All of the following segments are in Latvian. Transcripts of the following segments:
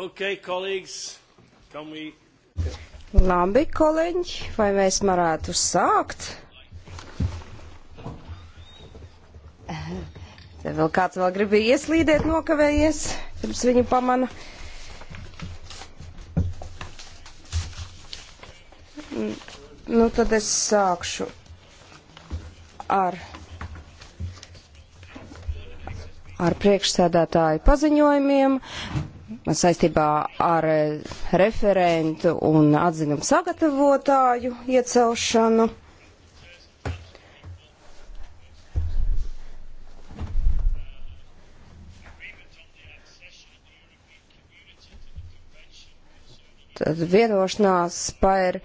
Okay, colleagues, can we... Labi, kolēģi, vai mēs varētu sākt? Te vēl kāds vēl gribēja ieslīdēt nokavējies, pirms viņu pamana. Nu, tad es sākšu ar, ar priekšsēdētāju paziņojumiem saistībā ar eh, referentu un atzinumu sagatavotāju iecelšanu. Tad vienošanās par e,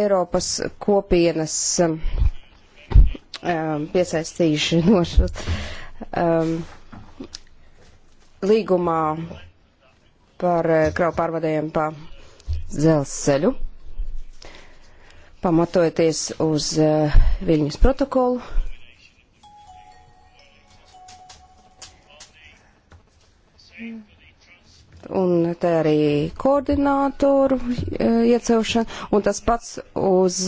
Eiropas kopienas e, piesaistīšanu. E, līgumā par eh, kravu pārvadējumu pa dzelzceļu, pamatojoties uz eh, Viļņas protokolu. Un te arī koordinātoru eh, iecelšana, un tas pats uz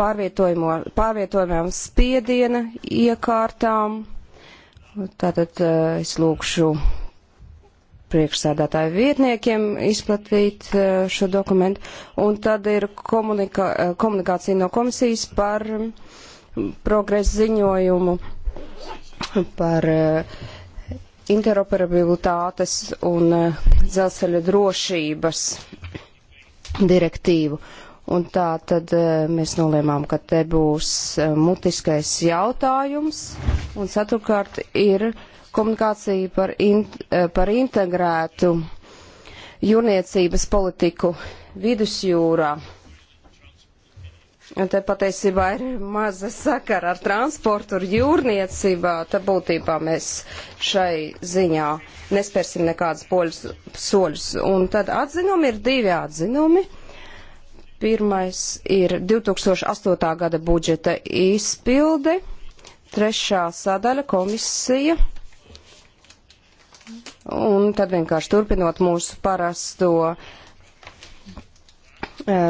pārvietojumiem spiediena iekārtām. Tātad es lūkšu priekšsēdētāju vietniekiem izplatīt eh, šo dokumentu. Un tad ir komunika, eh, komunikācija no komisijas par progresu ziņojumu par eh, interoperabilitātes un dzelzceļa drošības direktīvu. Un tā tad mēs nolēmām, ka te būs mutiskais jautājums, un ceturkārt ir komunikāciju par, in, eh, par integrētu jūrniecības politiku vidusjūrā. Un te patiesībā ir maza sakara ar transportu, ar jūrniecībā. Te būtībā mēs šai ziņā nespērsim nekādas poļus, soļus. Un tad atzinumi ir divi atzinumi. Pirmais ir 2008. gada budžeta izpilde, trešā sadaļa komisija Un tad vienkārši turpinot mūsu parasto eh,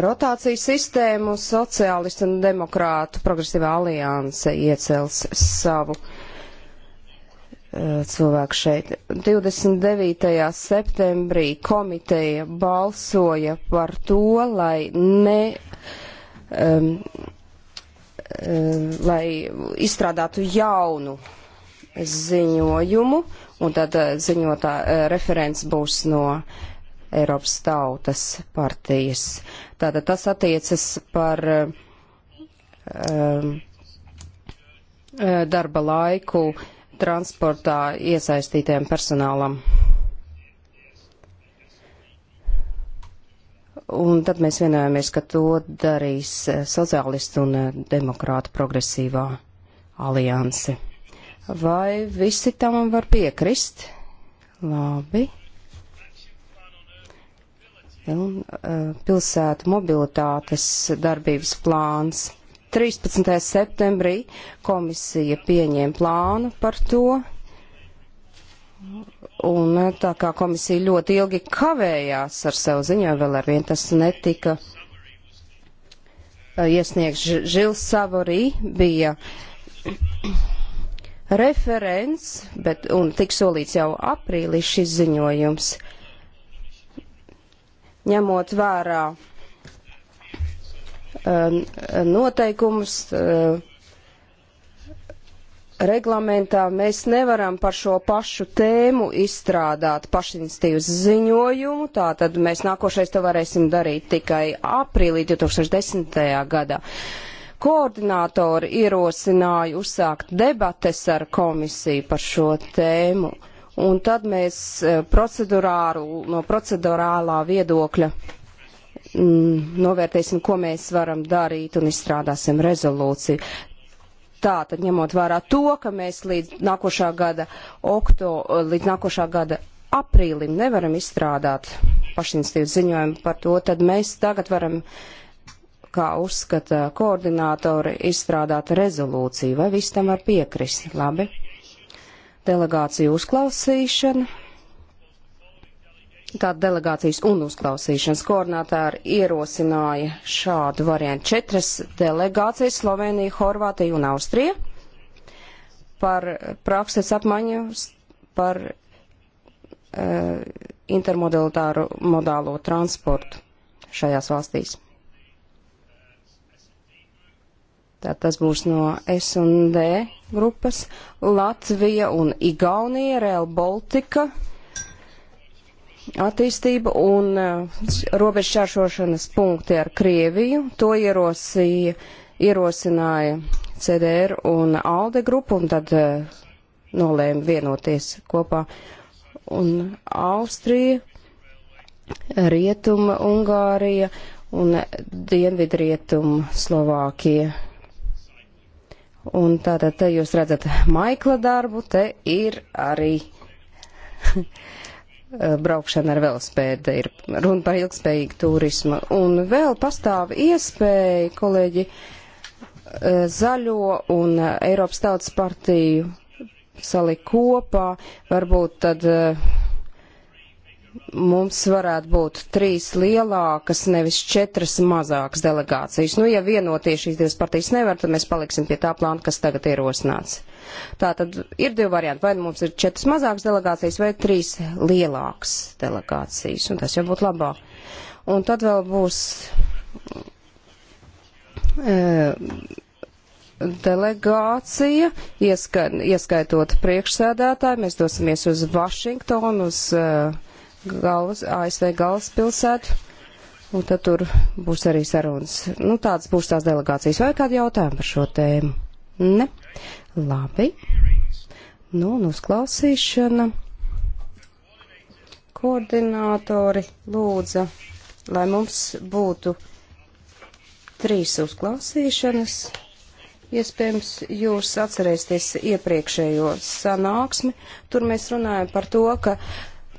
rotācijas sistēmu, sociālistu un demokrātu progresīvā alianse iecels savu eh, cilvēku šeit. 29. septembrī komiteja balsoja par to, lai ne. Um, um, lai izstrādātu jaunu ziņojumu, uh, un tad eh, ziņotā eh, referents būs no Eiropas tautas partijas. Tātad tas attiecas par um, darba laiku transportā iesaistītiem personālam. Un tad mēs vienojamies, ka to darīs sociālistu un demokrātu progresīvā alianse. Vai visi tam var piekrist? Labi. Un, uh, eh, pilsētu mobilitātes darbības plāns. 13. septembrī komisija pieņēma plānu par to, un eh, tā kā komisija ļoti ilgi kavējās ar savu ziņojumu, vēl ar vien tas netika eh, iesniegts. Žils Savorī bija referents, bet, un tik solīts jau aprīlī šis ziņojums, ņemot vērā um, noteikumus uh, reglamentā, mēs nevaram par šo pašu tēmu izstrādāt pašinstīvas ziņojumu, tātad mēs nākošais to varēsim darīt tikai aprīlī 2010. gadā. Uh, koordinātori ierosināja uzsākt debates ar komisiju par šo tēmu. Un tad mēs eh, procedurāru, no procedurālā viedokļa mm, novērtēsim, ko mēs varam darīt un izstrādāsim rezolūciju. Tātad ņemot vērā to, ka mēs līdz nākošā gada, okto, eh, līdz nākošā gada aprīlim nevaram izstrādāt pašinstīvu ziņojumu par to, tad mēs tagad varam uh, kā uzskata koordinātori, izstrādāt rezolūciju, vai viss tam var piekrist. Labi. Delegācija uzklausīšana. Tāda delegācijas un uzklausīšanas koordinātāri ierosināja šādu variantu. Četras delegācijas - Slovenija, Horvātija un Austrija par prakses apmaiņu, par uh, intermodalitāru modālo transportu šajās valstīs. Tā tas būs no S&D grupas. Latvija un Igaunija, Real Baltica attīstība un uh, eh, robežšķēršošanas punkti ar Krieviju. To ierosīja, ierosināja CDR un ALDE grupa un tad uh, nolēma vienoties kopā. Un Austrija, Rietuma, Ungārija un Dienvidrietuma Slovākija Un tātad te jūs redzat Maikla darbu, te ir arī braukšana ar velospēdu, ir runa par ilgspējīgu turismu. Un vēl pastāv iespēja, kolēģi, eh, zaļo un eh, Eiropas tautas partiju salikt kopā, varbūt tad eh, mums varētu būt trīs lielākas, nevis četras mazākas delegācijas. Nu, ja vienoties šīs divas partijas nevar, tad mēs paliksim pie tā plāna, kas tagad ir rosināts. Tā tad ir divi varianti. Vai nu mums ir četras mazākas delegācijas vai trīs lielākas delegācijas, un tas jau būtu labāk. Un tad vēl būs. Uh, delegācija, ieska, ieskaitot priekšsēdētāju, mēs dosimies uz Vašingtonu, uz uh, galvas, ASV galvaspilsētu, un tad tur būs arī sarunas. Nu, tādas būs tās delegācijas. Vai kādi jautājumi par šo tēmu? Ne? Labi. Nu, un uzklausīšana. Koordinātori lūdza, lai mums būtu trīs uzklausīšanas. Iespējams, jūs atcerēsieties iepriekšējo sanāksmi. Tur mēs runājam par to, ka uh,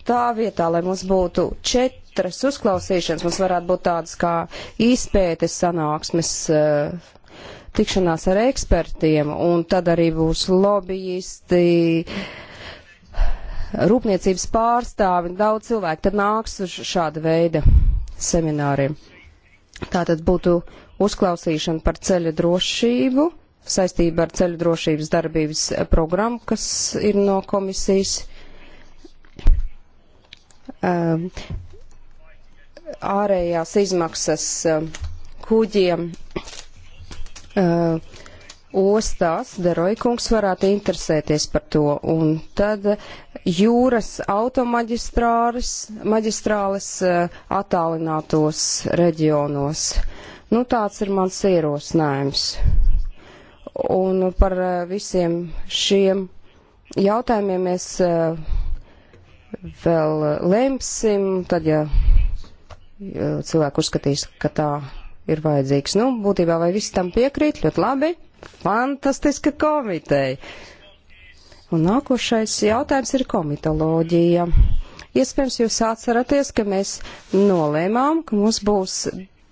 tā vietā, lai mums būtu četras uzklausīšanas, mums varētu būt tādas kā izpētes sanāksmes, eh, tikšanās ar ekspertiem, un tad arī būs lobbyisti, rūpniecības pārstāvi, daudz cilvēku tad nāks uz šāda veida semināriem. Tā tad būtu uzklausīšana par ceļa drošību saistībā ar ceļu drošības darbības programmu, kas ir no komisijas um, ārējās izmaksas um, kuģiem uh, ostās, Derojkungs varētu interesēties par to. Un tad jūras automaģistrāles maģistrāles uh, attālinātos reģionos. Nu, tāds ir mans ierosinājums. Un par uh, visiem šiem jautājumiem mēs. Uh, vēl eh, lemsim, tad, ja cilvēku uzskatīs, ka tā ir vajadzīgs. Nu, būtībā vai visi tam piekrīt, ļoti labi. Fantastiska komiteja. Un nākošais jautājums ir komitoloģija. Iespējams, jūs atceraties, ka mēs nolēmām, ka mums būs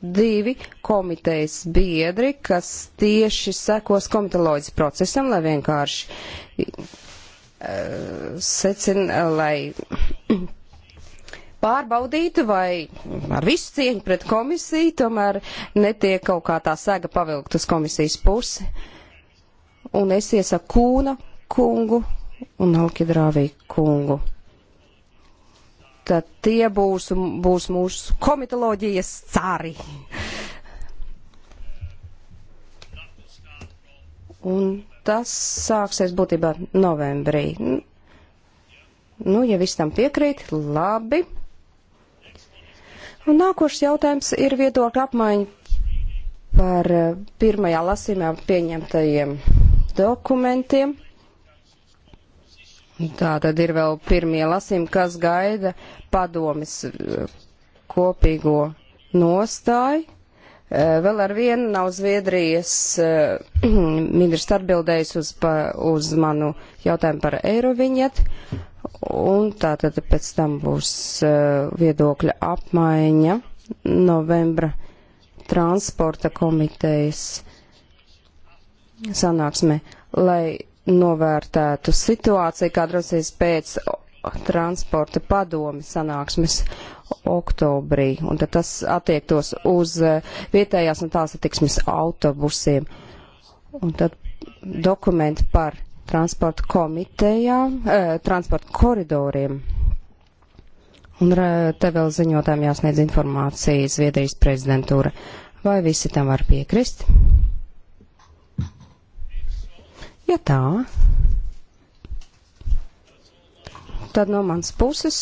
divi komitejas biedri, kas tieši sekos komitoloģijas procesam, lai vienkārši secina, lai pārbaudītu, vai ar visu cieņu pret komisiju tomēr netiek kaut kā tā sēga pavilkt uz komisijas pusi. Un es iesaku Kūna kungu un Alkidrāvī kungu. Tad tie būs, būs mūsu komitoloģijas cāri. Un tas sāksies būtībā novembrī. Nu, ja viss tam piekrīt, labi. Un nākošais jautājums ir viedokļa apmaiņa par eh, pirmajā lasīmā pieņemtajiem dokumentiem. Tā tad ir vēl pirmie lasījumi, kas gaida padomis eh, kopīgo nostāju. Eh, vēl ar vienu nav Zviedrijas eh, ministrs atbildējis uz, pa, uz manu jautājumu par eiroviņet, un tātad pēc tam būs eh, viedokļa apmaiņa novembra transporta komitejas sanāksmē, lai novērtētu situāciju, kāda rasīs pēc transporta padomi sanāksmes oktobrī, un tad tas attiektos uz eh, vietējās un tās attiksmes autobusiem. Un tad dokumenti par transporta komitejām, eh, transporta koridoriem. Un te vēl ziņotām jāsniedz informācija Zviedrijas prezidentūra. Vai visi tam var piekrist? Ja tā, Tad no manas puses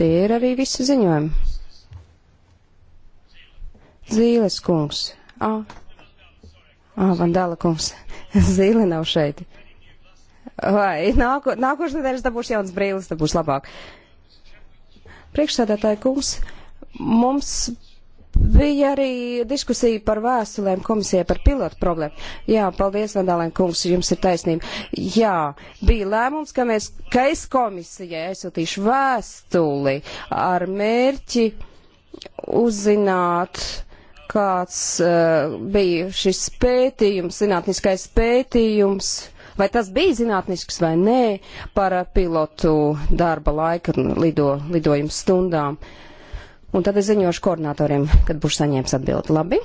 tie ir arī visi ziņojumi. Zīles kungs. Ā, Ā Vandāla kungs. Zīle nav šeit. Vai, nāko, nākošais nedēļas dabūs jauns brīlis, tad būs labāk. Priekšsēdētāji kungs, mums Bija arī diskusija par vēstulēm komisijai par pilotu problēmu. Jā, paldies, Vandālēm kungs, jums ir taisnība. Jā, bija lēmums, ka mēs, ka es komisijai aizsūtīšu vēstuli ar mērķi uzzināt, kāds uh, bija šis pētījums, zinātniskais pētījums, vai tas bija zinātnisks vai nē, par pilotu darba laika lido, lidojumu stundām. Uh, Un tad es ziņošu koordinatoriem, kad būšu saņēmis atbildi. Labi.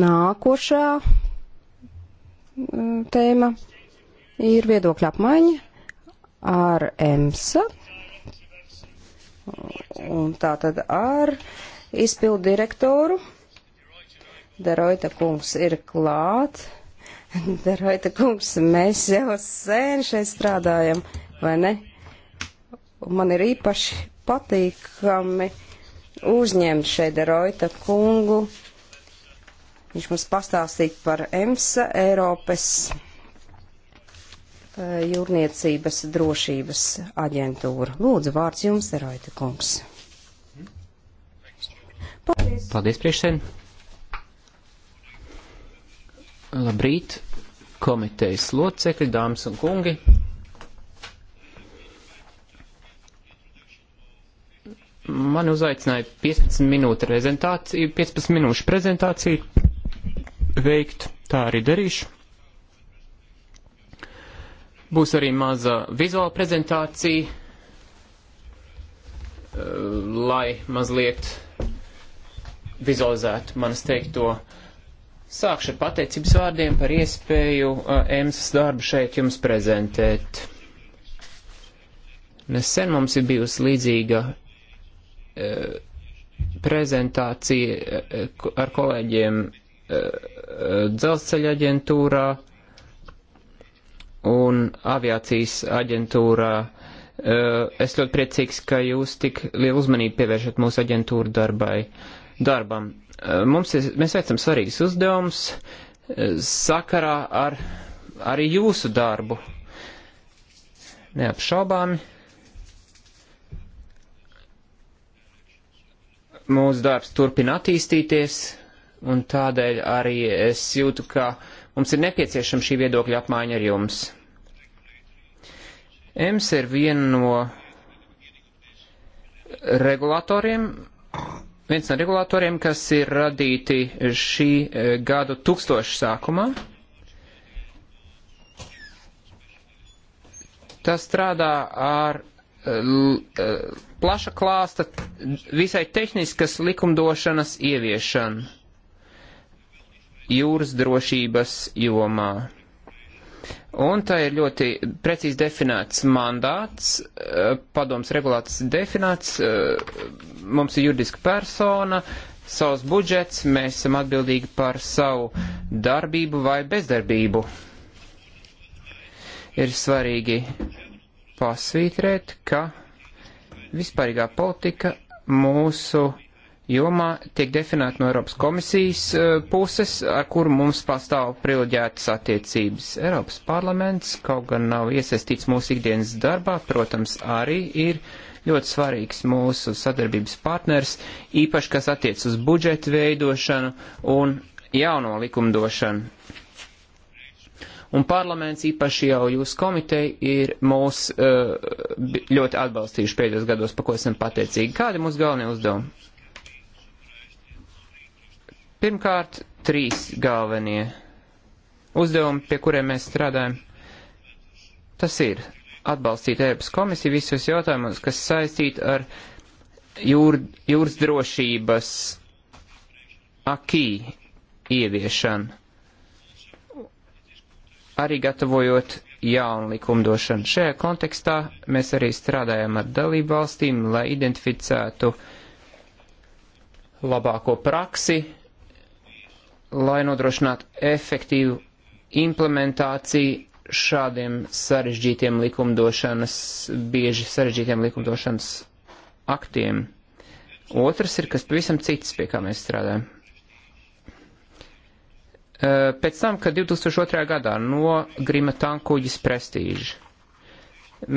Nākošā mm, tēma ir viedokļa apmaiņa ar EMSA. Un tā tad ar izpildu direktoru. Deroita kungs ir klāt. Deroita kungs, mēs jau sen šeit strādājam, vai ne? Man ir īpaši patīkami uzņemt šeit Roita kungu. Viņš mums pastāstīja par EMSA Eiropas eh, jūrniecības drošības aģentūru. Lūdzu, vārds jums, Roita kungs. Paldies. Paldies, priekšsēn. Labrīt, komitejas locekļi, dāmas un kungi. man uzaicināja 15 minūšu prezentāciju, 15 minūšu prezentāciju veikt, tā arī darīšu. Būs arī maza vizuāla prezentācija, eh, lai mazliet vizualizētu manas teikto. Sākšu ar pateicības vārdiem par iespēju eh, EMSas darbu šeit jums prezentēt. Nesen mums ir bijusi līdzīga prezentācija eh, ar kolēģiem eh, dzelzceļa aģentūrā un aviācijas aģentūrā. Eh, es ļoti priecīgs, ka jūs tik lielu uzmanību pievēršat mūsu aģentūru darbai, darbam. Mums ir, mēs veicam svarīgs uzdevums sakarā ar arī jūsu darbu. Neapšaubāmi mūsu darbs turpina attīstīties, un tādēļ arī es jūtu, ka mums ir nepieciešama šī viedokļa apmaiņa ar jums. EMS ir viena no regulatoriem, viens no regulatoriem, kas ir radīti šī eh, gadu tūkstošu sākumā. Tas strādā ar Eh, plaša klāsta visai tehniskas likumdošanas ieviešana jūras drošības jomā. Un tā ir ļoti precīzi definēts mandāts, eh, padoms regulāts definēts, eh, mums ir juridiska persona, savs budžets, mēs esam atbildīgi par savu darbību vai bezdarbību. Ir svarīgi pasvītrēt, ka vispārīgā politika mūsu jomā tiek definēta no Eiropas komisijas e, puses, ar kuru mums pastāv privileģētas attiecības. Eiropas parlaments, kaut gan nav iesaistīts mūsu ikdienas darbā, protams, arī ir ļoti svarīgs mūsu sadarbības partners, īpaši kas attiec uz budžetu veidošanu un jauno likumdošanu. Un parlaments, īpaši jau jūsu komiteja, ir mūs uh, ļoti atbalstījuši pēdējos gados, par ko esam pateicīgi. Kādi mūsu galvenie uzdevumi? Pirmkārt, trīs galvenie uzdevumi, pie kuriem mēs strādājam. Tas ir atbalstīt Eiropas komisiju visos jautājumos, kas saistīti ar jūr, jūras drošības akī ieviešanu arī gatavojot jaunu likumdošanu. Šajā kontekstā mēs arī strādājam ar dalību valstīm, lai identificētu labāko praksi, lai nodrošinātu efektīvu implementāciju šādiem sarežģītiem likumdošanas, bieži sarežģītiem likumdošanas aktiem. Otrs ir kas pavisam cits, pie kā mēs strādājam. Eh, pēc tam, kad 2002. gadā nogrima tankuģis prestīži,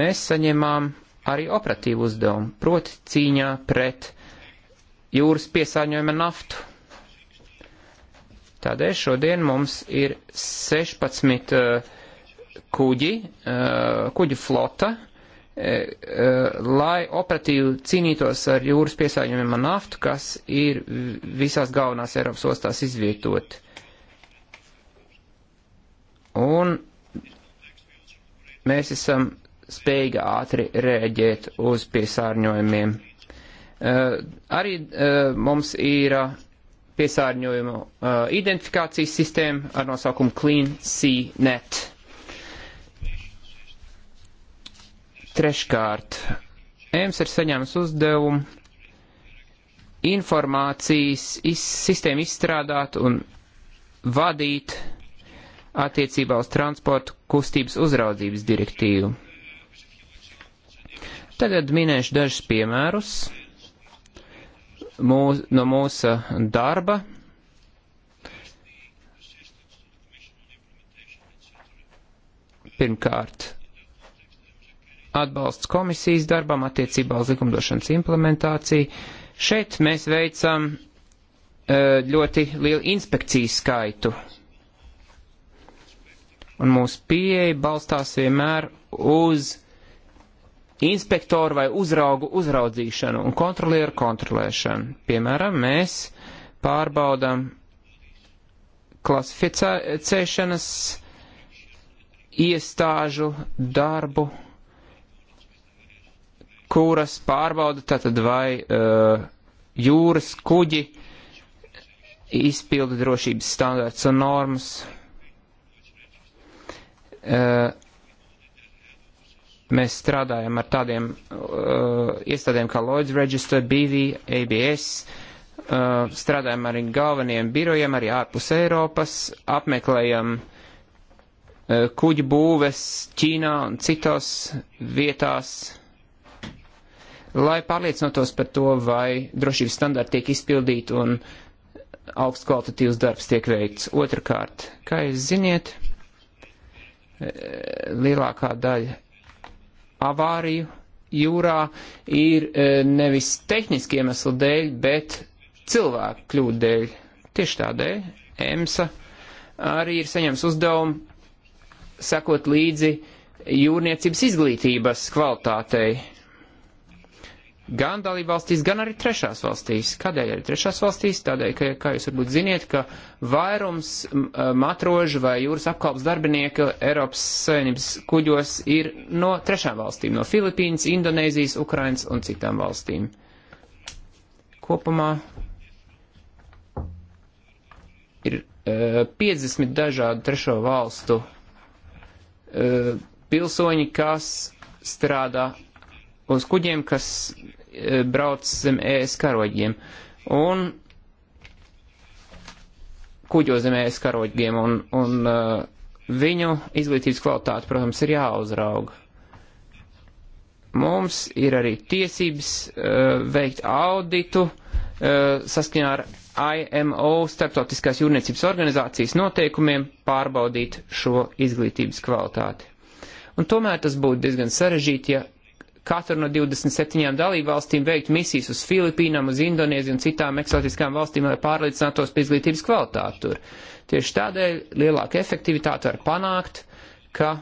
mēs saņēmām arī operatīvu uzdevumu, proti cīņā pret jūras piesārņojuma naftu. Tādēļ šodien mums ir 16 uh, eh, kuģi, uh, kuģu flota, uh, lai operatīvi cīnītos ar jūras piesārņojumu naftu, kas ir visās galvenās Eiropas ostās izvietoti Un mēs esam spējīgi ātri rēģēt uz piesārņojumiem. Uh, arī uh, mums ir uh, piesārņojumu uh, identifikācijas sistēma ar nosaukumu Clean CNET. Treškārt, EMS ir saņēmis uzdevumu informācijas iz, sistēmu izstrādāt un vadīt uh, attiecībā uz transportu kustības uzraudzības direktīvu. Tagad minēšu dažus piemērus mūs, no mūsu darba. Pirmkārt, atbalsts komisijas darbam attiecībā uz likumdošanas implementāciju. Šeit mēs veicam eh, ļoti lielu inspekciju skaitu Un mūsu pieeja balstās vienmēr uz inspektoru vai uzraugu uzraudzīšanu un kontrolieru kontrolēšanu. Piemēram, mēs pārbaudam klasificēšanas iestāžu darbu, kuras pārbauda tātad vai uh, jūras kuģi izpilda drošības standārts un normas Mēs strādājam ar tādiem iestādēm kā Lloyd's Register, BV, ABS, strādājam arī galveniem birojiem, arī ārpus Eiropas, apmeklējam kuģu būves Ķīnā un citos vietās lai pārliecinotos par to, vai drošības standarti tiek izpildīti un augsts kvalitatīvs darbs tiek veikts. Otrakārt, kā jūs ziniet, E, lielākā daļa avāriju jūrā ir e, nevis tehniski iemeslu dēļ, bet cilvēku kļūdu dēļ. Tieši tādēļ EMSA arī ir saņems uzdevumu sekot līdzi jūrniecības izglītības kvalitātei gan dalībvalstīs, gan arī trešās valstīs. Kādēļ arī trešās valstīs? Tādēļ, ka, kā jūs varbūt ziniet, ka vairums matrožu vai jūras apkalpas darbinieku Eiropas Savienības kuģos ir no trešām valstīm - no Filipīnas, Indonēzijas, Ukrainas un citām valstīm. Kopumā ir uh, 50 dažādu trešo valstu uh, pilsoņi, kas strādā uz kuģiem, kas brauc zem ES karoģiem un kuģo zem ES karoģiem un, un uh, viņu izglītības kvalitāte, protams, ir jāuzrauga. Mums ir arī tiesības uh, veikt auditu uh, saskaņā ar IMO starptautiskās jūrniecības organizācijas noteikumiem pārbaudīt šo izglītības kvalitāti. Un tomēr tas būtu diezgan sarežģīti, ja katru no 27 dalībvalstīm veikt misijas uz Filipīnām, uz Indonēziju un citām eksotiskām valstīm, lai pārliecinātos par izglītības kvalitāti tur. Tieši tādēļ lielāka efektivitāte var panākt, ka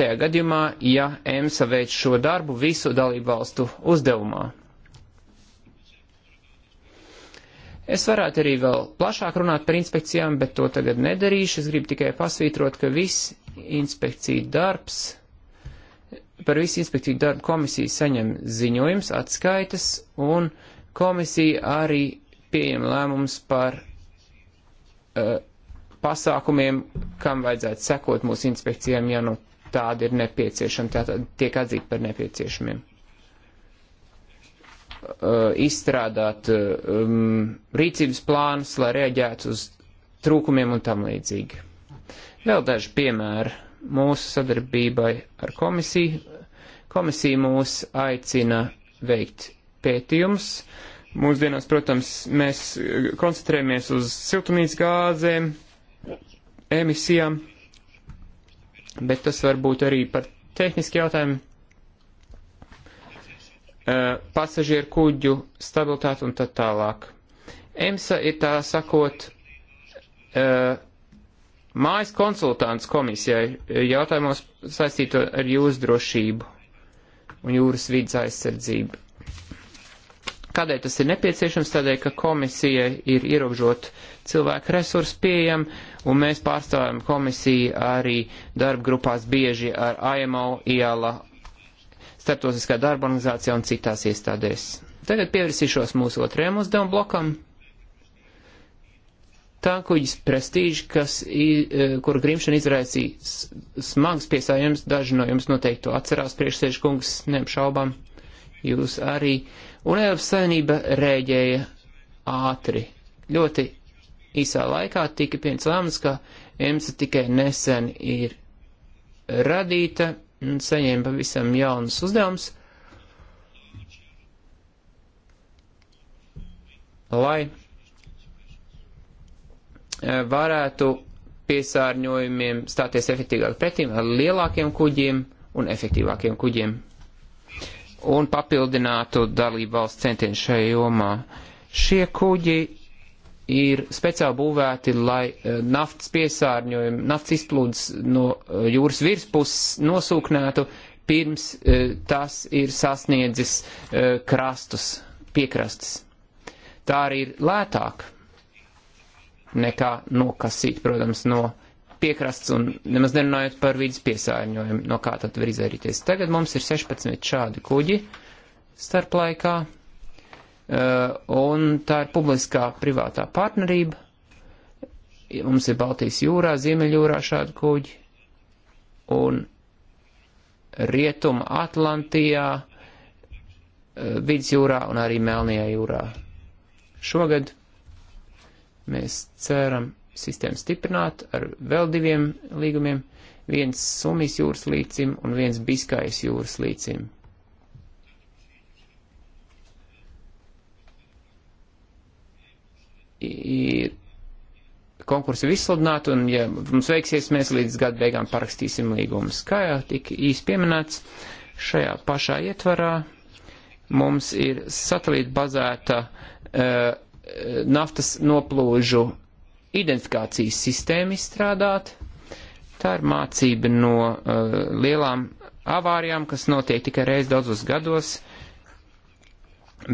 tajā gadījumā, ja EMSA veic šo darbu visu dalībvalstu uzdevumā. Es varētu arī vēl plašāk runāt par inspekcijām, bet to tagad nedarīšu. Es gribu tikai pasvītrot, ka viss inspekcija darbs par visu inspektīvu darbu komisija saņem ziņojums, atskaitas, un komisija arī pieņem lēmums par uh, pasākumiem, kam vajadzētu sekot mūsu inspekcijām, ja nu tādi ir nepieciešami, tātad tiek atzīti par nepieciešamiem. Uh, izstrādāt uh, um, rīcības plānus, lai rēģētu uz trūkumiem un tam līdzīgi. Vēl daži piemēri mūsu sadarbībai ar komisiju. Komisija mūs aicina veikt pētījumus. Mūsdienās, protams, mēs koncentrējamies uz siltumnīcas gāzēm, emisijām, bet tas var būt arī par tehniski jautājumi. Eh, pasažieru kuģu stabilitāti un tā tālāk. EMSA ir tā sakot, uh, mājas konsultants komisijai e, jautājumos saistīto ar jūras drošību un jūras vidas aizsardzību. Kādēļ tas ir nepieciešams? Tādēļ, ka komisijai ir ierobežot cilvēku resursu pieejam, un mēs pārstāvjam komisiju arī darba grupās bieži ar IMO, IALA, Startautiskā darba organizācijā un citās iestādēs. Tagad pievērsīšos mūsu otrajam uzdevumu blokam tā kuģis prestīži, kas, e, kur grimšana izraisīja smags piesājums, daži no jums noteikti to atcerās, priekšsēžu kungs, neapšaubām, jūs arī, un Eiropas Savienība rēģēja ātri. Ļoti īsā laikā tika pieņemts lēmums, ka EMSA tikai nesen ir radīta un saņēma pavisam jaunas uzdevumus, lai Eh, varētu piesārņojumiem stāties efektīvāk pretīm ar lielākiem kuģiem un efektīvākiem kuģiem un papildinātu dalību valsts centienu šajā jomā. Šie kuģi ir speciāli būvēti, lai eh, naftas piesārņojumu, naftas izplūdes no eh, jūras virspuses nosūknētu, pirms tas ir sasniedzis krastus, piekrastes. Tā arī ir lētāk nekā nokasīt, protams, no piekrasts un nemaz nerunājot par vidas piesārņojumu, no kā tad var izvairīties. Tagad mums ir 16 šādi kuģi starp laikā, uh, un tā ir publiskā privātā partnerība. Mums ir Baltijas jūrā, Ziemeļjūrā šādi kuģi, un Rietuma Atlantijā, uh, Vidzjūrā un arī Melnijā jūrā. Šogad Mēs ceram sistēmu stiprināt ar vēl diviem līgumiem, viens Somijas jūras līcim un viens Biskajas jūras līcim. Ir konkursi izsludināti, un, ja mums veiksies, mēs līdz gada beigām parakstīsim līgumus. Kā jau tika īsti pieminēts, šajā pašā ietvarā mums ir satelīta bazēta uh, eh, naftas noplūžu identifikācijas sistēmu izstrādāt. Tā ir mācība no uh, lielām avārijām, kas notiek tikai reiz daudzos gados,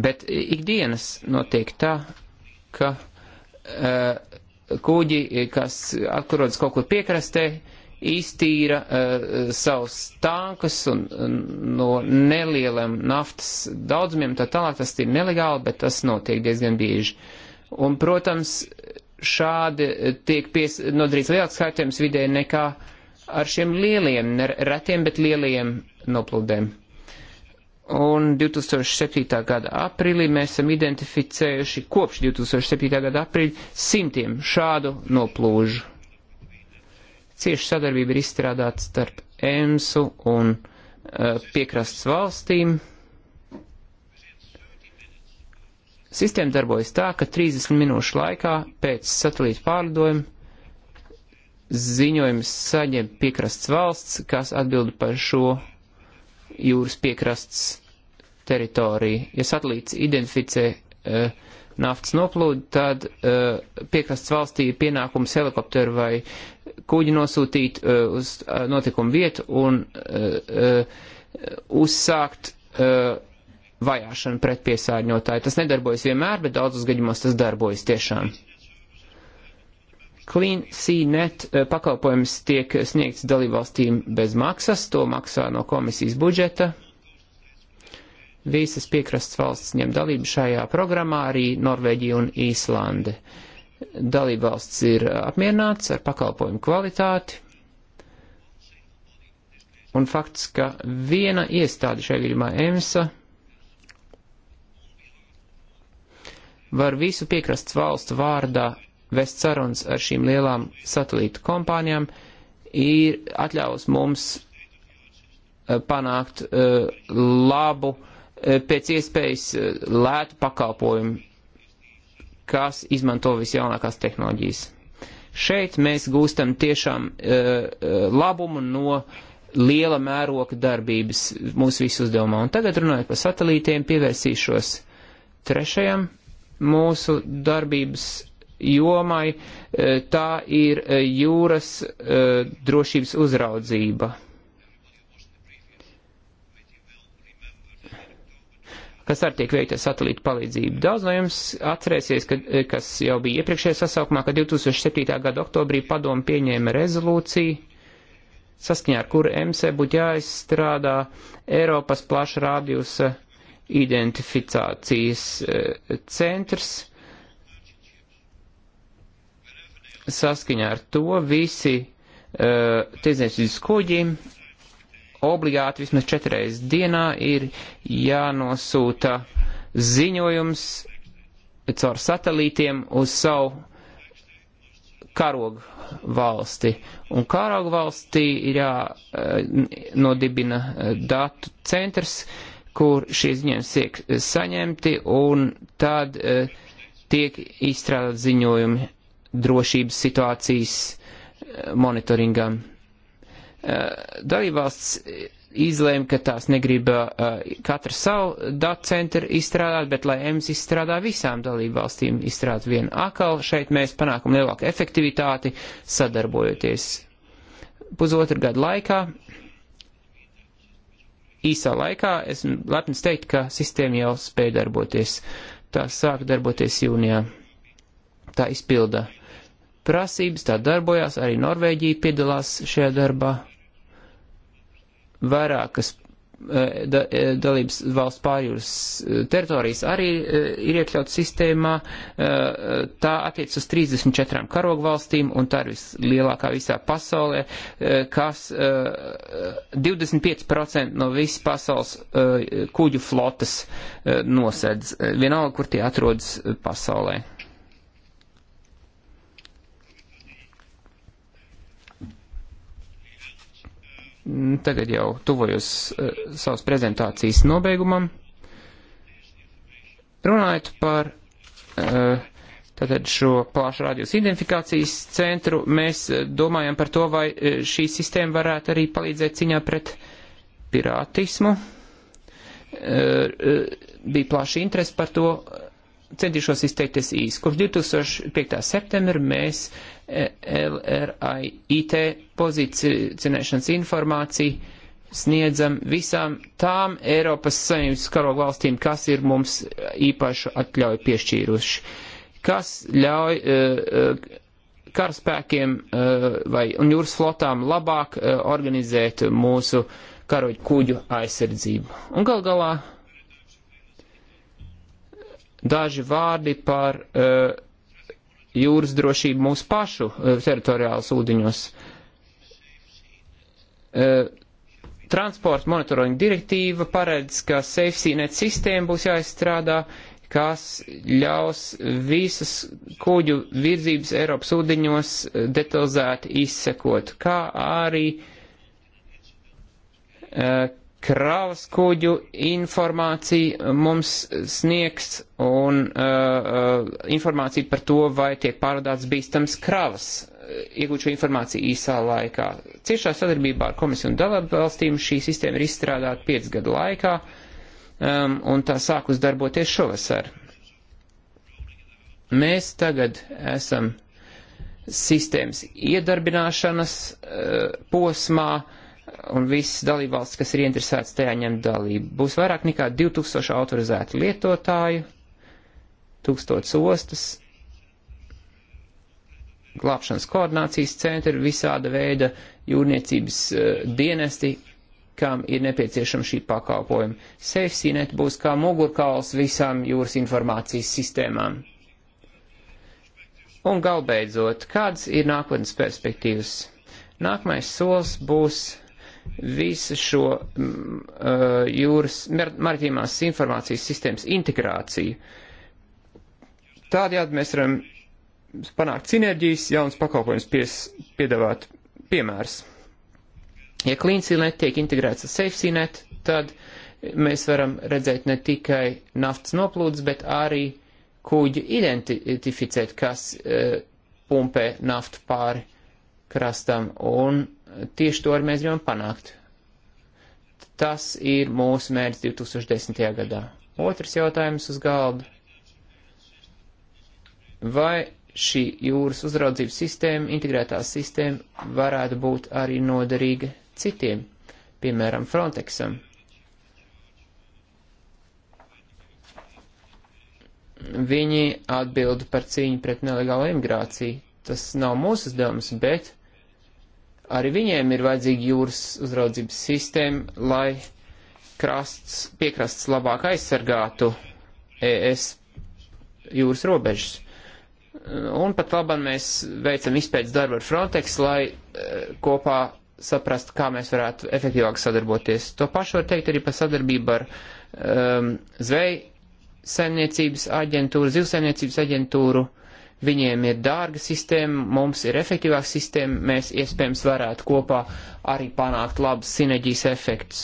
bet ikdienas notiek tā, ka uh, kuģi, kas atkurodas kaut kur piekrastē, uh, iztīra uh, savus tankus un, un, no nelieliem naftas daudzumiem, tā tālāk tas ir nelegāli, bet tas notiek diezgan bieži. Un, protams, šādi eh, tiek pies, nodarīts lielāks kārtējums vidē nekā ar šiem lieliem, ne retiem, bet lieliem noplūdēm. Un 2007. gada aprīlī mēs esam identificējuši kopš 2007. gada aprīļa simtiem šādu noplūžu. Cieša sadarbība ir izstrādāta starp EMSU un uh, piekrastes valstīm. Sistēma darbojas tā, ka 30 minūšu laikā pēc satelīta pārlidojuma ziņojums saņem piekrasts valsts, kas atbild par šo jūras piekrasts teritoriju. Ja satelīts identificē uh, naftas noplūdu, tad uh, eh, piekrasts valstī ir pienākums helikopteru vai uh, kuģi nosūtīt uh, uz uh, notikumu vietu un uh, uh, uzsākt uh, vajāšanu pret piesārņotāju. Tas nedarbojas vienmēr, bet daudzos gadījumos tas darbojas tiešām. Clean CNET uh, pakalpojums tiek sniegts dalībvalstīm bez maksas, to maksā no komisijas budžeta. Visas piekrastas valsts ņem dalību šajā programmā, arī Norvēģija un Īslande. Uh, Dalībvalsts ir apmierināts ar pakalpojumu kvalitāti. Un fakts, ka viena iestāde šajā gadījumā EMSA var visu piekrasts valstu vārdā vest sarunas ar šīm lielām satelītu kompānijām, ir atļaus mums eh, panākt uh, labu, eh, pēc iespējas lētu pakalpojumu kas izmanto visjaunākās tehnoloģijas. Šeit mēs gūstam tiešām uh, labumu no liela mēroka darbības mūsu visu uzdevumā. Un tagad runājot par satelītiem, pievērsīšos trešajam mūsu darbības jomai, e, tā ir jūras drošības uzraudzība. kas arī tiek veikta satelīta palīdzību. Daudz no jums atcerēsies, ka, kas jau bija iepriekšējā sasaukumā, ka 2007. gada oktobrī padomu pieņēma rezolūciju, saskaņā ar kuru MC e būtu jāizstrādā Eiropas plaša rādījusa eh, identifikācijas eh, centrs. Saskaņā ar to visi uh, tirdzniecības kuģi obligāti vismaz četreiz dienā ir jānosūta ziņojums caur satelītiem uz savu karogu valsti. Un karogu valstī ir jānodibina eh, eh, datu centrs, kur šie ziņojumi tiek saņemti, un tad uh, tiek izstrādāt ziņojumi drošības situācijas monitoringam. Eh, dalībvalsts izlēma, ka tās negrib uh, eh, katra savu datu centru izstrādāt, bet lai EMS izstrādā visām dalību valstīm, izstrādāt vienu akalu, šeit mēs panākam lielāku efektivitāti sadarbojoties. Pusotru gadu laikā, īsā laikā, es lepns teikt, ka sistēma jau spēja darboties. Tā sāk darboties jūnijā. Tā izpilda prasības, tā darbojās, arī Norvēģija piedalās šajā darbā vairākas eh, da, eh, dalības valsts pārjūras eh, teritorijas arī ir iekļauts sistēmā. Tā attiec uz 34 karogu valstīm, un tā ir vislielākā visā pasaulē, kas 25% no visas pasaules kuģu flotas nosedz, vienalga, kur tie atrodas pasaulē. Mm, tagad jau tuvojos eh, savas prezentācijas nobeigumam. Runājot par eh, tātad šo plašu rādījus identifikācijas centru, mēs eh, domājam par to, vai šī sistēma varētu arī palīdzēt ciņā pret pirātismu. Bija plaši interesi par to centīšos izteikties īsi. Kopš 2005. septembra mēs e LRIT pozicionēšanas informāciju sniedzam visām tām Eiropas Savienības karogu valstīm, kas ir mums īpašu atļauju piešķīruši, kas ļauj uh, karaspēkiem uh, vai un jūras flotām labāk uh, organizēt mūsu karoģu kuģu aizsardzību. Un gal galā Daži vārdi par uh, jūras drošību mūsu pašu uh, eh, teritoriālas ūdiņos. Uh, eh, transporta monitoringa direktīva paredz, ka SafeCNet sistēma būs jāizstrādā, kas ļaus visas kuģu virzības Eiropas ūdeņos detalizēti izsekot, kā arī kravas kuģu informāciju mums sniegs un uh, uh, informāciju par to, vai tiek pārvadāts bīstams kravas. Uh, iegūt šo informāciju īsā laikā. Ciešā sadarbībā ar komisiju un dalību valstīm šī sistēma ir izstrādāta 5 gadu laikā um, un tā sākus darboties šovasar. Mēs tagad esam sistēmas iedarbināšanas uh, posmā, uh, un visas dalībvalstis, kas ir interesētas tajā ņemt dalību. Būs vairāk nekā 2000 autorizētu lietotāju, 1000 ostas, glābšanas koordinācijas centri, visāda veida jūrniecības uh, dienesti, kam ir nepieciešama šī pakalpojuma. SafeSeaNet būs kā mugurkauls visām jūras informācijas sistēmām. Un galbeidzot, kādas ir nākotnes perspektīvas? Nākamais solis būs visu šo mm, uh, jūras maritīmās informācijas sistēmas integrāciju. Tādējādi mēs varam panākt sinerģijas, jauns pakalpojums pies, piedāvāt piemērs. Ja klīnsīnet tiek integrēts ar SafeSīnet, tad mēs varam redzēt ne tikai naftas noplūdes, bet arī kuģi identificēt, kas uh, pumpē naftu pāri krastam un tieši to arī mēs gribam panākt. Tas ir mūsu mērķis 2010. gadā. Otrs jautājums uz galda. Vai šī jūras uzraudzības sistēma, integrētā sistēma varētu būt arī noderīga citiem, piemēram, Frontexam? Viņi atbild par cīņu pret nelegālo imigrāciju. Tas nav mūsu uzdevums, bet arī viņiem ir vajadzīga jūras uzraudzības sistēma, lai krasts, piekrasts labāk aizsargātu ES jūras robežas. Un pat labam mēs veicam izpētes darbu ar Frontex, lai e, kopā saprast, kā mēs varētu efektīvāk sadarboties. To pašu var teikt arī par sadarbību ar um, e, zveju saimniecības aģentūru, zivsaimniecības aģentūru, uh, Viņiem ir dārga sistēma, mums ir efektīvāka sistēma, mēs iespējams varētu kopā arī panākt labas sinerģijas efektus.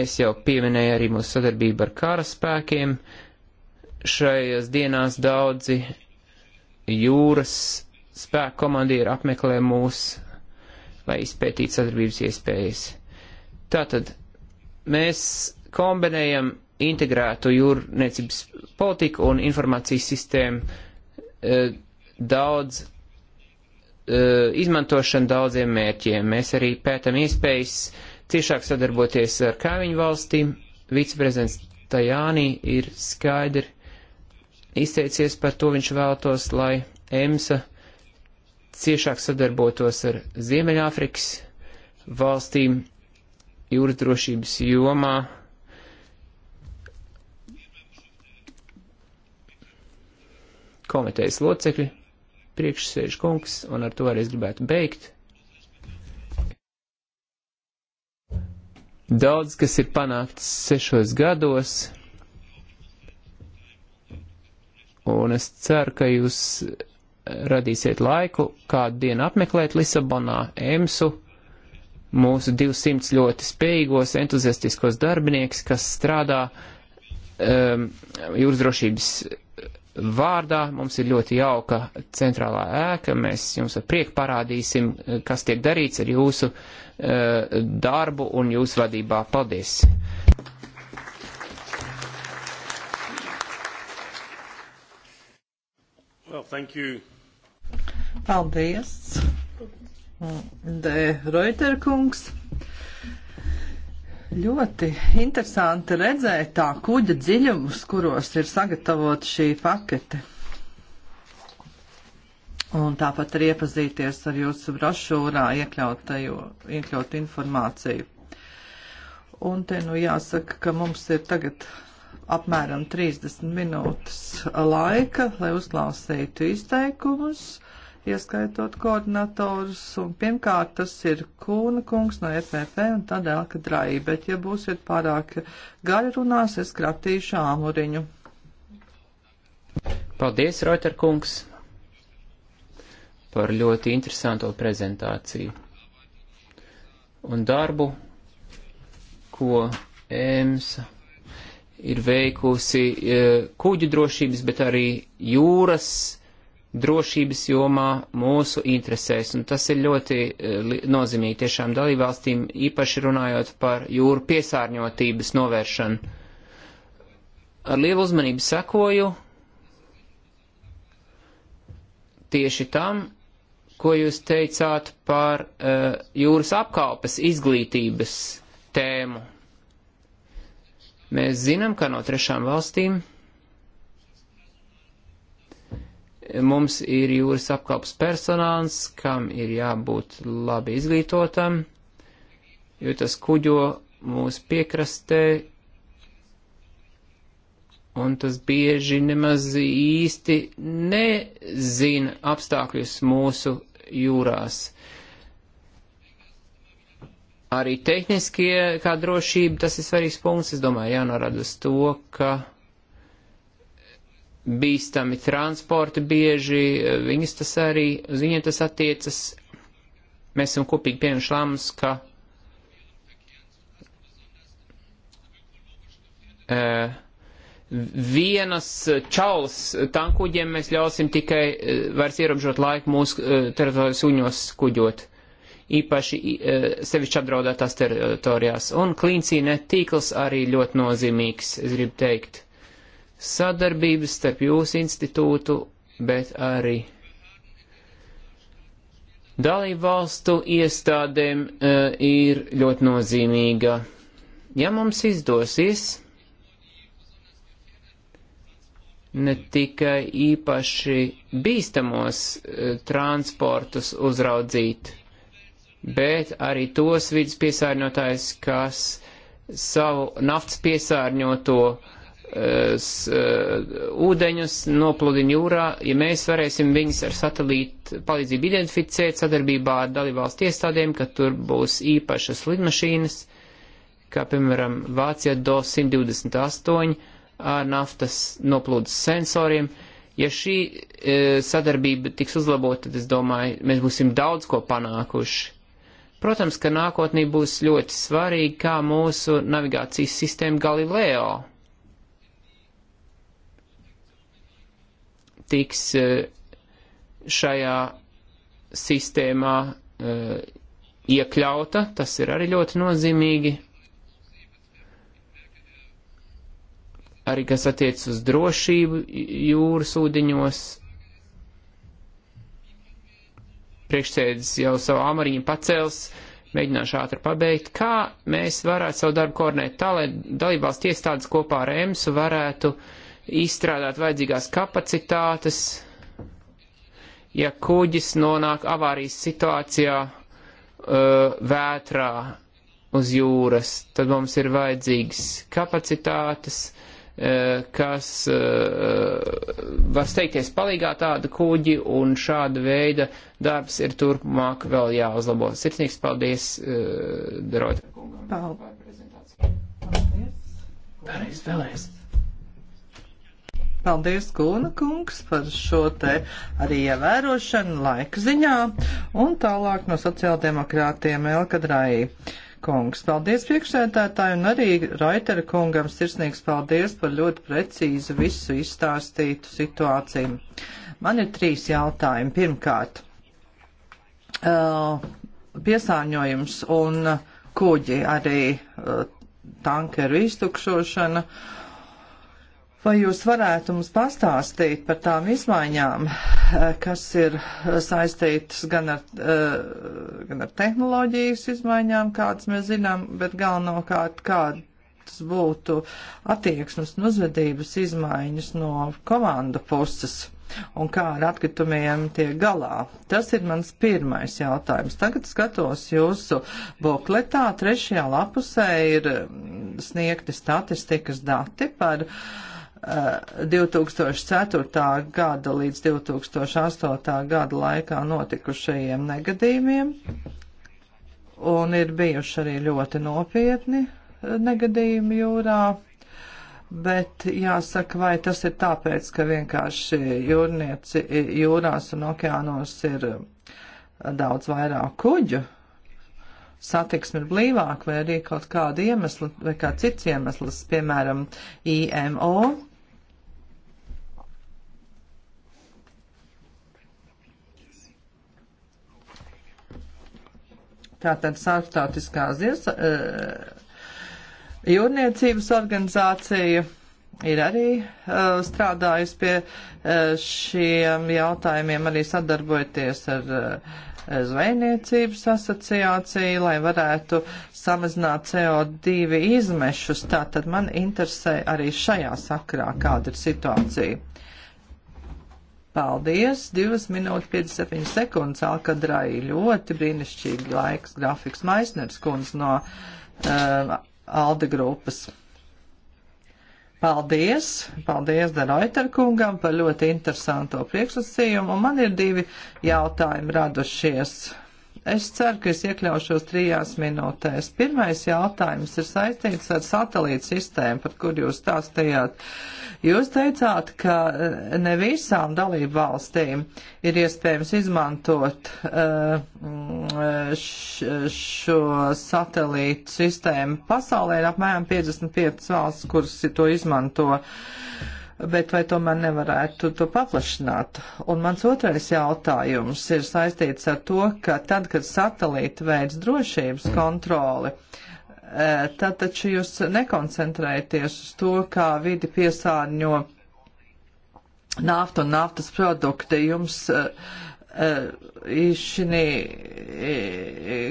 Es jau pieminēju arī mūsu sadarbību ar karaspēkiem. Šajās dienās daudzi jūras spēku komandieri apmeklē mūs, lai izpētītu sadarbības iespējas. Tātad mēs kombinējam integrētu jūrniecības politiku un informācijas sistēmu e, daudz e, izmantošanu daudziem mērķiem. Mēs arī pētam iespējas ciešāk sadarboties ar kaimiņu valstīm. Viceprezidents Tajānī ir skaidri izteicies par to, viņš vēlētos, lai EMSA ciešāk sadarbotos ar Ziemeļāfrikas valstīm jūras drošības jomā komitejas locekļi, priekšsēž kungs, un ar to arī es gribētu beigt. Daudz, kas ir panākts sešos gados, un es ceru, ka jūs radīsiet laiku kādu dienu apmeklēt Lisabonā EMSU, mūsu 200 ļoti spējīgos, entuziastiskos darbinieks, kas strādā um, jūras drošības vārdā. Mums ir ļoti jauka centrālā ēka. Mēs jums ar prieku parādīsim, kas tiek darīts ar jūsu uh, darbu un jūsu vadībā. Paldies! Well, thank you. Paldies, De Reuterkungs. Ļoti interesanti redzēt tā kuģa dziļumus, kuros ir sagatavota šī pakete. Un tāpat arī iepazīties ar jūsu brošūrā iekļautu informāciju. Un te nu jāsaka, ka mums ir tagad apmēram 30 minūtes laika, lai uzklausītu izteikumus ieskaitot koordinatorus, un pirmkārt tas ir Kūna kungs no FFP un tad Elka Drai, bet ja būsiet pārāk gari runās, es kratīšu āmuriņu. Paldies, Roiter kungs, par ļoti interesanto prezentāciju un darbu, ko EMS ir veikusi eh, kuģu drošības, bet arī jūras drošības jomā mūsu interesēs, un tas ir ļoti e, nozīmīgi tiešām dalībvalstīm, īpaši runājot par jūru piesārņotības novēršanu. Ar lielu uzmanību sekoju tieši tam, ko jūs teicāt par uh, jūras apkalpes izglītības tēmu. Mēs zinām, ka no trešām valstīm Mums ir jūras apkalps personāls, kam ir jābūt labi izglītotam, jo tas kuģo mūsu piekrastē, un tas bieži nemaz īsti nezina apstākļus mūsu jūrās. Arī tehniskie, kā drošība, tas ir svarīgs punkts, es domāju, jānorada uz to, ka bīstami transporti bieži, viņas tas arī, uz viņiem tas attiecas. Mēs esam kopīgi pieņemši lēmums, ka uh, vienas čaulas tankuģiem mēs ļausim tikai uh, vairs ierobežot laiku mūsu uh, teritorijas uņos kuģot īpaši sevišķi apdraudētās teritorijās. Un klīncīne tīkls arī ļoti nozīmīgs, es gribu teikt. Uh, sadarbības starp jūsu institūtu, bet arī dalību valstu iestādēm uh, ir ļoti nozīmīga. Ja mums izdosies ne tikai īpaši bīstamos uh, transportus uzraudzīt, bet arī tos vidas piesārņotājus, kas savu naftas piesārņoto uh, Uh, ūdeņus, nopludina jūrā, ja mēs varēsim viņus ar satelītu palīdzību identificēt sadarbībā ar dalībvalstu iestādēm, ka tur būs īpašas lidmašīnas, kā piemēram Vācija DO 128 ar naftas noplūdes sensoriem. Ja šī e, sadarbība tiks uzlabota, tad es domāju, mēs būsim daudz ko panākuši. Protams, ka nākotnī būs ļoti svarīgi, kā mūsu navigācijas sistēma Galileo tiks eh, šajā sistēmā eh, iekļauta, tas ir arī ļoti nozīmīgi. Arī kas attiec uz drošību jūras ūdiņos. Priekšsēdis jau savu amariņu pacēls, mēģināšu ātri pabeigt, kā mēs varētu savu darbu koordinēt tā, lai dalībvalsts iestādes kopā ar EMSU varētu uh, izstrādāt vajadzīgās kapacitātes, ja kuģis nonāk avārijas situācijā uh, vētrā uz jūras, tad mums ir vajadzīgas kapacitātes, uh, kas uh, var steigties palīgā tādu kuģi, un šāda veida darbs ir turpmāk vēl jāuzlabo. Sirsnīgs paldies, uh, Darot. Paldies. Vēlreiz, vēlreiz. Paldies, Kūna kungs, par šo te arī ievērošanu laika ziņā. Un tālāk no sociāldemokrātiem Elkadrai kungs. Paldies priekšsēdētāji un arī Raitera kungam sirsnīgs paldies par ļoti precīzi visu izstāstītu situāciju. Man ir trīs jautājumi. Pirmkārt, uh, piesārņojums un kuģi arī uh, tankeru iztukšošana. Uh, Vai jūs varētu mums pastāstīt par tām izmaiņām, eh, kas ir eh, saistītas gan ar, eh, gan ar tehnoloģijas izmaiņām, kādas mēs zinām, bet galvenokārt kādas būtu attieksmes un uzvedības izmaiņas no komandu puses un kā ar atkritumiem tiek galā? Tas ir mans pirmais jautājums. Tagad skatos jūsu bukletā, trešajā lapusē ir mm, sniegti statistikas dati par uh, 2004. Eh, gada līdz 2008. gada laikā notikušajiem negadījumiem, un ir bijuši arī ļoti nopietni eh, negadījumi jūrā, bet jāsaka, vai tas ir tāpēc, ka vienkārši jūrnieci jūrās un okeānos ir eh, daudz vairāk kuģu, satiksme ir blīvāka, vai arī kaut kāda iemesla, vai kā cits iemesls, piemēram, IMO, Tātad starptautiskā zivs eh, jūrniecības organizācija ir arī uh, strādājusi pie uh, šiem jautājumiem, arī sadarbojoties ar uh, Zvejniecības asociāciju, lai varētu samazināt CO2 izmešus. Tātad man interesē arī šajā sakrā, kāda ir situācija. Paldies! 2 minūtes 57 sekundes Alkadrai. Ļoti brīnišķīgi laiks grafiks Maisners kundz no uh, Alde grupas. Paldies! Paldies Deroiter kungam par ļoti interesanto priekšlasījumu. Un man ir divi jautājumi radušies. Es ceru, ka es iekļaušos trijās minūtēs. Pirmais jautājums ir saistīts ar satelītu sistēmu, par kur jūs stāstījāt. Jūs teicāt, ka eh, ne visām dalību valstīm ir iespējams izmantot eh, mm, eh, šo satelītu sistēmu. Pasaulē ir apmēram 55 valsts, kuras to izmanto. Uh, bet vai tomēr nevarētu to paplašināt? Un mans otrais jautājums ir saistīts ar to, ka tad, kad satelīti veids drošības kontroli, eh, tad taču jūs nekoncentrēties uz to, kā vidi piesārņo naftu un naftas produkti. Jums eh, eh, šī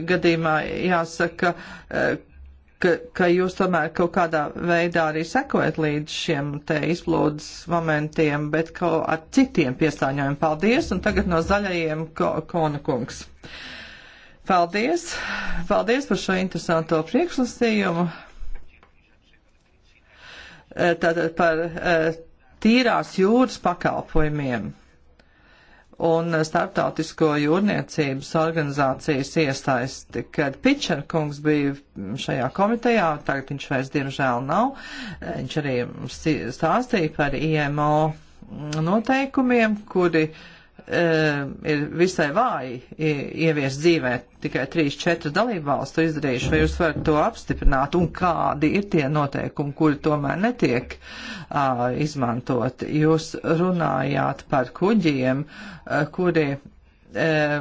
gadījumā jāsaka, ka, ka jūs tomēr kaut kādā veidā arī sekojat līdz šiem te izplūdes momentiem, bet kaut ar citiem piestāņojumiem. Paldies, un tagad no zaļajiem ko, Kona kungs. Paldies, paldies par šo interesanto priekšlasījumu. Tātad par eh, tīrās jūras pakalpojumiem un starptautisko jūrniecības organizācijas iesaisti, kad Pičer kungs bija šajā komitejā, tagad viņš vairs diemžēl nav, viņš arī stāstīja par IMO noteikumiem, kuri uh, Eh, ir visai vāji ievies dzīvē tikai 3-4 dalību valstu izdarījuši, vai jūs varat to apstiprināt un kādi ir tie noteikumi, kuri tomēr netiek uh, izmantot? Jūs runājāt par kuģiem, uh, kuri uh,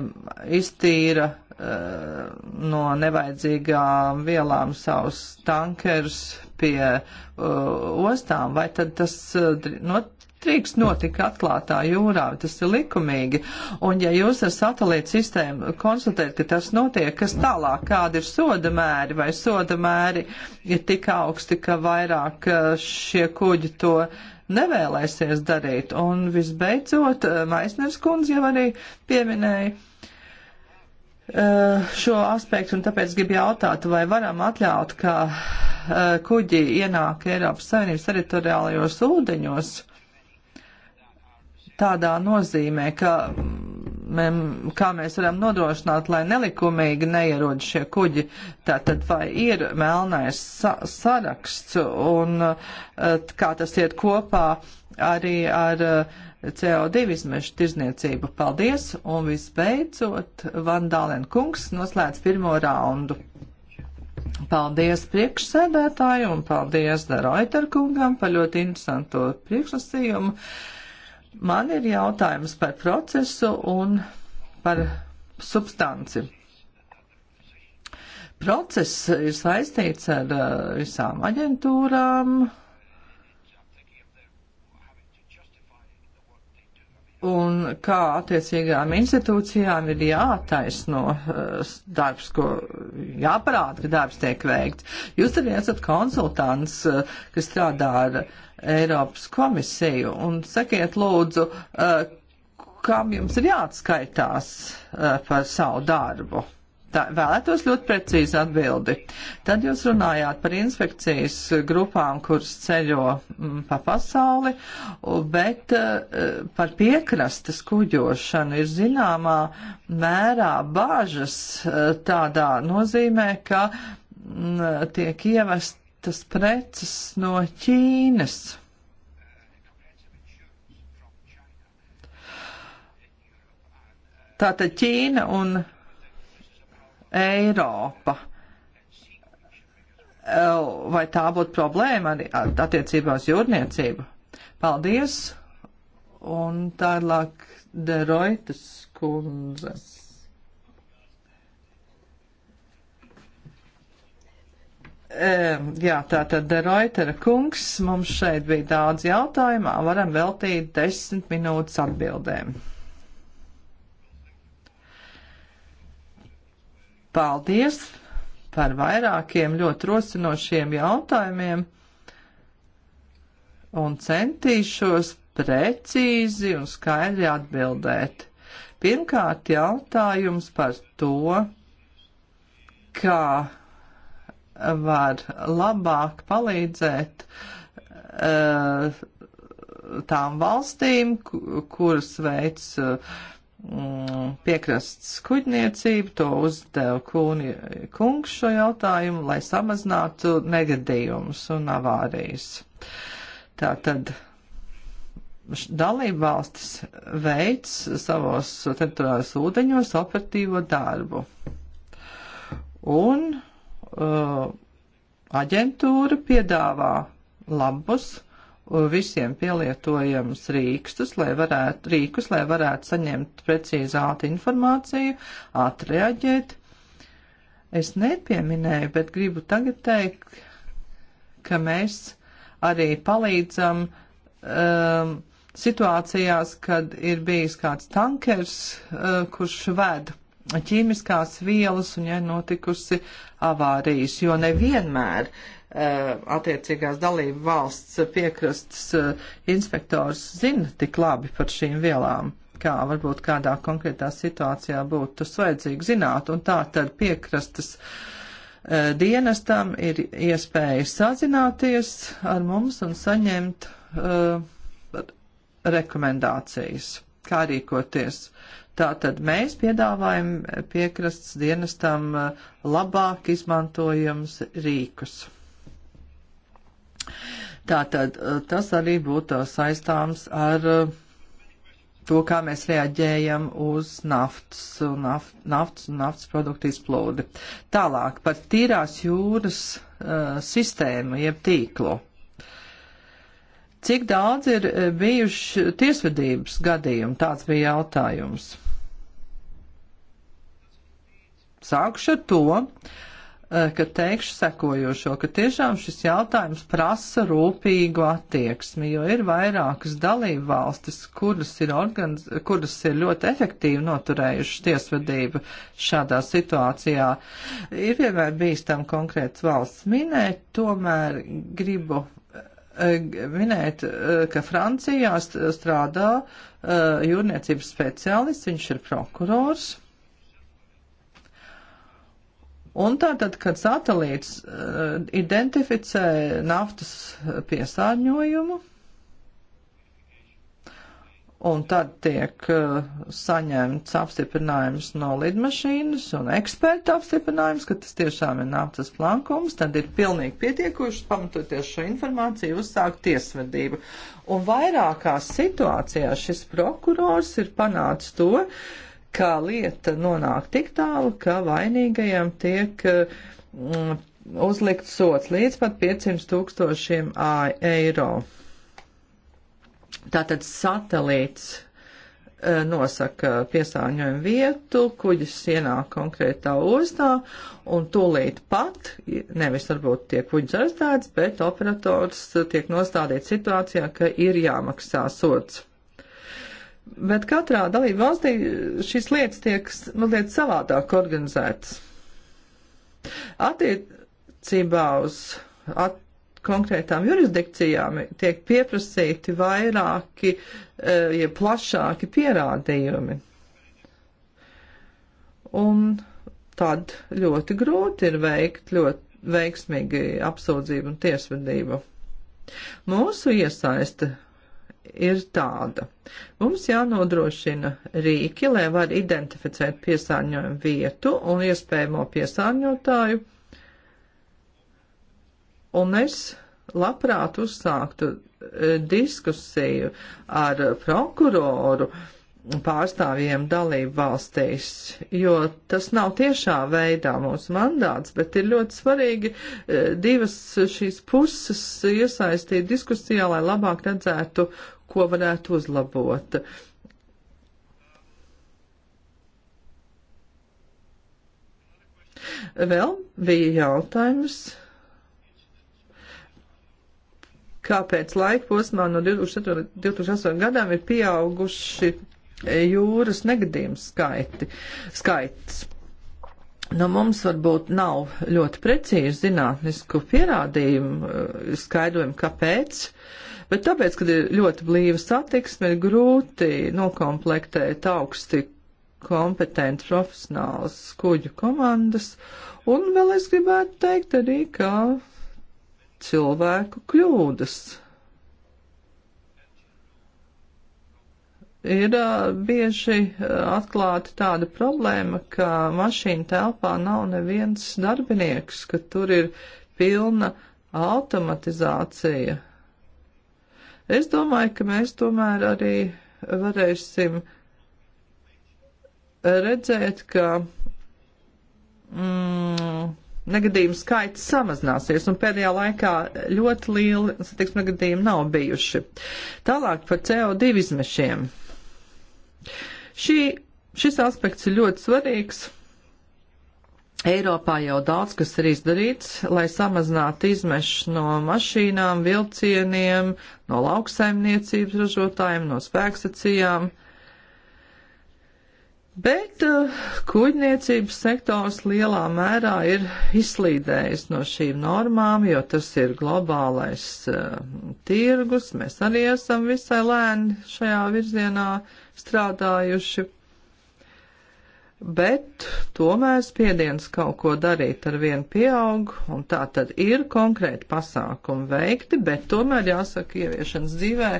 iztīra uh, no nevajadzīgām vielām savus tankerus pie uh, ostām, vai tad tas uh, not, drīkst notikt atklātā jūrā, tas ir likumīgi. Un ja jūs ar satelītu sistēmu konstatējat, ka tas notiek, kas tālāk, kādi ir soda mēri, vai soda mēri ir tik augsti, ka vairāk eh, šie kuģi to nevēlēsies darīt. Un visbeidzot, eh, Maisners kundze jau arī pieminēja eh, šo aspektu, un tāpēc gribu jautāt, vai varam atļaut, ka kuģi ienāk Eiropas Savienības teritoriālajos ūdeņos, tādā nozīmē, ka mem, kā mēs varam nodrošināt, lai nelikumīgi neierod šie kuģi. Tātad vai ir melnais sa saraksts un e, kā tas iet kopā arī ar e, CO2 izmešu tirzniecību. Paldies! Un visbeidzot, Vandālen kungs noslēdz pirmo raundu. Paldies priekšsēdētāju un paldies Deroiter kungam par ļoti interesanto priekšlasījumu. Uh, Man ir jautājums par procesu un par substanci. Process ir saistīts ar uh, visām aģentūrām, un kā attiecīgām institūcijām ir jātaisno eh, darbs, ko jāparāda, ka darbs tiek veikts. Jūs arī esat konsultants, eh, kas strādā ar Eiropas komisiju, un sakiet lūdzu, eh, kam jums ir jāatskaitās par savu darbu. Tā, vēlētos ļoti precīzi atbildi. Tad jūs runājāt par inspekcijas grupām, kuras ceļo m, mm, pa pasauli, bet uh, par piekrastes kuģošanu ir zināmā mērā bāžas uh, eh, tādā nozīmē, ka m, mm, tiek ievestas preces no Ķīnas. Tātad Ķīna un Eiropa. Vai tā būtu problēma arī attiecībā uz jūrniecību? Paldies! Un tālāk Deroitas kundze. Ehm, jā, tātad Reutera kungs, mums šeit bija daudz jautājumā, varam veltīt desmit minūtes atbildēm. Paldies par vairākiem ļoti rosinošiem jautājumiem un centīšos precīzi un skaidri atbildēt. Pirmkārt, jautājums par to, kā var labāk palīdzēt uh, tām valstīm, kuras veids uh, eh, Mm, piekrasts kuģniecību, to uzdeva kūni, kungs šo jautājumu, lai samazinātu negadījumus un avārijas. Tātad dalība valstis veids savos teritoriālos ūdeņos operatīvo darbu. Un uh, aģentūra piedāvā labus visiem pielietojams rīkstus, lai varētu, rīkus, lai varētu saņemt precīzātu informāciju, atreaģēt. Es nepieminēju, bet gribu tagad teikt, ka mēs arī palīdzam um, situācijās, kad ir bijis kāds tankers, uh, kurš ved ķīmiskās vielas un ja notikusi avārijas, jo nevienmēr uh, Eh, attiecīgās dalību valsts piekrastas eh, inspektors zina tik labi par šīm vielām, kā varbūt kādā konkrētā situācijā būtu tas vajadzīgi zināt, un tā tad piekrastas eh, dienestam ir iespēja sazināties ar mums un saņemt uh, rekomendācijas, kā rīkoties. Tātad mēs piedāvājam piekrasts dienestam labāk izmantojams rīkus. Tātad eh, tas arī būtu saistāms ar eh, to, kā mēs reaģējam uz naftas un naft, naftas, un naftas produktu izplūdi. Tālāk par tīrās jūras uh, sistēmu, jeb tīklu. Cik daudz ir bijuši tiesvedības gadījumi? Tāds bija jautājums. Sākšu ar to, uh, Eh, ka teikšu sekojošo, ka tiešām šis jautājums prasa rūpīgu attieksmi, jo ir vairākas dalību valstis, kuras ir, organiz... kuras ir ļoti efektīvi noturējušas tiesvedību šādā situācijā. Ir vienmēr bīstam konkrēts valsts minēt, tomēr gribu eh, minēt, eh, ka Francijā strādā jūrniecības speciālists, viņš ir prokurors Un tātad, kad satelīts uh, identificē naftas piesārņojumu, un tad tiek uh, saņemts apstiprinājums no lidmašīnas un eksperta apstiprinājums, ka tas tiešām ir naftas plankums, tad ir pilnīgi pietiekuši pamatoties šo informāciju uzsākt tiesvedību. Un vairākās situācijās šis prokurors ir panācis to, uh, ka lieta nonāk tik tālu, ka vainīgajam tiek mm, uzlikt sots līdz pat 500 tūkstošiem eiro. Tātad satelīts e, nosaka piesārņojumu vietu, kuģis ienāk konkrētā ostā un tūlīt pat, nevis varbūt tiek kuģis arestēts, bet operators tiek nostādīts situācijā, ka ir jāmaksā sots. Bet katrā dalība valstī šīs lietas tiek mazliet savādāk organizētas. Attiecībā uz at konkrētām jurisdikcijām tiek pieprasīti vairāki, e, ja plašāki pierādījumi. Un tad ļoti grūti ir veikt ļoti veiksmīgi apsūdzību un tiesvedību. Mūsu iesaiste ir tāda. Mums jānodrošina rīki, lai var identificēt piesārņojumu vietu un iespējamo piesārņotāju. Un es labprāt uzsāktu eh, diskusiju ar prokuroru, uh, pārstāvjiem dalību valstīs, jo tas nav tiešā veidā mūsu mandāts, bet ir ļoti svarīgi e, divas šīs puses iesaistīt diskusijā, lai labāk redzētu, ko varētu uzlabot. Vēl bija jautājums kāpēc laika posmā no 2008. gadām ir pieauguši jūras negadījumu skaiti, skaits. Nu, mums varbūt nav ļoti precīzi zinātnisku pierādījumu, eh, skaidrojumu, kāpēc, bet tāpēc, kad ir ļoti blīva satiksme, ir grūti nokomplektēt augsti kompetenti profesionāls kuģu komandas, un vēl es gribētu teikt arī, ka cilvēku kļūdas ir bieži atklāta tāda problēma, ka mašīna telpā nav neviens darbinieks, ka tur ir pilna automatizācija. Es domāju, ka mēs tomēr arī varēsim redzēt, ka mm, negadījumu skaits samazināsies, un pēdējā laikā ļoti lieli satiksmes negadījumi nav bijuši. Tālāk par CO2 izmešiem. Šī, šis aspekts ir ļoti svarīgs. Eiropā jau daudz kas ir izdarīts, lai samazinātu izmešu no mašīnām, vilcieniem, no lauksaimniecības ražotājiem, no spēkstacijām. Bet eh, kuģniecības sektors lielā mērā ir izslīdējis no šīm normām, jo tas ir globālais uh, tirgus. Mēs arī esam visai lēni šajā virzienā strādājuši. Bet tomēr spiediens kaut ko darīt ar vienu pieaug, un tā tad ir konkrēti pasākumi veikti, bet tomēr jāsaka, ieviešanas dzīvē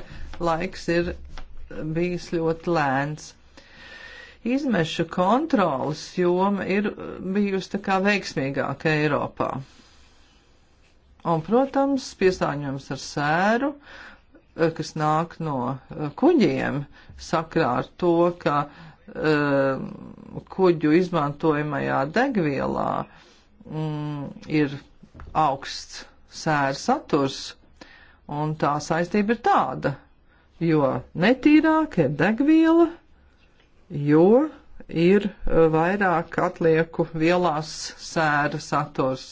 laiks ir eh, bijis ļoti lēns. Izmešu kontrolas joma ir bijusi tā kā veiksmīgāka Eiropā. Un, protams, piesāņojums ar sēru, eh, kas nāk no eh, kuģiem, sakrā ar to, ka uh, kuģu izmantojamajā degvielā mm, ir augsts sēra saturs, un tā saistība ir tāda, jo netīrāk ir degviela, jo ir eh, vairāk atlieku vielās sēra saturs.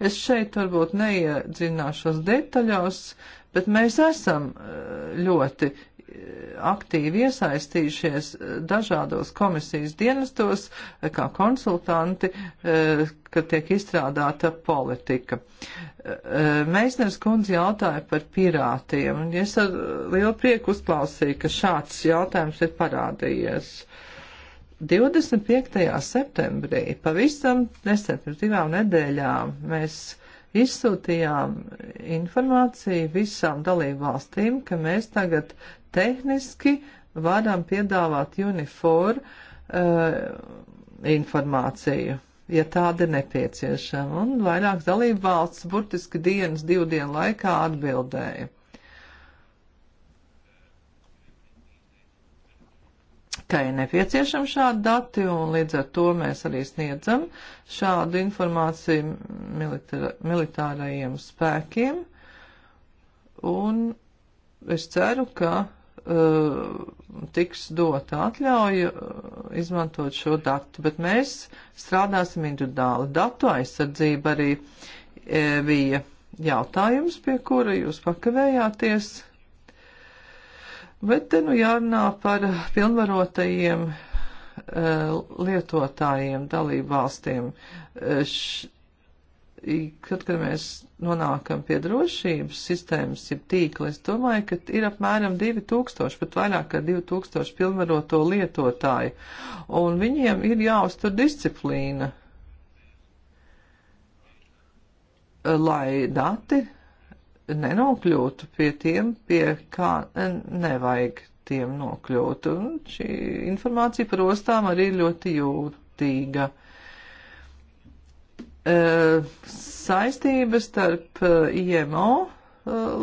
Es šeit varbūt neiedzināšos detaļos, bet mēs esam eh, ļoti eh, aktīvi iesaistījušies dažādos komisijas dienestos kā konsultanti, kad tiek izstrādāta politika. Meisners kundze jautāja par pirātiem. Es ar lielu prieku uzklausīju, ka šāds jautājums ir parādījies. Uh, 25. septembrī, pavisam nesen pirms divām nedēļām, mēs izsūtījām informāciju visām dalību valstīm, ka mēs tagad tehniski varam piedāvāt unifor uh, informāciju, ja tāda ir nepieciešama. Un vairākas dalību valsts burtiski dienas, divu dienu laikā atbildēja. ka ir nepieciešami šādi dati, un līdz ar to mēs arī sniedzam šādu informāciju militāra, militārajiem spēkiem. Un es ceru, ka uh, tiks dota atļauja uh, izmantot šo datu, bet mēs strādāsim individuāli. Datu aizsardzība arī e, bija jautājums, pie kura jūs pakavējāties. Bet te nu jārunā par pilnvarotajiem eh, lietotājiem, dalību valstīm. Eh, kad, kad mēs nonākam pie drošības sistēmas, ir tīkli, es domāju, ka ir apmēram 2000, pat vairāk kā 2000 pilnvaroto lietotāju, un viņiem ir jāuztur disciplīna, eh, lai dati nenokļūtu pie tiem, pie kā nevajag tiem nokļūt. Un šī informācija par ostām arī ir ļoti jūtīga. E, saistības starp e, IMO e,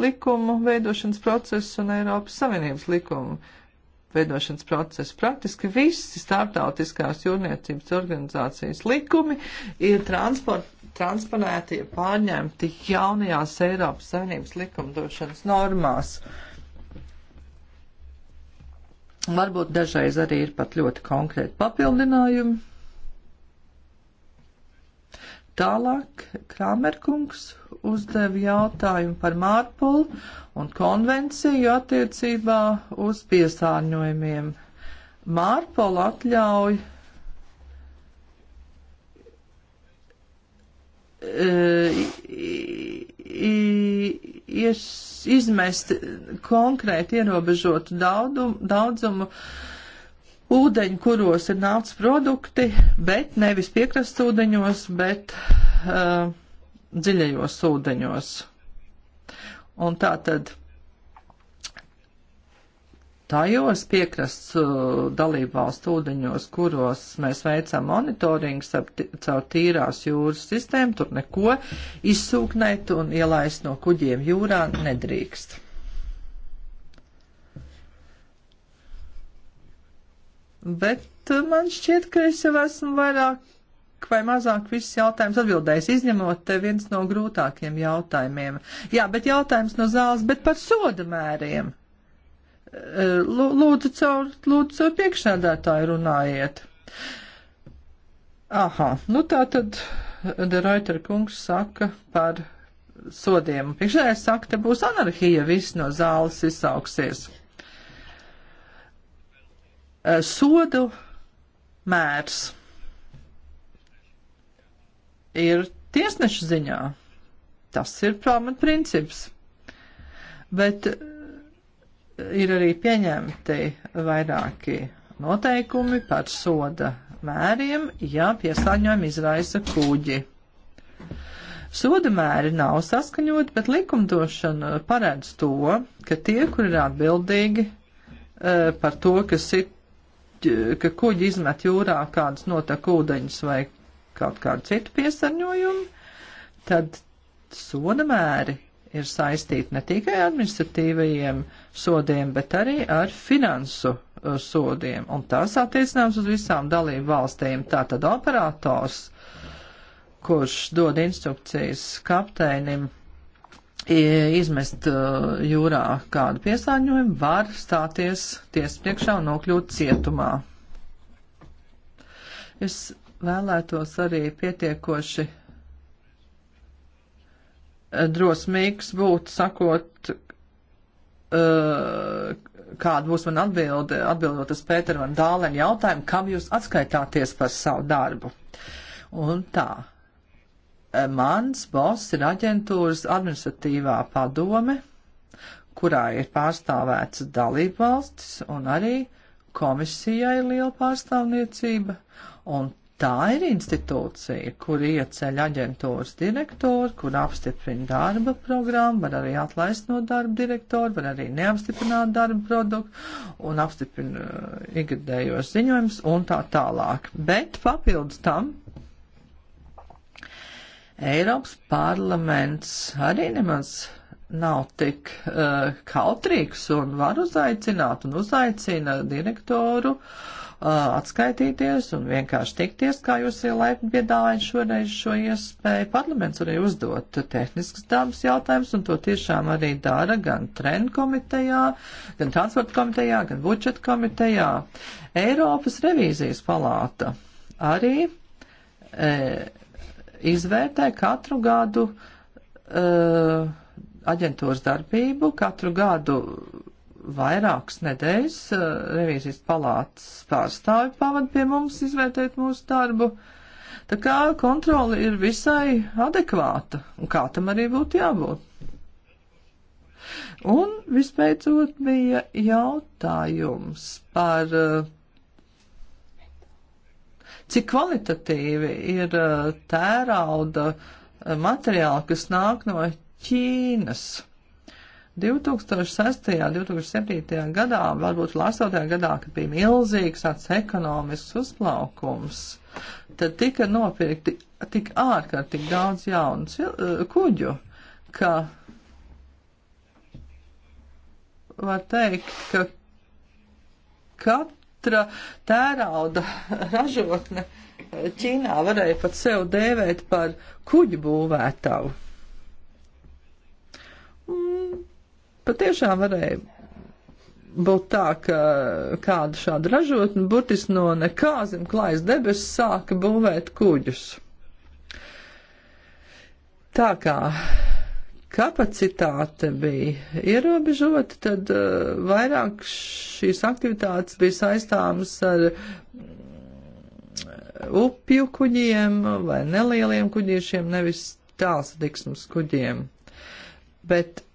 likumu veidošanas procesu un Eiropas Savienības likumu veidošanas procesu. Praktiski visi starptautiskās jūrniecības organizācijas likumi ir transporta transponēti, pārņemti jaunajās Eiropas Savienības likumdošanas normās. Varbūt dažreiz arī ir pat ļoti konkrēti papildinājumi. Tālāk Kramerkungs uzdeva jautājumu par Mārpulu un konvenciju attiecībā uz piesārņojumiem. Mārpola atļauj ies, izmest konkrēti ierobežotu daudumu, daudzumu ūdeņu, kuros ir naftas produkti, bet nevis piekrastūdeņos, bet uh, dziļajos ūdeņos. Un tā tad tajos piekrasts uh, dalību valstu ūdeņos, kuros mēs veicam monitoringu caur tīrās jūras sistēmu, tur neko izsūknēt un ielaist no kuģiem jūrā nedrīkst. Bet uh, man šķiet, ka es jau esmu vairāk vai mazāk visus jautājumus atbildējis, izņemot te viens no grūtākiem jautājumiem. Jā, bet jautājums no zāles, bet par soda mēriem. Lūdzu, caur, lūdzu, caur priekšsēdētāju runājiet. Aha, nu tā tad Deroiter kungs saka par sodiem. Priekšsēdētājs saka, te būs anarhija, viss no zāles izsauksies. Eh, sodu mērs ir tiesneša ziņā. Tas ir pamatprincips. Bet ir arī pieņemti vairāki noteikumi par soda mēriem, ja piesārņojumu izraisa kuģi. Soda mēri nav saskaņoti, bet likumdošana paredz to, ka tie, kur ir atbildīgi eh, par to, ka, sit, ka kuģi izmet jūrā kādas notekūdeņas vai kaut kādu citu piesārņojumu, tad soda mēri ir saistīti ne tikai ar administratīvajiem sodiem, bet arī ar finansu uh, sodiem, un tas attiecināms uz visām dalību valstīm. Tātad operators, kurš dod instrukcijas kapteinim izmest uh, jūrā kādu piesārņojumu, var stāties tiesas priekšā un nokļūt cietumā. Es vēlētos arī pietiekoši Eh, drosmīgs būt, sakot, eh, kāda būs man atbilde, atbildot uz Pēteru un Dālēnu jautājumu, kam jūs atskaitāties par savu darbu. Un tā. Eh, mans boss ir aģentūras administratīvā padome, kurā ir pārstāvēts dalībvalstis un arī komisijai liela pārstāvniecība, un Tā ir institūcija, kur ieceļ aģentūras direktoru, kur apstiprina darba programmu, var arī atlaist no darba direktoru, var arī neapstiprināt darba produktu un apstiprina uh, ikgadējos ziņojumus un tā tālāk. Bet papildus tam Eiropas parlaments arī nemaz nav tik uh, kautrīgs un var uzaicināt un uzaicina direktoru uh, Uh, atskaitīties un vienkārši tikties, kā jūs jau laipni piedāvājat šoreiz šo iespēju. Parlaments arī uzdot tehniskas dabas jautājumus, un to tiešām arī dara gan trend komitejā, gan transporta komitejā, gan budžeta komitejā. Eiropas revīzijas palāta arī e, izvērtē katru gadu e, aģentūras darbību, katru gadu vairākas nedēļas eh, revīzijas palātas pārstāvi pavad pie mums izvērtēt mūsu darbu. Tā kā kontroli ir visai adekvāta, un kā tam arī būtu jābūt. Un vispēcot bija jautājums par eh, cik kvalitatīvi ir eh, tērauda materiāli, kas nāk no Ķīnas. 2006. un 2007. gadā, varbūt 2008. gadā, kad bija milzīgs tāds ekonomisks uzplaukums, tad tika nopirkti tik ārkārtīgi daudz jaunu eh, kuģu, ka var teikt, ka katra tērauda ražotne Ķīnā varēja pat sev dēvēt par kuģu būvētavu. patiešām varēja būt tā, ka kāda šāda ražotne burtiski no nekā zem klājas debesis sāka būvēt kuģus. Tā kā kapacitāte bija ierobežota, tad uh, vairāk šīs aktivitātes bija saistāmas ar mm, upju kuģiem vai nelieliem kuģiešiem, nevis tālsatiksmes kuģiem. Bet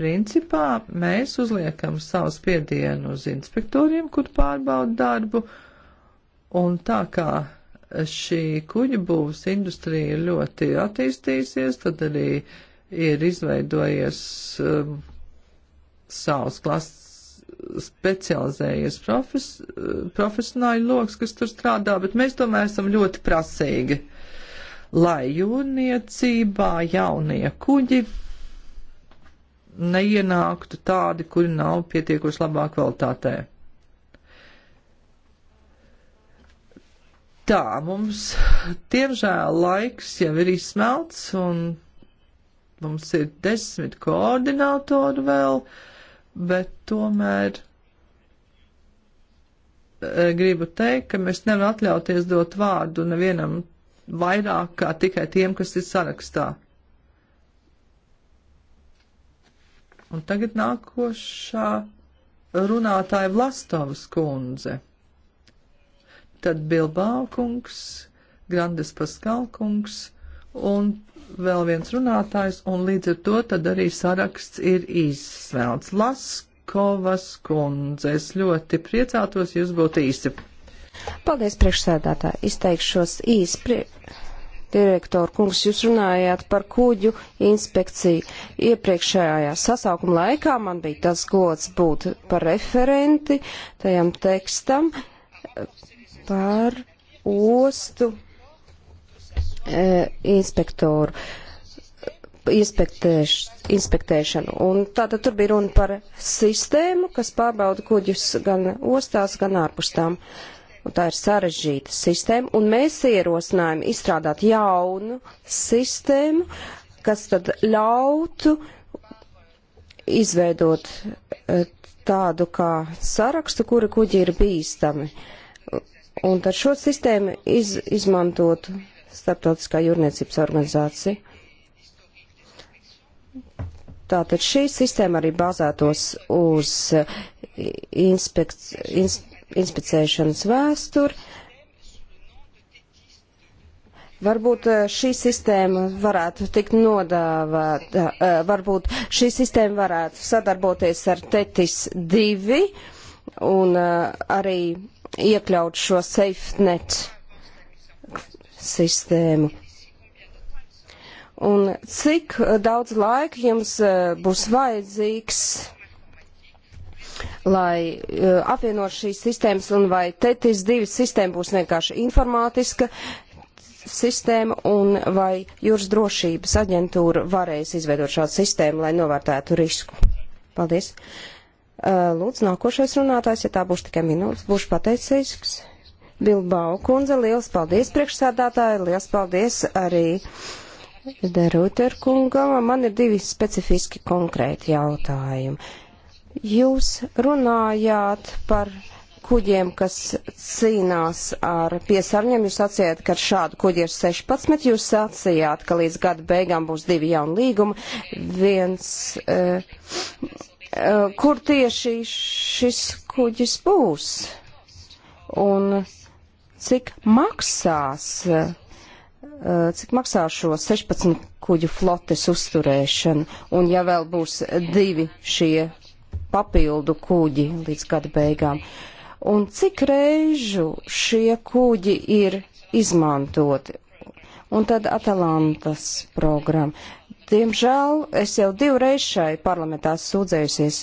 Principā mēs uzliekam savu spiedienu uz inspektoriem, kur pārbauda darbu, un tā kā šī kuģa būvs industrija ļoti attīstīsies, tad arī ir izveidojies um, savs klases specializējies profes, profesionāļu lokus, kas tur strādā, bet mēs tomēr esam ļoti prasīgi, lai jūrniecībā jaunie kuģi neienāktu tādi, kuri nav pietiekoši labā kvalitātē. Tā, mums tiemžēl laiks jau ir izsmelts un mums ir desmit koordinātori vēl, bet tomēr eh, gribu teikt, ka mēs nevaram atļauties dot vārdu nevienam vairāk kā tikai tiem, kas ir sarakstā. Un tagad nākošā runātāja Vlastovas kundze. Tad Bilbao kungs, Grandes Paskal kungs un vēl viens runātājs, un līdz ar to tad arī saraksts ir izsvelts. Laskovas kundze, es ļoti priecātos, jūs būtu īsi. Paldies, priekšsēdētāji. Izteikšos īsi. Prie direktoru kungs, jūs runājāt par kuģu inspekciju. Iepriekšējā sasaukuma laikā man bija tas gods būt par referenti tajam tekstam par ostu e, inspektoru inspektēš, inspektēšanu. Un tātad tur bija runa par sistēmu, kas pārbauda kuģus gan ostās, gan ārpus tām. Uh, un tā ir sarežģīta sistēma, un mēs ierosinājām izstrādāt jaunu sistēmu, kas tad ļautu izveidot e, tādu kā sarakstu, kuri kuģi ir bīstami. Un tad šo sistēmu iz, izmantot Startautiskā jūrniecības organizācija. Tātad šī sistēma arī bazētos uz e, inspekt, ins, inspicēšanas vēsturi. Varbūt eh, šī sistēma varētu tikt nodāvāta, eh, varbūt šī sistēma varētu sadarboties ar TETIS 2 un eh, arī iekļaut šo SafeNet sistēmu. Un cik daudz laika jums būs vajadzīgs? lai uh, apvienot šīs sistēmas un vai TETIS divas sistēma būs vienkārši informātiska sistēma un vai jūras drošības aģentūra varēs izveidot šādu sistēmu, lai novērtētu risku. Paldies. Uh, lūdzu, nākošais runātājs, ja tā būs tikai minūtes, būšu pateicīgs. Bilbao kundze, liels paldies priekšsādātāji, liels paldies arī Derūter kungam. Man ir divi specifiski konkrēti jautājumi Jūs runājāt par kuģiem, kas cīnās ar piesārņiem. Jūs sacījāt, ka šādu kuģi ir 16. Jūs sacījāt, ka līdz gada beigām būs divi jauni līgumi. Viens, uh, uh, kur tieši šis kuģis būs? Un cik maksās, uh, cik maksā šo 16 kuģu flotes uzturēšanu? Un ja vēl būs divi šie papildu kuģi līdz gada beigām. Un cik reižu šie kuģi ir izmantoti? Un tad Atalantas programma. Diemžēl es jau divreiz šai parlamentā sūdzējusies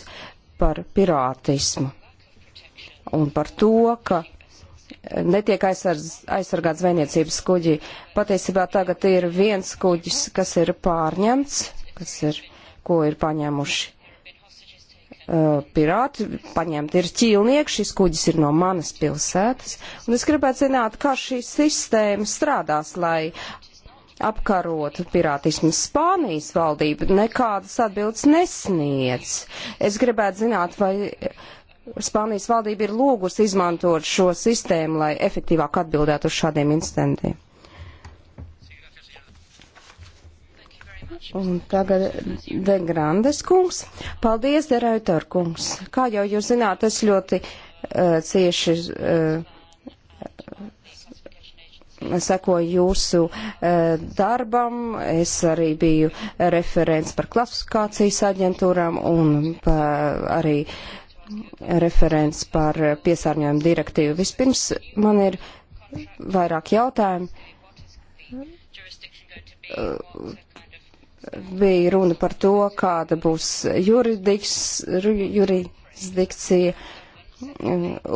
par pirātismu un par to, ka netiek aizsardz, aizsargāts zvejniecības kuģi. Patiesībā tagad ir viens kuģis, kas ir pārņemts, kas ir, ko ir paņēmuši uh, pirāti, paņemti ir ķīlnieki, šis kuģis ir no manas pilsētas, un es gribētu zināt, kā šī sistēma strādās, lai apkarot pirātismu Spānijas valdību, nekādas atbildes nesniedz. Es gribētu zināt, vai Spānijas valdība ir lūgusi izmantot šo sistēmu, lai efektīvāk atbildētu uz šādiem incidentiem. Un tagad Degrandes kungs. Paldies, Deraitor kungs. Kā jau jūs zināt, es ļoti uh, cieši uh, sekoju jūsu uh, darbam. Es arī biju referents par klasifikācijas aģentūram un pa, arī referents par piesārņojumu direktīvu. Vispirms man ir vairāk jautājumu. Uh, bija runa par to, kāda būs juridiks, jurisdikcija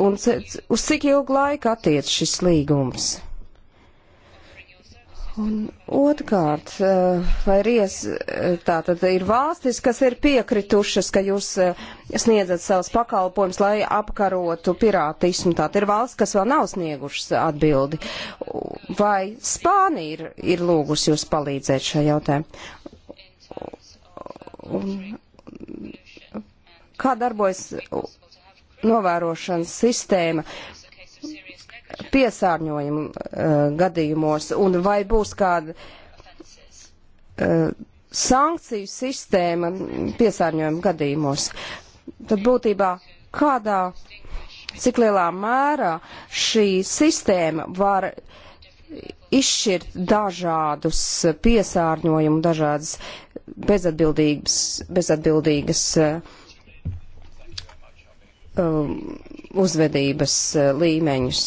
un uz cik ilgu laiku attiec šis līgums. Un otrkārt, eh, vai ir ies, eh, tā tad ir valstis, kas ir piekritušas, ka jūs eh, sniedzat savus pakalpojumus, lai apkarotu pirātismu. Tā ir valsts, kas vēl nav sniegušas atbildi. Vai Spānija ir, ir lūgusi jūs palīdzēt šajā jautājumā? Un kā darbojas novērošanas sistēma piesārņojumu uh, gadījumos, un vai būs kāda uh, sankciju sistēma piesārņojumu gadījumos? Tad būtībā kādā, cik lielā mērā šī sistēma var izšķirt dažādus piesārņojumu, dažādas bezatbildīgas, bezatbildīgas um, uzvedības uh, līmeņus.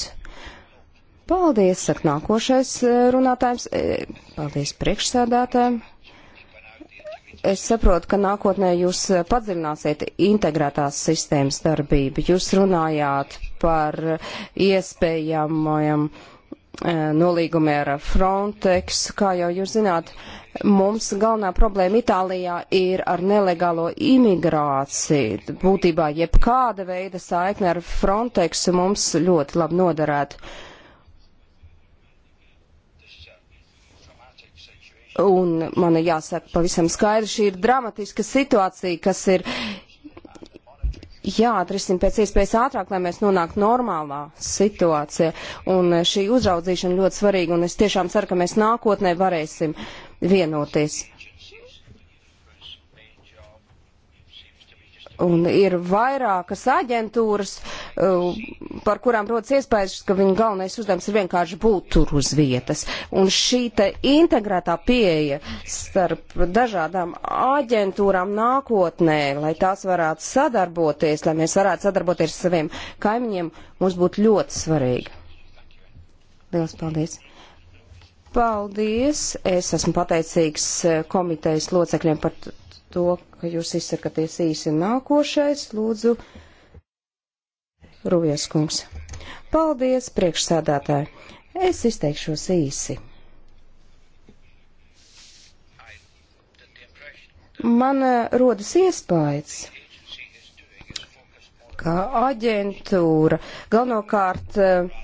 Paldies, saka nākošais uh, runātājs. E, paldies priekšsēdētājiem. Es saprotu, ka nākotnē jūs uh, padziļināsiet integrētās sistēmas darbību. Jūs runājāt par iespējamajam um, E, nolīgumi ar Frontex. Kā jau jūs zināt, mums galvenā problēma Itālijā ir ar nelegālo imigrāciju. Būtībā jebkāda veida saikne ar Frontex mums ļoti labi noderētu. Un man jāsaka pavisam skaidri, šī ir dramatiska situācija, kas ir jāatrisina pēc iespējas ātrāk, lai mēs nonāktu normālā situācijā. Un eh, šī uzraudzīšana ļoti svarīga, un es tiešām ceru, ka mēs nākotnē varēsim vienoties. Un ir vairākas aģentūras, uh, par kurām rodas iespējas, ka viņu galvenais uzdevums ir vienkārši būt tur uz vietas. Un šī te integrētā pieeja starp dažādām aģentūrām nākotnē, lai tās varētu sadarboties, lai mēs varētu sadarboties ar saviem kaimiņiem, mums būtu ļoti svarīga. Lielas paldies! Paldies! Es esmu pateicīgs eh, komitejas locekļiem par to, ka jūs izsakaties īsi nākošais, lūdzu, Rūjas kungs. Paldies, priekšsādātāji. Es izteikšos īsi. Man eh, rodas iespējas, ka aģentūra galvenokārt eh,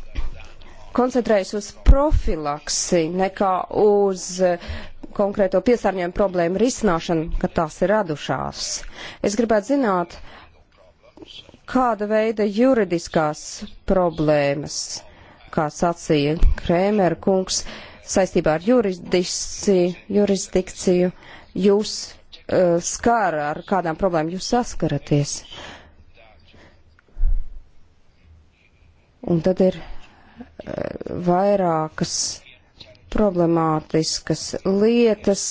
koncentrējas uz profilaksi nekā uz uh, konkrēto piesārņojumu problēmu risināšanu, ka tās ir radušās. Es gribētu zināt, kāda veida juridiskās problēmas, kā sacīja Krēmera kungs, saistībā ar jurisdikciju, jurisdikciju jūs uh, skar, ar kādām problēmām jūs saskaraties. Un tad ir uh, vairākas problemātiskas lietas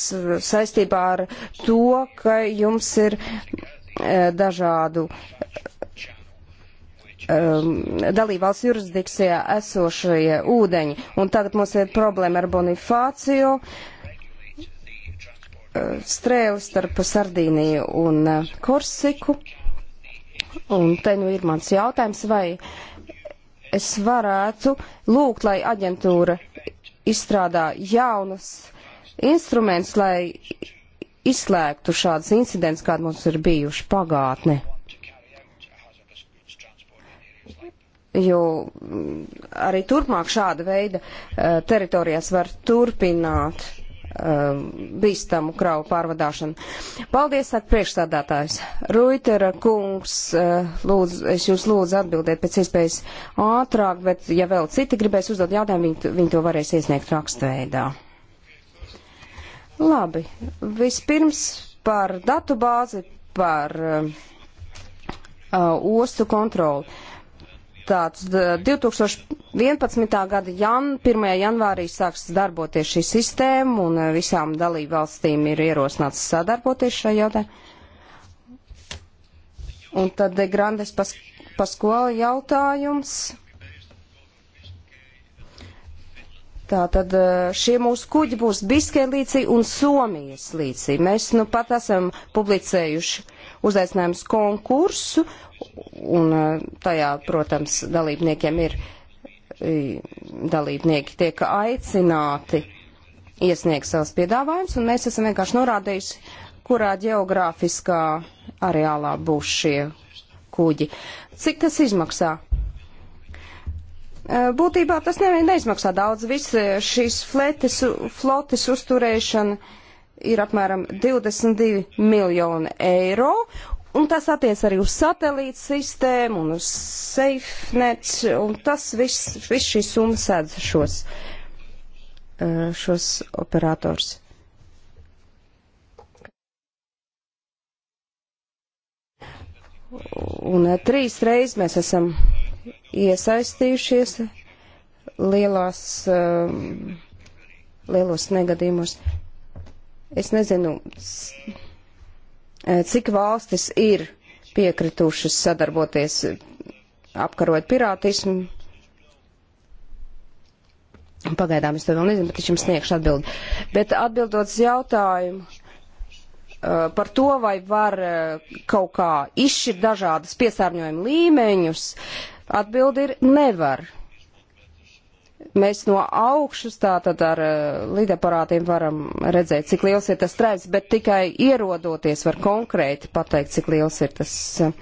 saistībā ar to, ka jums ir e, dažādu um, dalībvalsts jurisdikcijā esošie ūdeņi. Un tagad mums ir problēma ar Bonifāciju, e, strēli starp Sardīniju un Korsiku. Un te nu ir mans jautājums, vai es varētu lūgt, lai aģentūra izstrādā jaunas instruments, lai izslēgtu šādas incidents, kāda mums ir bijuši pagātne. Jo mm, arī turpmāk šāda veida eh, teritorijās var turpināt bīstamu kravu pārvadāšanu. Paldies, at priekšstādātājs. Ruitera kungs, eh, lūdzu, es jūs lūdzu atbildēt pēc iespējas ātrāk, bet ja vēl citi gribēs uzdot jautājumu, viņi, viņi to varēs iesniegt rakstveidā. Labi, vispirms par datu bāzi, par uh, ostu kontroli. Uh, tāds 2011. gada jan, 1. janvārī sāks darboties šī sistēma un e, visām dalībvalstīm ir ierosināts sadarboties šajā jautājumā. Un tad De Grandes pas, paskola jautājums. Tātad e, šie mūsu kuģi būs Biskē līcī un Somijas līcī. Mēs nu pat esam publicējuši uzaicinājums konkursu, un eh, tajā, protams, dalībniekiem ir, dalībnieki tiek aicināti iesniegt savus piedāvājumus, un mēs esam vienkārši norādījuši, kurā geogrāfiskā areālā būs šie kuģi. Cik tas izmaksā? Eh, būtībā tas neizmaksā daudz. Viss eh, šīs fletes, flotes uzturēšana ir apmēram 22 miljoni eiro, un tas attiec arī uz satelītu sistēmu un uz SafeNet, un tas viss, viss šī summa sēdz šos, eh, šos operators. Un eh, trīs reizes mēs esam iesaistījušies lielās, eh, lielos negadījumos. Es nezinu, cik valstis ir piekritušas sadarboties apkarot pirātismu. Pagaidām es to vēl nezinu, bet es jums sniegšu atbildi. Bet atbildot uz jautājumu eh, par to, vai var eh, kaut kā izšķirt dažādas piesārņojuma līmeņus, atbildi ir nevar mēs no augšas tātad ar eh, lidaparātiem varam redzēt, cik liels ir tas stress, bet tikai ierodoties var konkrēti pateikt, cik liels ir tas eh,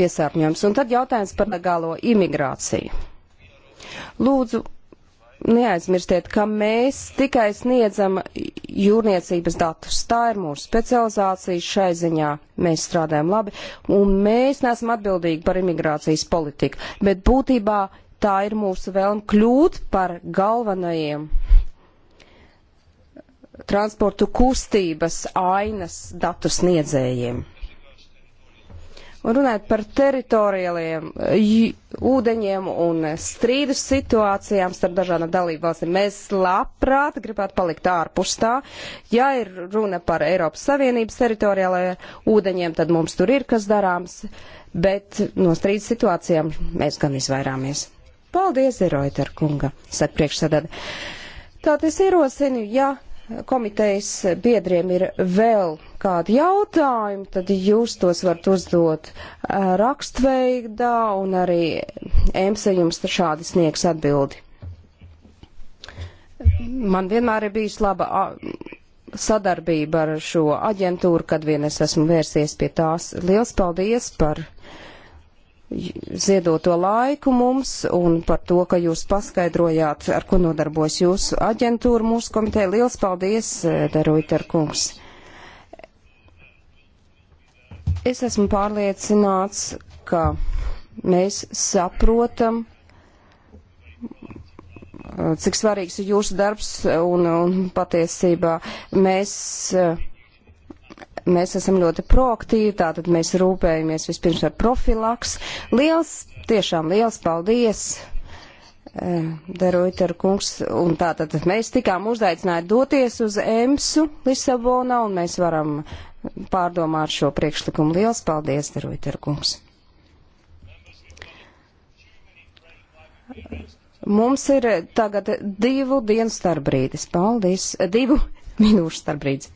piesārņojums. Un tad jautājums par legālo imigrāciju. Lūdzu, neaizmirstiet, ka mēs tikai sniedzam jūrniecības datus. Tā ir mūsu specializācija šai ziņā. Mēs strādājam labi, un mēs neesam atbildīgi par imigrācijas politiku, bet būtībā tā ir mūsu vēlme kļūt par galvenajiem transportu kustības ainas datu sniedzējiem. Un runājot par teritoriāliem ūdeņiem un strīdu situācijām starp dažādām dalību valstīm, mēs labprāt gribētu palikt ārpus tā. Ja ir runa par Eiropas Savienības teritoriālajiem ūdeņiem, tad mums tur ir kas darāms, bet no strīdu situācijām mēs gan izvairāmies. Paldies, Eroiter kunga, saka priekšsēdētāji. Tātad es ierosinu, ja komitejas biedriem ir vēl kādi jautājumi, tad jūs tos varat uzdot eh, rakstveidā un arī EMSA jums šādi sniegs atbildi. Man vienmēr ir bijis laba sadarbība ar šo aģentūru, kad vien es esmu vērsies pie tās. Liels paldies par ziedoto laiku mums un par to, ka jūs paskaidrojāt, ar ko nodarbojas jūsu aģentūra mūsu komiteja. Liels paldies, Deruiter kungs! Es esmu pārliecināts, ka mēs saprotam, cik svarīgs ir jūsu darbs un, un patiesībā mēs uh, mēs esam ļoti proaktīvi, tātad mēs rūpējamies vispirms par profilaks. Liels, tiešām liels paldies, eh, Deruiter kungs, un tātad mēs tikām uzaicināti doties uz EMSu Lisabonā, un mēs varam pārdomāt šo priekšlikumu. Liels paldies, Deruiter kungs. Mums ir tagad divu dienu starpbrīdis. Paldies. Divu minūšu starpbrīdis.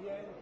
vienne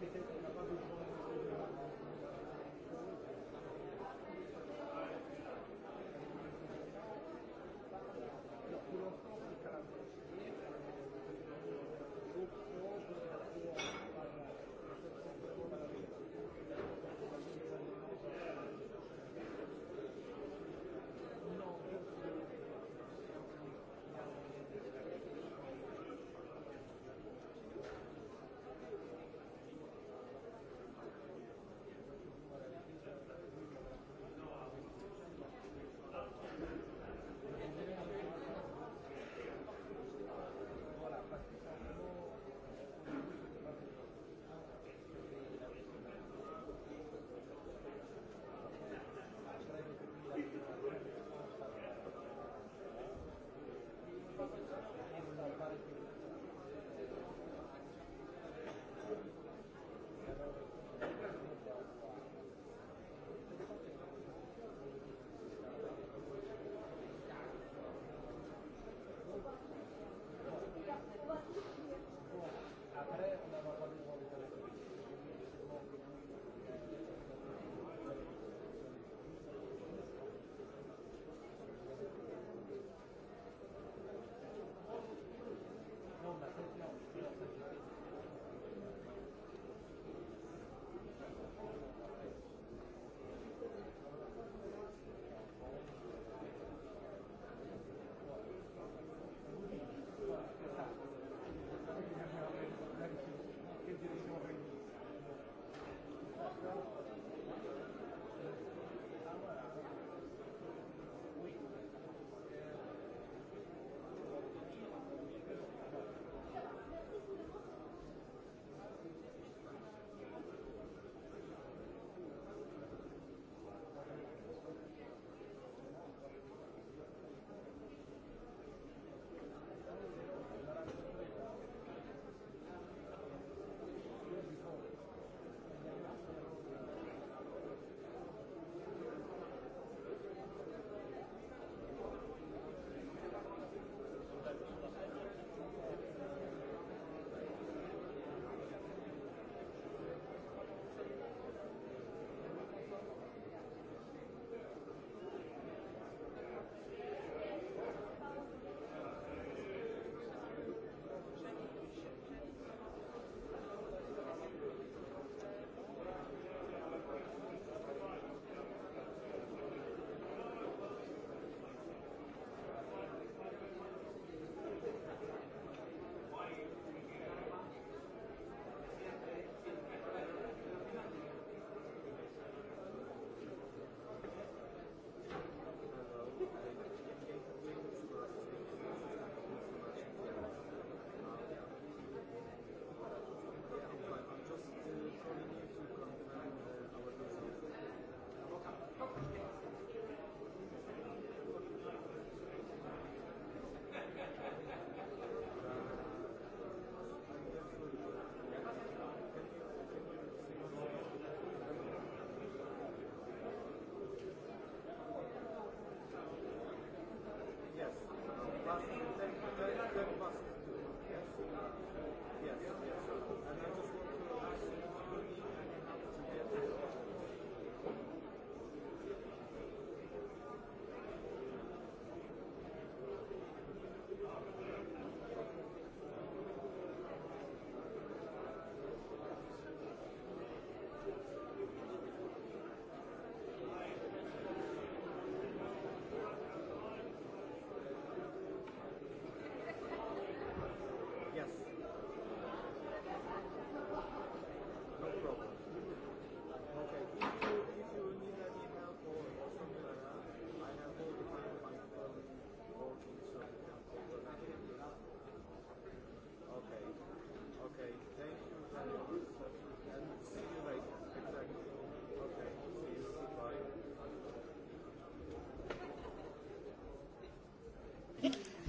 Yes.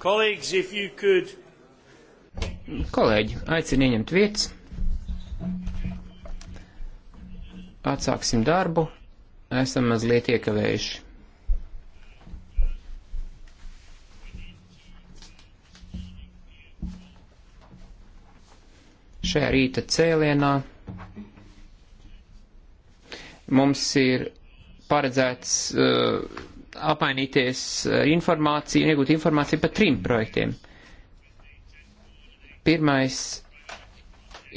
Kolēģi, aicinu ieņemt vietas. Atsāksim darbu. Esam mazliet iekavējuši. Šajā rīta cēlienā mums ir paredzēts uh, apmainīties eh, informāciju un iegūt informāciju par trim projektiem. Pirmais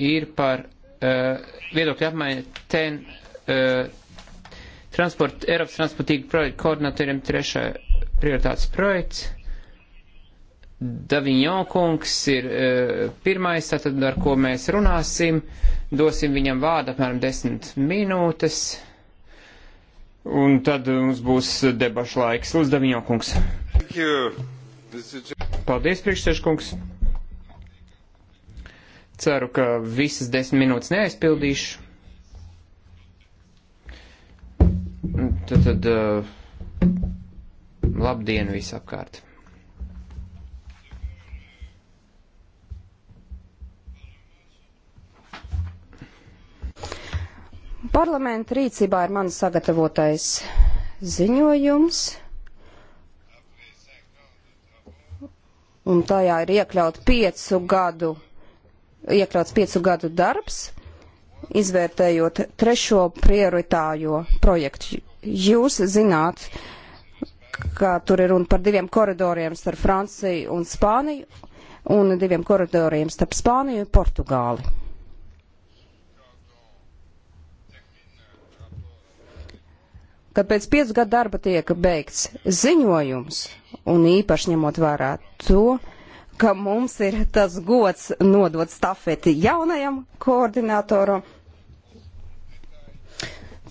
ir par uh, viedokļu apmaiņu ten uh, transport, Eiropas transportīgu projektu koordinatoriem trešā prioritātes projekts. Davignon kungs ir uh, pirmais, tātad ar ko mēs runāsim. Dosim viņam vārdu apmēram desmit minūtes. Uh, Un tad mums būs debašu laiks. Lūdzu, Daviņo kungs. Paldies, priekšsēžkungs. Ceru, ka visas desmit minūtes neaizpildīšu. Tad, tad uh, labdien visapkārt! Parlamenta rīcībā ir mans sagatavotais ziņojums. Un tajā ir iekļaut piecu gadu, iekļauts piecu gadu darbs, izvērtējot trešo prioritājo projektu. Jūs zināt, ka tur ir runa par diviem koridoriem starp Franciju un Spāniju un diviem koridoriem starp Spāniju un Portugāli. Tad pēc piecu gadu darba tiek beigts ziņojums, un īpaši ņemot vērā to, ka mums ir tas gods nodot stafeti jaunajam koordinatoram.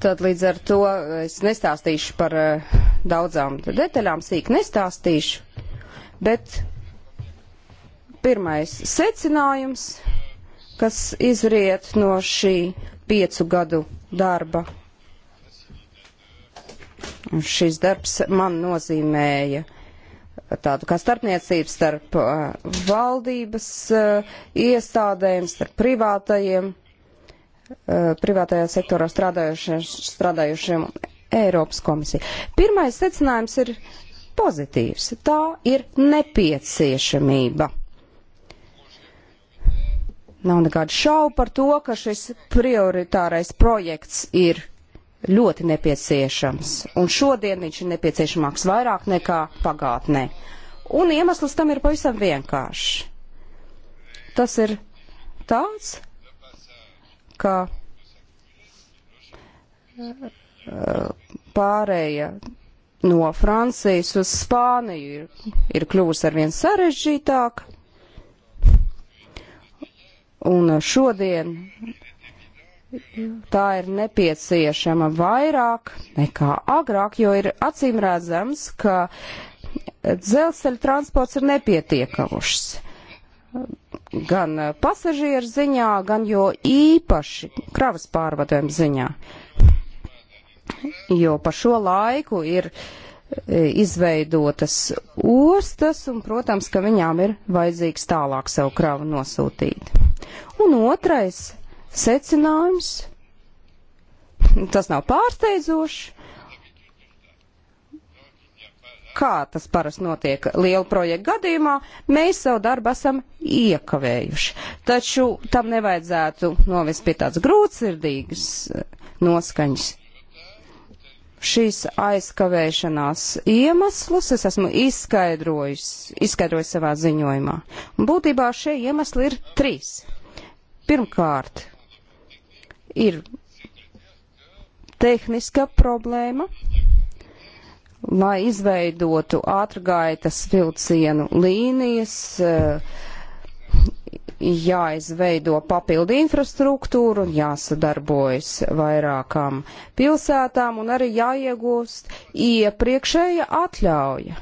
Tad līdz ar to es nestāstīšu par eh, daudzām detaļām, sīk nestāstīšu, bet pirmais secinājums, kas izriet no šī piecu gadu darba Šis darbs man nozīmēja tādu kā starpniecību starp uh, valdības uh, iestādēm, starp privātajiem, uh, privātajā sektorā strādājušiem, strādājušiem Eiropas komisiju. Pirmais secinājums ir pozitīvs. Tā ir nepieciešamība. Nav nekādu šaubu par to, ka šis prioritārais projekts ir ļoti nepieciešams, un šodien viņš ir nepieciešamāks vairāk nekā pagātnē. Un iemesls tam ir pavisam vienkārši. Tas ir tāds, ka uh, pārēja no Francijas uz Spāniju ir, ir kļuvusi arvien sarežģītāk. Un šodien tā ir nepieciešama vairāk nekā agrāk, jo ir acīm redzams, ka dzelzceļa transports ir nepietiekamušs. Gan pasažieru ziņā, gan jo īpaši kravas pārvadojumu ziņā. Jo pa šo laiku ir e, izveidotas ostas un, protams, ka viņām ir vajadzīgs tālāk savu kravu nosūtīt. Un otrais secinājums. Tas nav pārsteidzoši. Kā tas parasti notiek lielu projektu gadījumā, mēs savu darbu esam iekavējuši. Taču tam nevajadzētu novest pie tāds grūtsirdīgas eh, noskaņas šīs aizkavēšanās iemeslus es esmu izskaidrojis, izskaidrojis savā ziņojumā. Un būtībā šie iemesli ir trīs. Pirmkārt, ir tehniska problēma, lai izveidotu ātrgaitas vilcienu līnijas, eh, jāizveido papildu infrastruktūru, jāsadarbojas vairākām pilsētām un arī jāiegūst iepriekšēja atļauja.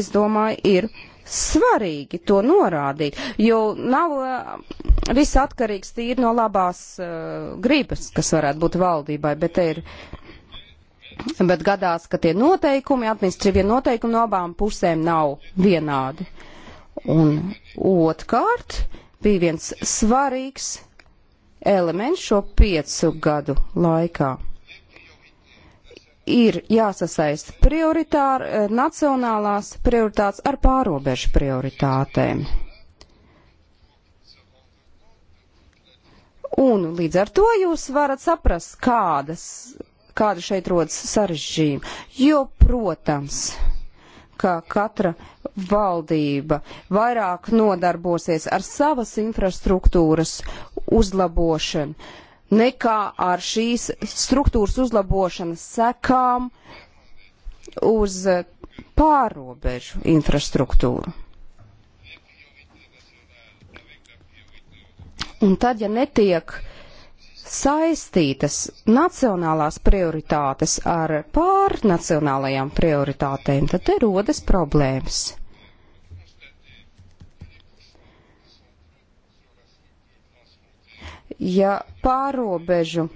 Es domāju, ir svarīgi to norādīt, jo nav uh, viss atkarīgs tīri no labās uh, gribas, kas varētu būt valdībai, bet te ir. Bet gadās, ka tie noteikumi, administratīvie noteikumi no abām pusēm nav vienādi. Un otrkārt bija viens svarīgs elements šo piecu gadu laikā ir jāsasaist prioritāri eh, nacionālās prioritātes ar pārobežu prioritātēm. Un līdz ar to jūs varat saprast, kādas, kāda šeit rodas sarežģījuma. Jo, protams, ka katra valdība vairāk nodarbosies ar savas infrastruktūras uzlabošanu nekā ar šīs struktūras uzlabošanas sekām uz pārobežu infrastruktūru. Un tad, ja netiek saistītas nacionālās prioritātes ar pārnacionālajām prioritātēm, tad te rodas problēmas. ja pārobežu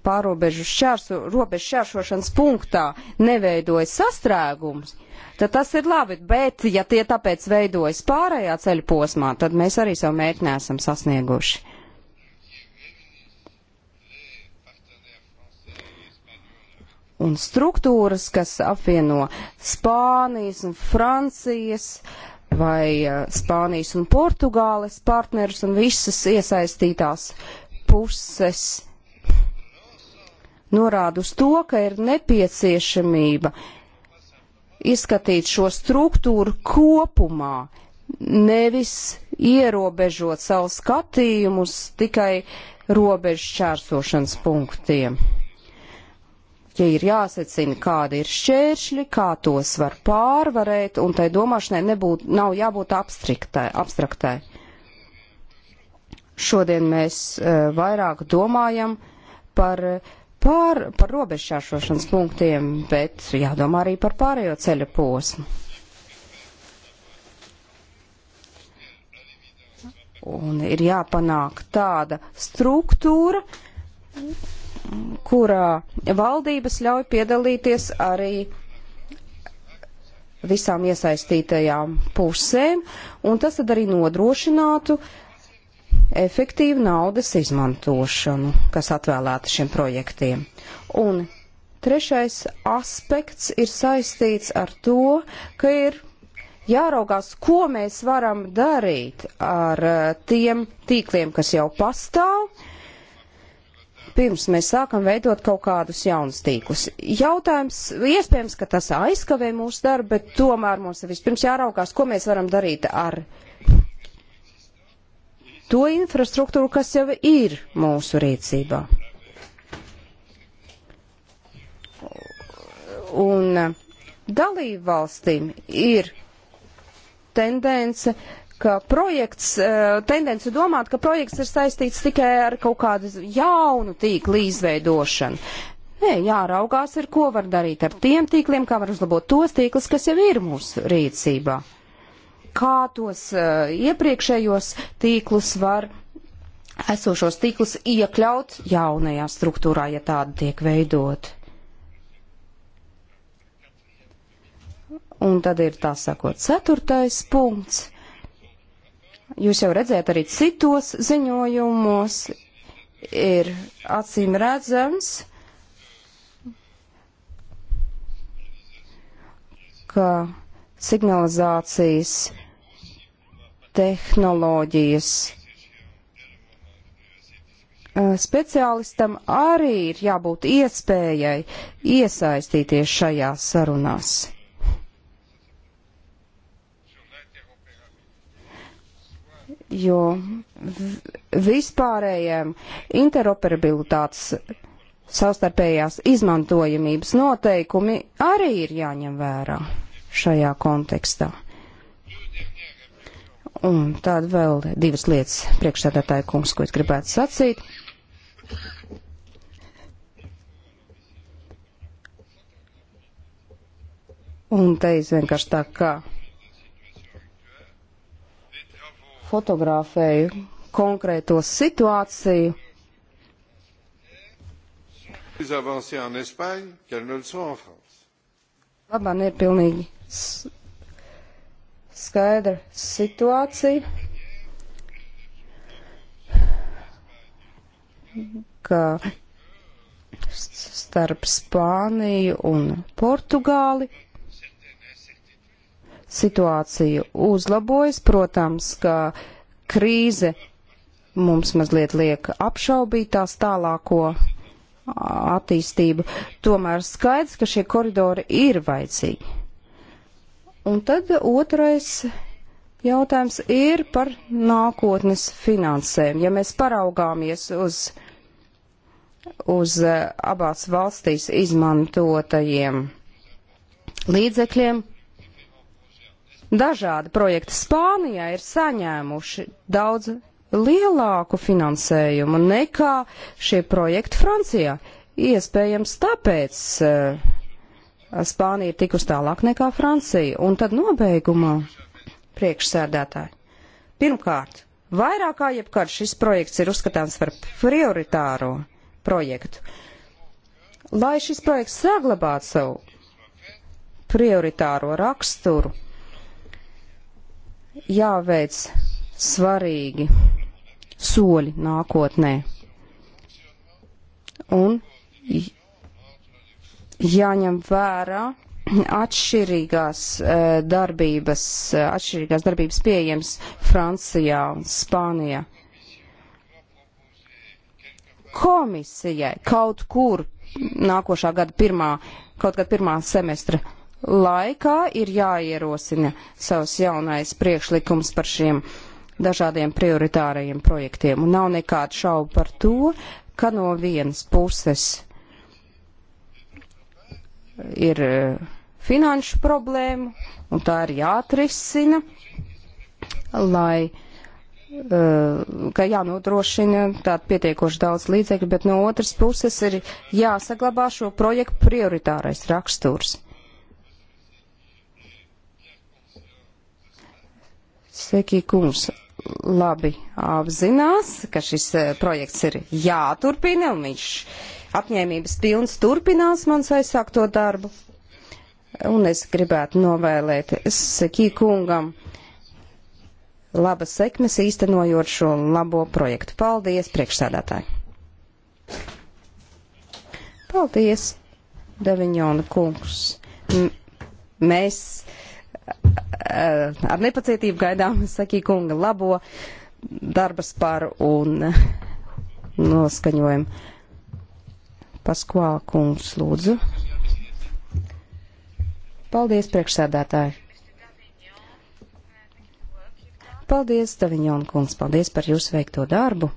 pārobežu šķērso, robežu šķērsošanas punktā neveidojas sastrēgums, tad tas ir labi, bet ja tie tāpēc veidojas pārējā ceļa posmā, tad mēs arī savu mērķi neesam sasnieguši. Un struktūras, kas apvieno Spānijas un Francijas uh, vai eh, Spānijas un Portugāles partnerus un visas iesaistītās puses norāda uz to, ka ir nepieciešamība izskatīt šo struktūru kopumā, nevis ierobežot savu skatījumus tikai robežu šķērsošanas punktiem ja ir jāsecina, kādi ir šķēršļi, kā tos var pārvarēt, un tai domāšanai nebūt, nav jābūt abstraktai. abstraktai. Šodien mēs uh, vairāk domājam par, pār, par robežšāšošanas punktiem, bet jādomā arī par pārējo ceļa posmu. Un ir jāpanāk tāda struktūra, kurā valdības ļauj piedalīties arī visām iesaistītajām pusēm, un tas tad arī nodrošinātu efektīvu naudas izmantošanu, kas atvēlēta šiem projektiem. Un trešais aspekts ir saistīts ar to, ka ir jāraugās, ko mēs varam darīt ar eh, tiem tīkliem, kas jau pastāv, pirms mēs sākam veidot kaut kādus jaunus tīklus. Jautājums, iespējams, ka tas aizkavē mūsu darbu, bet tomēr mums ir vispirms jāraukās, ko mēs varam darīt ar to infrastruktūru, kas jau ir mūsu rīcībā. Un dalību valstīm ir tendence uh, ka projekts, eh, tendenci domāt, ka projekts ir saistīts tikai ar kaut kādu jaunu tīklu izveidošanu. Nē, jāraugās ir, ko var darīt ar tiem tīkliem, kā var uzlabot tos tīklus, kas jau ir mūsu rīcībā. Kā tos uh, iepriekšējos tīklus var esošos tīklus iekļaut jaunajā struktūrā, ja tāda tiek veidot. Un tad ir tā sakot, ceturtais punkts. Jūs jau redzējat arī citos ziņojumos, ir acīm redzams, ka signalizācijas tehnoloģijas speciālistam arī ir jābūt iespējai iesaistīties šajās sarunās. jo vispārējiem interoperabilitātes savstarpējās izmantojamības noteikumi arī ir jāņem vērā šajā kontekstā. Un tāda vēl divas lietas priekšsēdētāja kungs, ko es gribētu sacīt. Un te es vienkārši tā kā fotografēju konkrēto situāciju. Laban ir pilnīgi skaidra situācija, ka starp Spāniju un Portugāli situācija uzlabojas. Protams, ka krīze mums mazliet liek apšaubīt tās tālāko attīstību. Tomēr skaidrs, ka šie koridori ir vajadzīgi. Un tad otrais jautājums ir par nākotnes finansēm. Ja mēs paraugāmies uz, uz eh, abās valstīs izmantotajiem līdzekļiem, Dažādi projekti Spānijā ir saņēmuši daudz lielāku finansējumu nekā šie projekti Francijā. Iespējams, tāpēc uh, Spānija ir tikus tālāk nekā Francija. Un tad nobeigumā priekšsēdētāji. Pirmkārt, vairāk kā jebkad šis projekts ir uzskatāms par prioritāro projektu. Lai šis projekts saglabātu savu prioritāro raksturu, jāveic svarīgi soļi nākotnē. Un jāņem vērā atšķirīgās eh, darbības, eh, atšķirīgās darbības pieejams Francijā un Spānijā. Komisijai kaut kur nākošā gada pirmā, kaut kad pirmā semestra laikā ir jāierosina savs jaunais priekšlikums par šiem dažādiem prioritārajiem projektiem. Un nav nekādu šaubu par to, ka no vienas puses ir eh, finanšu problēma, un tā ir jāatrisina, lai eh, ka jānodrošina tādu pietiekoši daudz līdzekļu, bet no otras puses ir jāsaglabā šo projektu prioritārais raksturs. Sveiki, kungs! Labi apzinās, ka šis eh, projekts ir jāturpina, un viņš apņēmības pilns turpinās man aizsākto darbu. Un es gribētu novēlēt Sekī kungam labas sekmes īstenojot šo labo projektu. Paldies, priekšsēdētāji! Paldies, Deviņona kungs! M mēs ar nepacietību gaidām Sakī kunga labo darba spāru un noskaņojumu. Paskvā kungs, lūdzu. Paldies, priekšsēdētāji. Paldies, Taviņon kungs, paldies par jūsu veikto darbu.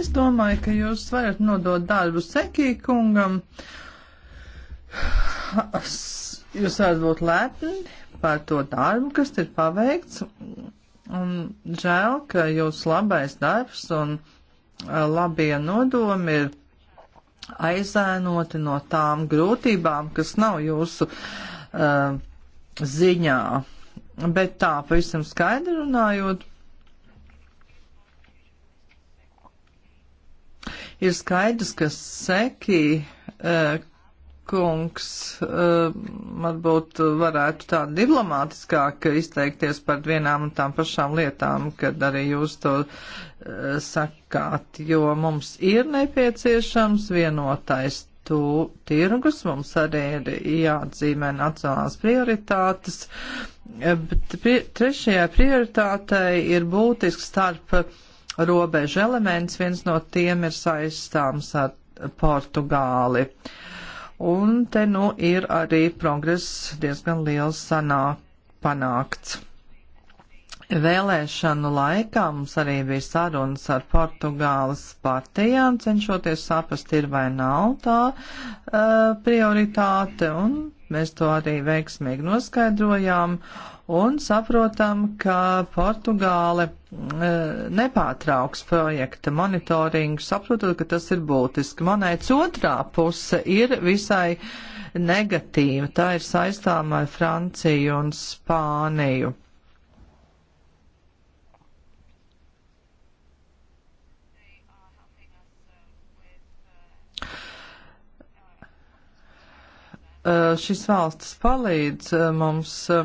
Es domāju, ka jūs varat nodot darbu Sekī kungam. Jūs varat būt lepni par to darbu, kas ir paveikts. Un žēl, ka jūsu labais darbs un labie nodomi ir aizēnoti no tām grūtībām, kas nav jūsu uh, ziņā. Bet tā, pavisam skaidri runājot, Ir skaidrs, ka Seki uh, kungs uh, varbūt varētu tā diplomātiskāk izteikties par vienām un tām pašām lietām, kad arī jūs to uh, sakāt, jo mums ir nepieciešams vienotais tu tirgus, mums arī ir jāatzīmē nacionālās prioritātes, bet pri, trešajai prioritātei ir būtisks starp uh, robežu elements, viens no tiem ir saistāms ar Portugāli. Un te nu ir arī progress diezgan liels sanāk, panākts. Vēlēšanu laikā mums arī bija sarunas ar Portugāles partijām, cenšoties saprast, ir vai nav tā uh, prioritāte, un mēs to arī veiksmīgi noskaidrojām, un saprotam, ka Portugāle E, nepārtrauks projekta monitoringu, saprotot, ka tas ir būtiski. Monētas otrā puse ir visai negatīva. Tā ir saistāma ar Franciju un Spāniju. E, šis valsts palīdz e, mums uh,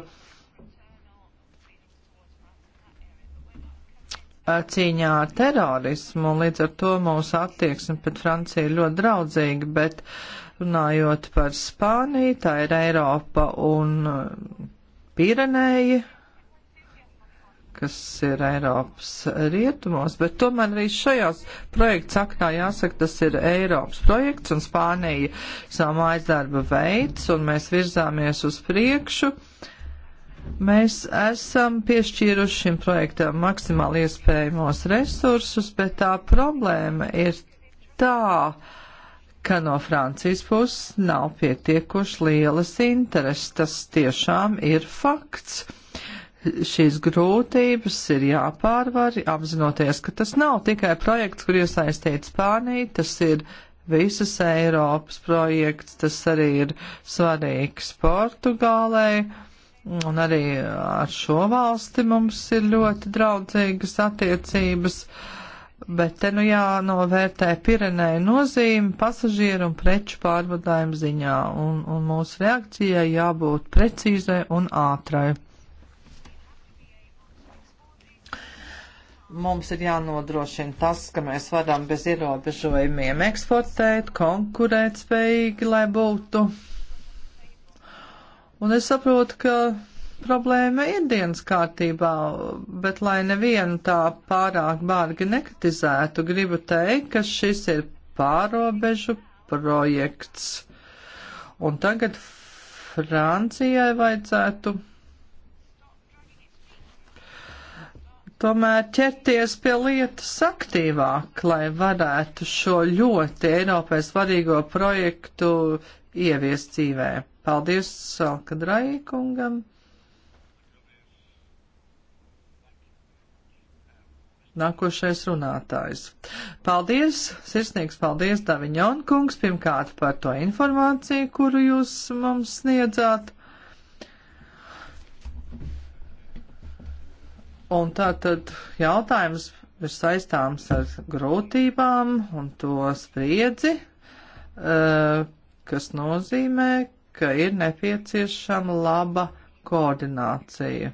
cīņā ar terorismu, un līdz ar to mūsu attieksme pret Franciju ir ļoti draudzīga, bet runājot par Spāniju, tā ir Eiropa un Pirenēji, kas ir Eiropas rietumos, bet tomēr arī šajās projekts aknā jāsaka, tas ir Eiropas projekts un Spānija savu aizdarba veids, un mēs virzāmies uz priekšu. Uh, Mēs esam piešķīruši šim projektam maksimāli iespējamos resursus, bet tā problēma ir tā, ka no Francijas puses nav pietiekoši lielas intereses. Tas tiešām ir fakts. Šīs grūtības ir jāpārvar, apzinoties, ka tas nav tikai projekts, kur iesaistīts Spānija, tas ir visas Eiropas projekts, tas arī ir svarīgs Portugālei Un arī ar šo valsti mums ir ļoti draudzīgas attiecības, bet te nu jānovērtē Pirenēju nozīme pasažieru un preču pārvadājumu ziņā, un, un mūsu reakcijai jābūt precīzai un ātrai. mums ir jānodrošina tas, ka mēs varam bez ierobežojumiem eksportēt, konkurēt spējīgi, lai būtu Un es saprotu, ka problēma ir dienas kārtībā, bet lai nevienu tā pārāk bārgi nekritizētu, gribu teikt, ka šis ir pārobežu projekts. Un tagad Francijai vajadzētu tomēr ķerties pie lietas aktīvāk, lai varētu šo ļoti Eiropai svarīgo projektu ieviest dzīvē. Paldies Salkadrai kungam. Nākošais runātājs. Paldies, sirsnīgs paldies, Daviņon kungs, pirmkārt par to informāciju, kuru jūs mums sniedzāt. Un tā tad jautājums ir saistāms ar grūtībām un to spriedzi, eh, kas nozīmē, ka ir nepieciešama laba koordinācija.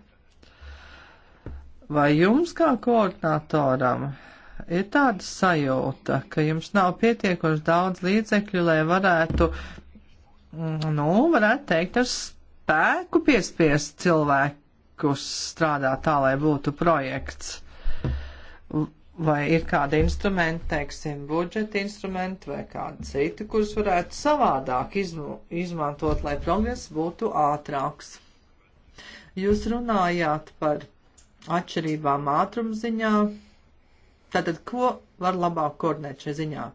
Vai jums kā koordinatoram ir tāda sajūta, ka jums nav pietiekoši daudz līdzekļu, lai varētu, mm, nu, varētu teikt, ar spēku piespiest cilvēkus strādāt tā, lai būtu projekts? vai ir kādi instrumenti, teiksim, budžeta instrumenti vai kādi citi, kurus varētu savādāk izmu, izmantot, lai progress būtu ātrāks. Jūs runājāt par atšķirībām ātrumziņā. Tātad, ko var labāk koordinēt šajā ziņā?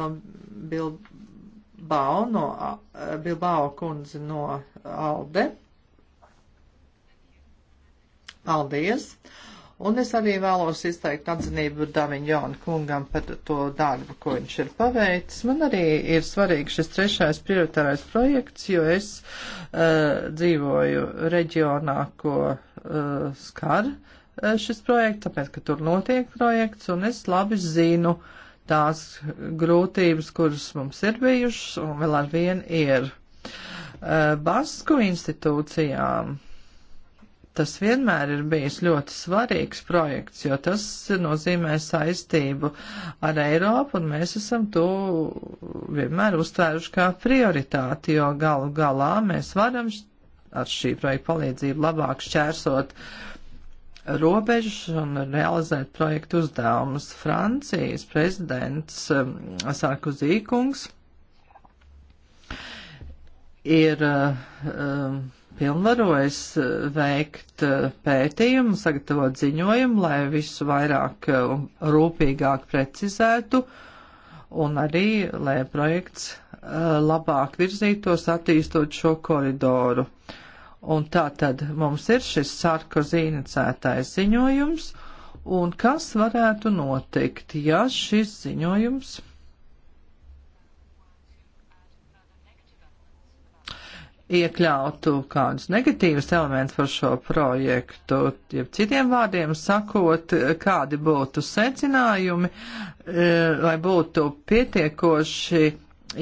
Um, Bilbao, no, uh, Bilbao kundze no Alde. Paldies! Uh, Un es arī vēlos izteikt atzinību Daviņonu kungam par to darbu, ko viņš ir paveicis. Man arī ir svarīgi šis trešais prioritārais projekts, jo es uh, dzīvoju reģionā, ko uh, skar uh, šis projekts, tāpēc, ka tur notiek projekts, un es labi zinu tās grūtības, kuras mums ir bijušas un vēl ar vienu ir. Uh, Basku institūcijām Tas vienmēr ir bijis ļoti svarīgs projekts, jo tas nozīmē saistību ar Eiropu, un mēs esam to vienmēr uztvēruši kā prioritāti, jo galu galā mēs varam ar šī projekta palīdzību labāk šķērsot robežas un realizēt projektu uzdevumus. Francijas prezidents um, Sarkozī kungs ir uh, um, pilnvarojas eh, veikt eh, pētījumu, sagatavot ziņojumu, lai visu vairāk eh, un rūpīgāk precizētu un arī, lai projekts labāk virzītos attīstot šo koridoru. Un tā tad mums ir šis Sarkozī inicētais ziņojums, un kas varētu notikt, ja šis ziņojums iekļautu kādus negatīvus elementus par šo projektu. Ja citiem vārdiem sakot, kādi būtu secinājumi, e, lai būtu pietiekoši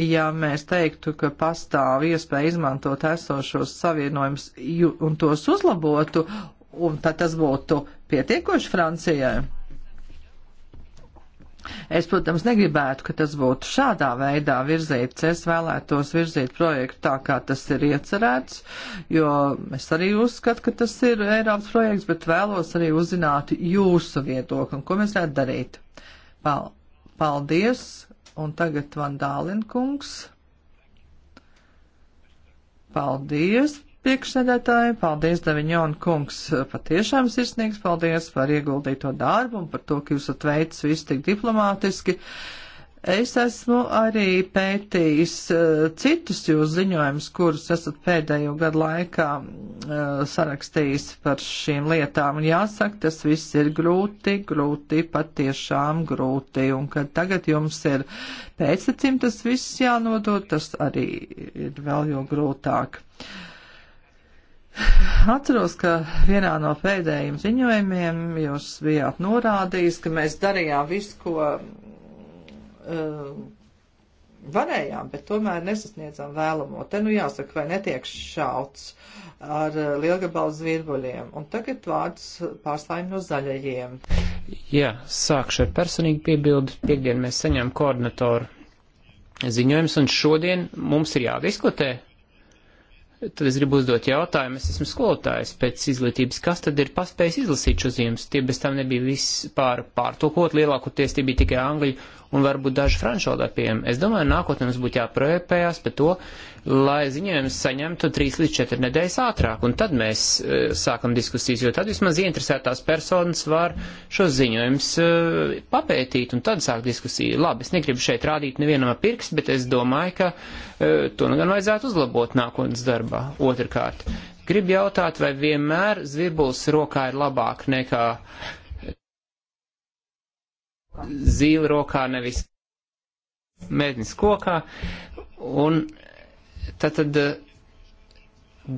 ja mēs teiktu, ka pastāv iespēja izmantot esošos savienojumus un tos uzlabotu, un tad tas būtu pietiekoši Francijai. Es, protams, negribētu, ka tas būtu šādā veidā virzīts. Es vēlētos virzīt projektu tā, kā tas ir iecerēts, jo es arī uzskatu, ka tas ir Eiropas projekts, bet vēlos arī uzzināt jūsu viedokli un ko mēs varētu darīt. Pal paldies! Un tagad Vandālinkungs. Paldies! Priekšsēdētāji, paldies, Daviņona kungs, patiešām sirsnīgs paldies par ieguldīto darbu un par to, ka jūs esat veicis visu tik diplomātiski. Es esmu arī pētījis uh, citus jūs ziņojumus, kurus esat pēdējo gadu laikā uh, sarakstījis par šīm lietām. Un jāsaka, tas viss ir grūti, grūti, patiešām grūti. Un kad tagad jums ir pēctecim tas viss jānodod, tas arī ir vēl jo grūtāk. Uh, Atceros, ka vienā no pēdējiem ziņojumiem jūs bijāt norādījis, ka mēs darījām visu, ko uh, varējām, bet tomēr nesasniedzām vēlamo. Te nu jāsaka, vai netiek šauts ar uh, lielgabalu zvirbuļiem. Un tagad vārds pārstājiem no zaļajiem. Jā, sākšu ar personīgu piebildu. Piektdien mēs saņēmām koordinatoru ziņojums, un šodien mums ir jādiskutē Tad es gribu uzdot jautājumu, es esmu skolotājs pēc izglītības, kas tad ir paspējis izlasīt šo zīmes? Tie bez tam nebija vispār pārtulkot, lielākoties tie bija tikai angļu un varbūt daži franšaldai pieejami. Es domāju, nākotnē mums būtu jāprojekpējās par to, lai ziņojums saņemtu 3 līdz 4 nedēļas ātrāk, un tad mēs e, sākam diskusijas, jo tad vismaz ieinteresētās personas var šos ziņojumus e, papētīt, un tad sāk diskusija. Labi, es negribu šeit rādīt nevienam pirksts, bet es domāju, ka e, to nu gan vajadzētu uzlabot nākotnes darbā. Otrkārt, gribu jautāt, vai vienmēr zvirbuls rokā ir labāk nekā zīli rokā, nevis mētnis kokā. Un tad, tad eh,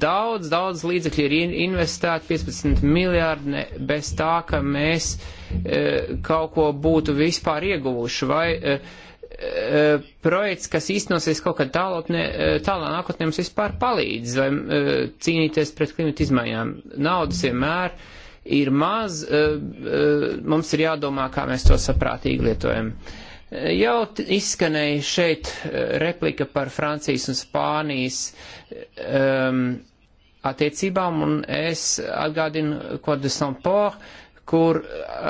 daudz, daudz līdzekļu ir investēti, 15 miljārdi, ne, bez tā, ka mēs e, kaut ko būtu vispār ieguvuši. Vai e, e, projekts, kas īstenosies kaut kad tālotnē, tālā nākotnē mums vispār palīdz, vai e, cīnīties pret klimatu izmaiņām. Naudas vienmēr. Ja ir maz, eh, eh, mums ir jādomā, kā mēs to saprātīgi lietojam. Eh, jau izskanēja šeit replika par Francijas un Spānijas um, attiecībām, un es atgādinu Côte de Saint-Port, kur uh,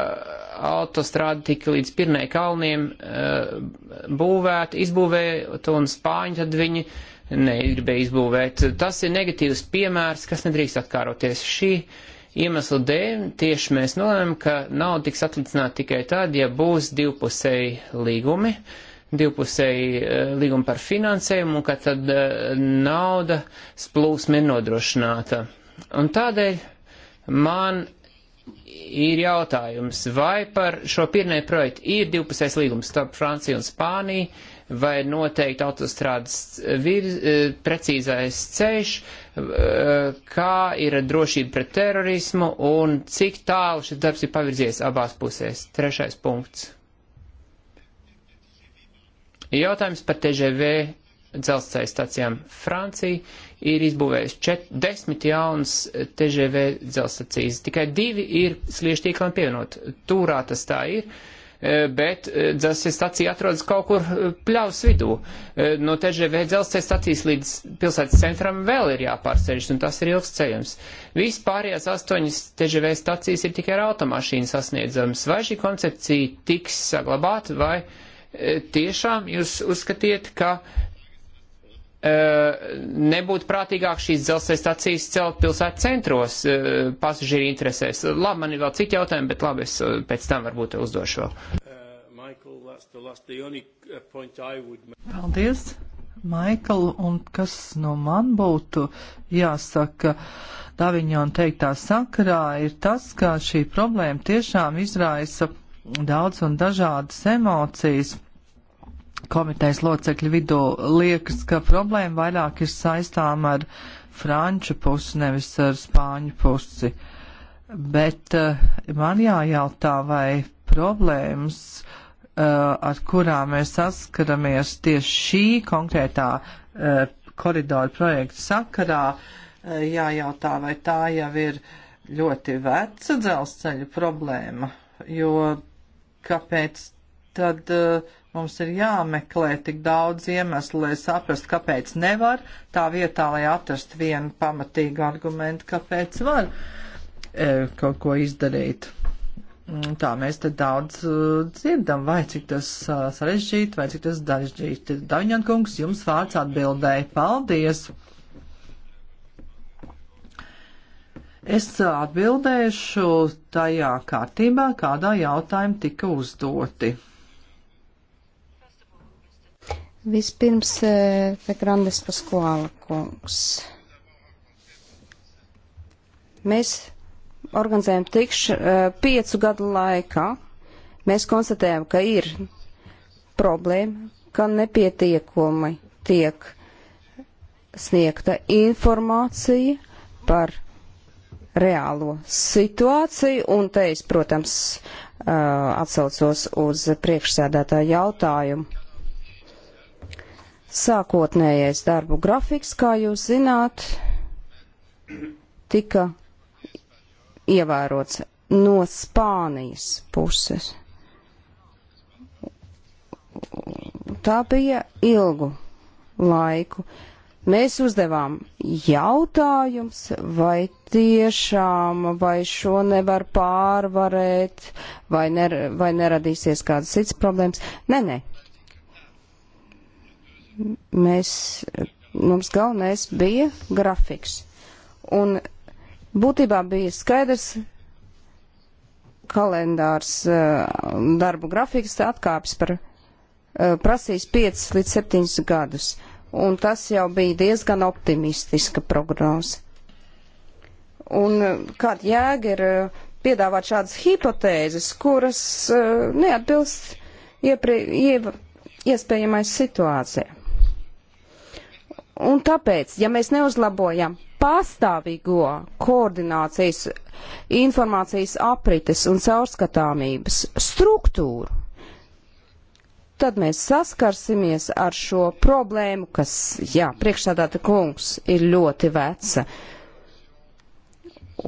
autostrāda tika līdz Pirnei kalniem uh, būvēta, izbūvēta, un Spāņi tad viņi negribēja izbūvēt. Tas ir negatīvs piemērs, kas nedrīkst atkāroties. Šī uh, iemeslu dēļ tieši mēs nolēmām, ka nauda tiks atlicināta tikai tad, ja būs divpusēji līgumi, divpusēji eh, līgumi par finansējumu, un ka tad eh, nauda splūsme ir nodrošināta. Un tādēļ man ir jautājums, vai par šo pirmie projektu ir divpusējs līgums starp Franciju un Spāniju, vai noteikti autostrādes vir, e, precīzais ceļš, e, kā ir drošība pret terorismu un cik tālu šis darbs ir pavirzies abās pusēs. Trešais punkts. Jautājums par TGV dzelzceļa stacijām. Francija ir izbūvējusi čet, desmit jaunas TGV dzelzstacijas. Tikai divi ir slieštīklam pievienot. Tūrā tas tā ir. Uh, Eh, bet eh, dzelzceļa stacija atrodas kaut kur eh, pļaus vidū. No TGV dzelzceļa stacijas līdz pilsētas centram vēl ir jāpārceļš, un tas ir ilgs ceļums. Vispārējās astoņas TGV stacijas ir tikai ar automašīnu sasniedzamas. Vai šī koncepcija tiks saglabāta, vai tiešām jūs uzskatiet, ka Eh, nebūtu prātīgāk šīs dzelzceļa stacijas celt pilsētu centros eh, pasažīri interesēs. Labi, man ir vēl citi jautājumi, bet labi, es eh, pēc tam varbūt uzdošu vēl. Uh, Michael, that's the last, the only point I would make. Paldies, Maikl, un kas no man būtu jāsaka Daviņona teiktā sakarā, ir tas, ka šī problēma tiešām izraisa daudz un dažādas emocijas komitejas locekļu vidū liekas, ka problēma vairāk ir saistām ar franču pusi, nevis ar spāņu pusi. Bet uh, man jājautā, vai problēmas, uh, ar kurām mēs saskaramies tieši šī konkrētā uh, eh, koridora projekta sakarā, uh, jājautā, vai tā jau ir ļoti veca dzelzceļa problēma, jo kāpēc tad uh, Mums ir jāmeklē tik daudz iemeslu, lai saprastu, kāpēc nevar, tā vietā, lai atrastu vienu pamatīgu argumentu, kāpēc var e, kaut ko izdarīt. Un mm, tā mēs te daudz uh, dzirdam, vai cik tas uh, sarežģīti, vai cik tas dažģīti. Daņankungs, jums vārds atbildēja. Paldies! Es atbildēšu tajā kārtībā, kādā jautājumi tika uzdoti. Vispirms te eh, Grandes Paskola kungs. Mēs organizējam tikšu eh, piecu gadu laikā. Mēs konstatējam, ka ir problēma, ka nepietiekumi tiek sniegta informācija par reālo situāciju, un te es, protams, eh, atsaucos uz priekšsēdētāju jautājumu Sākotnējais darbu grafiks, kā jūs zināt, tika ievērots no Spānijas puses. Tā bija ilgu laiku. Mēs uzdevām jautājums, vai tiešām, vai šo nevar pārvarēt, vai, ner, vai neradīsies kādas cits problēmas. Nē, nē, mēs, mums galvenais bija grafiks. Un būtībā bija skaidrs kalendārs, eh, darbu grafiks atkāps par eh, prasīs 5 līdz 7 gadus. Un tas jau bija diezgan optimistiska prognoze. Un eh, kāda jēga ir piedāvāt šādas hipotēzes, kuras neatbilst iepri, ie, iespējamai situācijai? Un tāpēc, ja mēs neuzlabojam pastāvīgo koordinācijas, informācijas aprites un caurskatāmības struktūru, tad mēs saskarsimies ar šo problēmu, kas, jā, priekšstādāta kungs ir ļoti veca.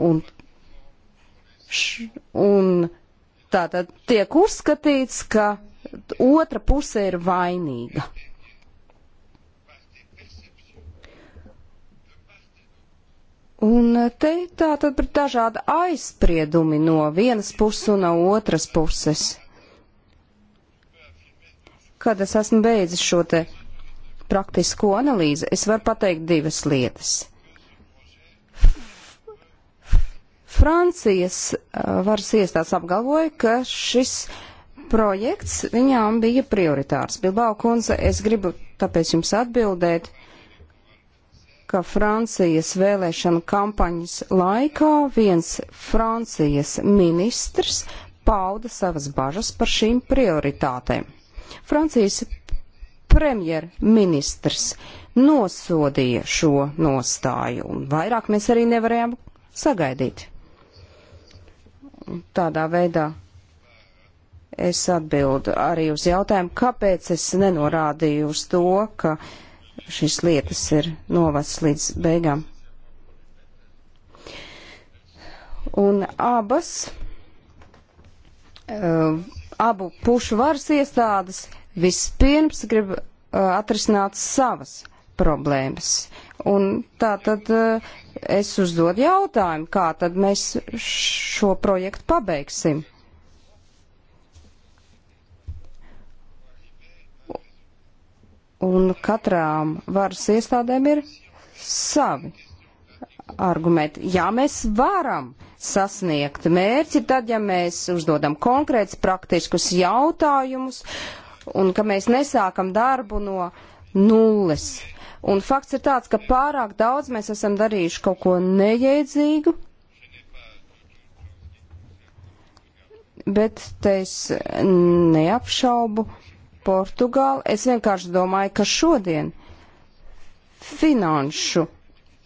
Un, š, un tātad tiek uzskatīts, ka otra puse ir vainīga. Un te tā tad ir dažādi aizspriedumi no vienas puses un no otras puses. Kad es esmu beidzis šo te praktisko analīzi, es varu pateikt divas lietas. Francijas uh, varas iestādes apgalvoja, ka šis projekts viņām bija prioritārs. Bilbao kundze, es gribu tāpēc jums atbildēt. Uh, ka Francijas vēlēšana kampaņas laikā viens Francijas ministrs pauda savas bažas par šīm prioritātēm. Francijas premjerministrs nosodīja šo nostāju, un vairāk mēs arī nevarējām sagaidīt. Tādā veidā es atbildu arī uz jautājumu, kāpēc es nenorādīju uz to, ka uh, šīs lietas ir novacs līdz beigām. Un abas, uh, abu pušu varas iestādes vispirms grib uh, atrisināt savas problēmas. Un tā tad uh, es uzdodu jautājumu, kā tad mēs šo projektu pabeigsim. un katrām varas iestādēm ir savi argumenti. Jā, mēs varam sasniegt mērķi tad, ja mēs uzdodam konkrēts praktiskus jautājumus un ka mēs nesākam darbu no nulles. Un fakts ir tāds, ka pārāk daudz mēs esam darījuši kaut ko nejēdzīgu, bet te es neapšaubu Portugāli. Es vienkārši domāju, ka šodien finanšu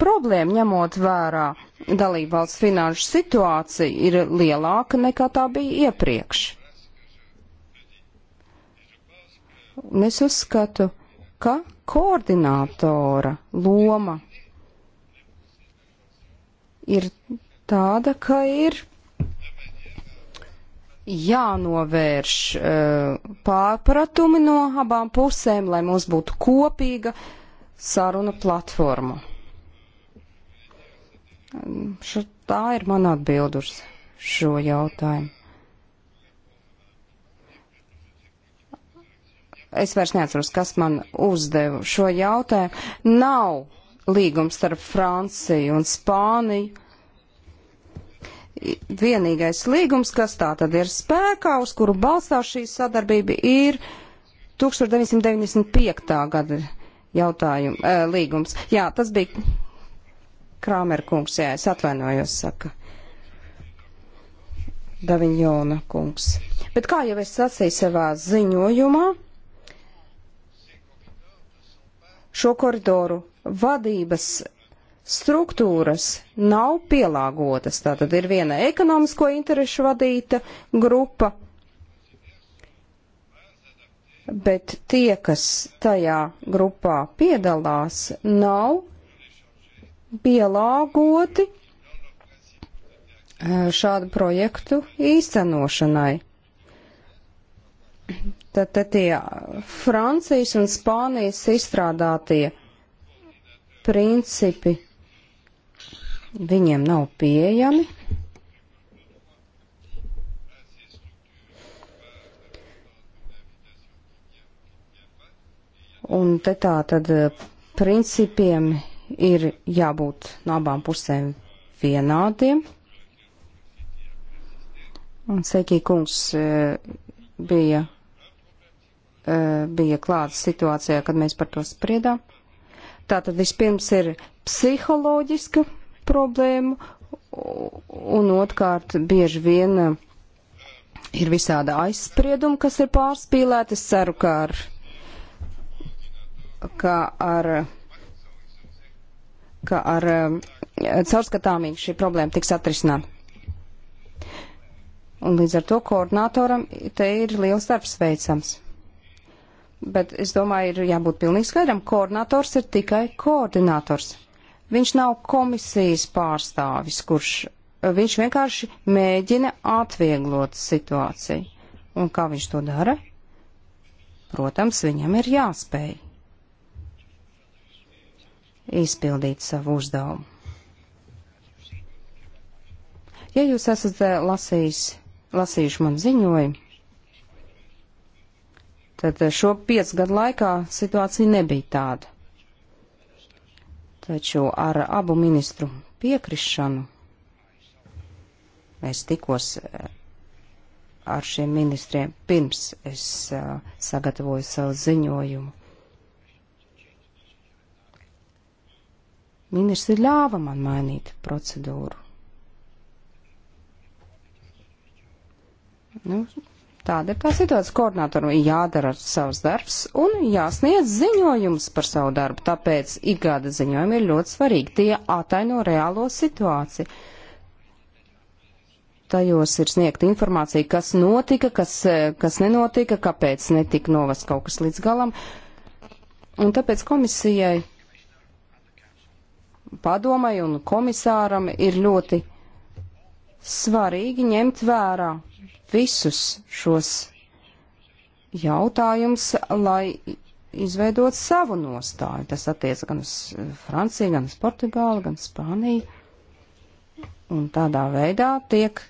problēma, ņemot vērā dalībvalsts finanšu situāciju, ir lielāka nekā tā bija iepriekš. Un es uzskatu, ka koordinātora loma ir tāda, ka ir jānovērš uh, pārpratumi no abām pusēm, lai mums būtu kopīga saruna platforma. Šo, tā ir mana atbilde uz šo jautājumu. Es vairs neatceros, kas man uzdeva šo jautājumu. Nav līgums starp Franciju un Spāniju vienīgais līgums, kas tā tad ir spēkā, uz kuru balstās šī sadarbība, ir 1995. gada jautājumu, e, līgums. Jā, tas bija Krāmer kungs, jā, es atvainojos, saka Daviņona kungs. Bet kā jau es sacīju savā ziņojumā, šo koridoru vadības struktūras nav pielāgotas. Tātad ir viena ekonomisko interešu vadīta grupa, bet tie, kas tajā grupā piedalās, nav pielāgoti eh, šādu projektu īstenošanai. Tad te tie Francijas un Spānijas izstrādātie principi viņiem nav pieejami. Un te tā tad eh, principiem ir jābūt no abām pusēm vienādiem. Un Seikī kungs eh, bija, eh, bija klāts situācijā, kad mēs par to spriedām. Tātad vispirms ir psiholoģiska problēmu, un otrkārt bieži vien eh, ir visāda aizsprieduma, kas ir pārspīlēta. Es ceru, ka ar, ka ar, ka ar eh, caurskatāmīgi šī problēma tiks atrisināta. Un līdz ar to koordinatoram te ir liels darbs veicams. Bet es domāju, ir jābūt pilnīgi skaidram, koordinators ir tikai koordinators. Viņš nav komisijas pārstāvis, kurš viņš vienkārši mēģina atvieglot situāciju. Un kā viņš to dara? Protams, viņam ir jāspēj izpildīt savu uzdevumu. Ja jūs esat eh, lasījis, lasījuši man ziņojumu, tad eh, šo piecu gadu laikā situācija nebija tāda taču ar abu ministru piekrišanu es tikos eh, ar šiem ministriem pirms es eh, sagatavoju savu ziņojumu. Ministri ļāva man mainīt procedūru. Nu, Tāda ir tā situācija. Koordinātoram jādara savs darbs un jāsniedz ziņojums par savu darbu. Tāpēc ikgada ziņojumi ir ļoti svarīgi. Tie ataino reālo situāciju. Tajos ir sniegta informācija, kas notika, kas, eh, kas nenotika, kāpēc netika novest kaut kas līdz galam. Un tāpēc komisijai, padomai un komisāram ir ļoti svarīgi ņemt vērā visus šos jautājumus, lai izveidot savu nostāju. Tas attiec gan uz Franciju, gan uz Portugālu, gan Spāniju. Un tādā veidā tiek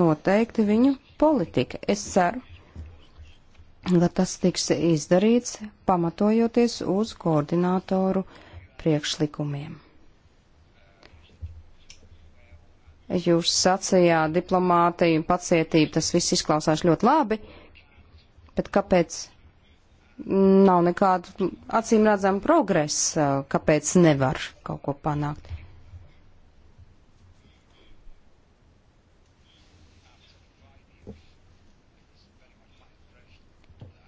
noteikti viņu politika. Es ceru, ka tas tiks izdarīts pamatojoties uz koordinātoru priekšlikumiem. Jūs sacījāt diplomātiju un pacietību, tas viss izklausās ļoti labi, bet kāpēc nav nekādu acīm redzamu progresu, kāpēc nevar kaut ko panākt?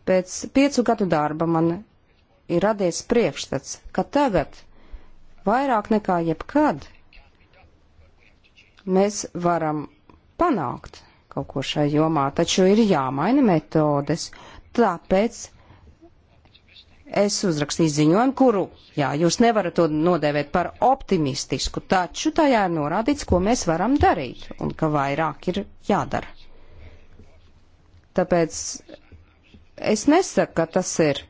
Pēc piecu gadu darba man ir radies priekšstats, ka tagad vairāk nekā jebkad mēs varam panākt kaut ko šai jomā, taču ir jāmaina metodes. Tāpēc es uzrakstīju ziņojumu, kuru, jā, jūs nevarat to nodēvēt par optimistisku, taču tajā ir norādīts, ko mēs varam darīt un ka vairāk ir jādara. Tāpēc es nesaku, ka tas ir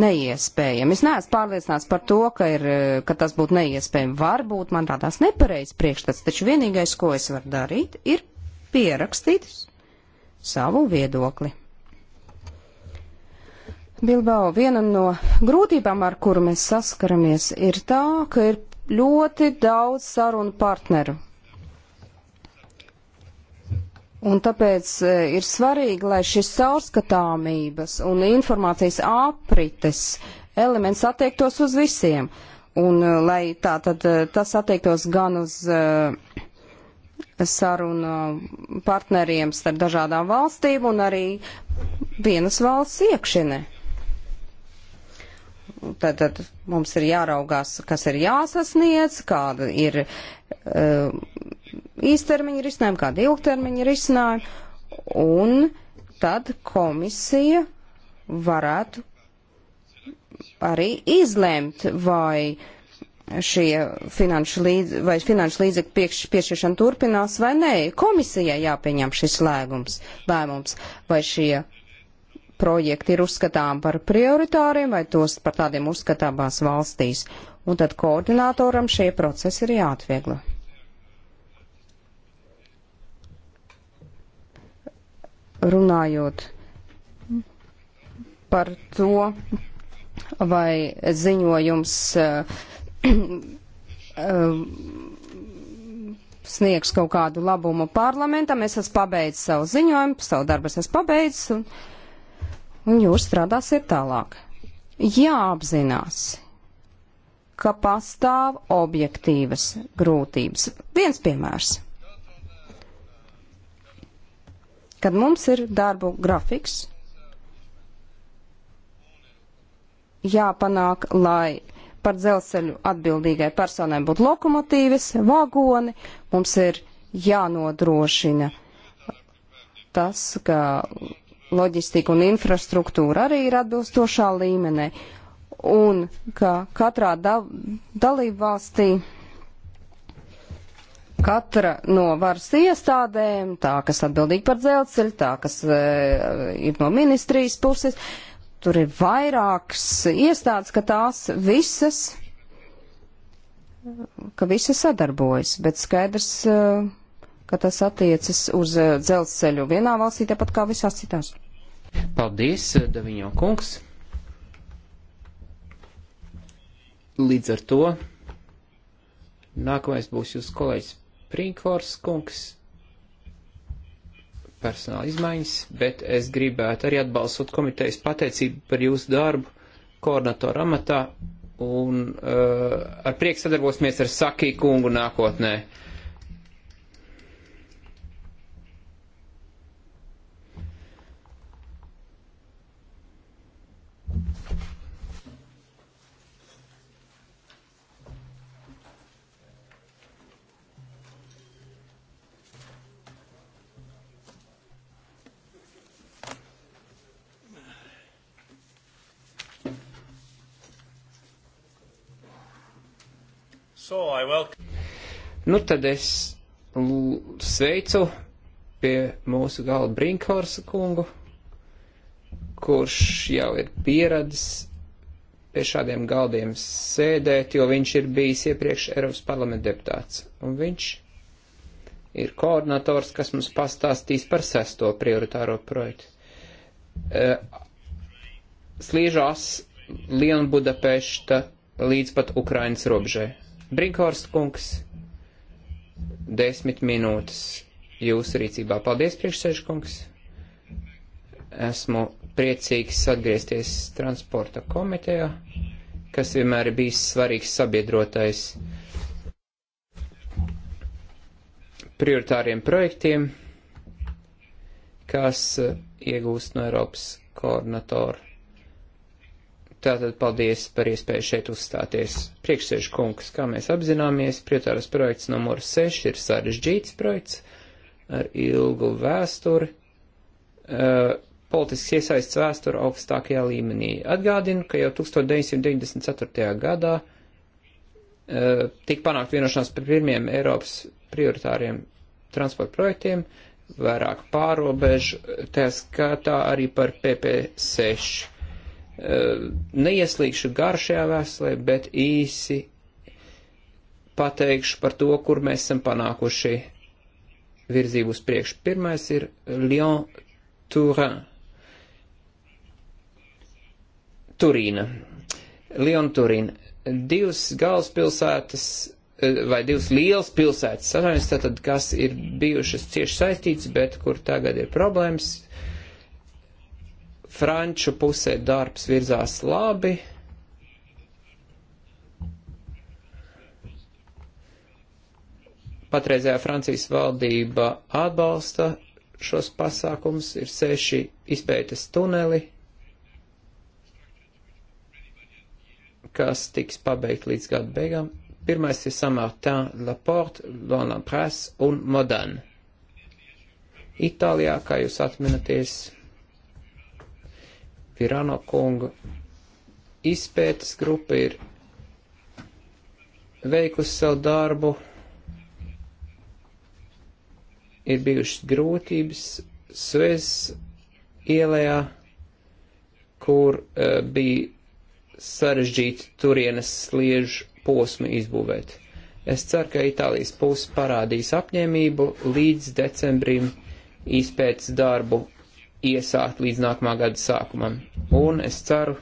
neiespējami. Es neesmu pārliecināts par to, ka, ir, ka tas būtu neiespējami. Varbūt man radās nepareizs priekšstats, taču vienīgais, ko es varu darīt, ir pierakstīt savu viedokli. Bilbao, viena no grūtībām, ar kuru mēs saskaramies, ir tā, ka ir ļoti daudz sarunu partneru. Un tāpēc e, ir svarīgi, lai šis caurskatāmības un informācijas aprites elements attiektos uz visiem. Un e, lai tā tad e, tas attiektos gan uz uh, sarunu partneriem starp dažādām valstīm un arī vienas valsts iekšienē. Tad, tad mums ir jāraugās, kas ir jāsasniedz, kāda ir uh, īstermiņa risinājumu, kādi ilgtermiņa risinājumi, un tad komisija varētu arī izlēmt, vai šie finanšu, līdz, vai finanšu līdzekļu piekš, piešķiršana turpinās vai nē. Komisijai jāpieņem šis lēgums, lēmums, vai šie projekti ir uzskatām par prioritāriem vai tos par tādiem uzskatāmās valstīs. Un tad koordinātoram šie procesi ir jāatvieglo. runājot par to, vai ziņojums eh, eh, sniegs kaut kādu labumu parlamentam. Es esmu pabeidzis savu ziņojumu, savu darbu es esmu pabeidzis, un, un jūs strādāsiet tālāk. Jāapzinās, ka pastāv objektīvas grūtības. Viens piemērs. kad mums ir darbu grafiks, jāpanāk, lai par dzelzceļu atbildīgai personai būtu lokomotīvas, vagoni, mums ir jānodrošina tas, ka loģistika un infrastruktūra arī ir atbilstošā līmenī, un ka katrā da dalību valstī Katra no varas iestādēm, tā kas atbildīga par dzelzceļu, tā kas e, ir no ministrijas puses, tur ir vairākas iestādes, ka tās visas, ka visas sadarbojas, bet skaidrs, e, ka tas attiecas uz e, dzelzceļu vienā valstī, tāpat kā visās citās. Paldies, e, Daviņo kungs! Līdz ar to nākamais būs jūsu kolēģis Prinkfors kungs personāla izmaiņas, bet es gribētu arī atbalstot komitejas pateicību par jūsu darbu koordinatoru amatā un uh, ar prieku sadarbosimies ar Sakī kungu nākotnē. Uh, So nu tad es sveicu pie mūsu galda Brinkhorsa kungu, kurš jau ir pieradis pie šādiem galdiem sēdēt, jo viņš ir bijis iepriekš Eiropas parlamenta deputāts. Un viņš ir koordinators, kas mums pastāstīs par sesto prioritāro projektu. Uh, sliežās Lielbudapešta līdz pat Ukrainas robežai. Brinkhorst kungs, desmit minūtes jūsu rīcībā. Paldies, priekšsēžu kungs. Esmu priecīgs atgriezties transporta komitejā, kas vienmēr ir bijis svarīgs sabiedrotais prioritāriem projektiem, kas eh, iegūst no Eiropas koordinatoru Tātad paldies par iespēju šeit uzstāties. Priekšsēžu kungs, kā mēs apzināmies, prietāras projekts numur 6 ir sarežģīts projekts ar ilgu vēsturi, uh, politisks iesaists vēsturi augstākajā līmenī. Atgādinu, ka jau 1994. gadā uh, tika panākt vienošanās par pirmiem Eiropas prioritāriem transporta projektiem, vairāk pārobežu, tā skatā arī par PP6 Eh, neieslīgšu gar šajā vēstulē, bet īsi pateikšu par to, kur mēs esam panākuši virzību uz priekšu. Pirmais ir Lyon Turin. Turīna. Lyon Turīna. Divas galvaspilsētas eh, vai divas lielas pilsētas savienojas, tad kas ir bijušas cieši saistītas, bet kur tagad ir problēmas. Uh, Franču pusē darbs virzās labi. Patreizējā Francijas valdība atbalsta šos pasākums, ir seši izpētes tuneli, kas tiks pabeigt līdz gada beigām. Pirmais ir Samartin, Laporte, Lonlampres un Modan. Itālijā, kā jūs atminaties, Pirano kungu. Izpētes grupa ir veikusi savu darbu, ir bijušas grūtības Svez ielējā, kur uh, bija sarežģīti turienes sliežu posmi izbūvēt. Es ceru, ka Itālijas puse parādīs apņēmību līdz decembrim izpētes darbu iesākt līdz nākamā gada sākumam. Un es ceru,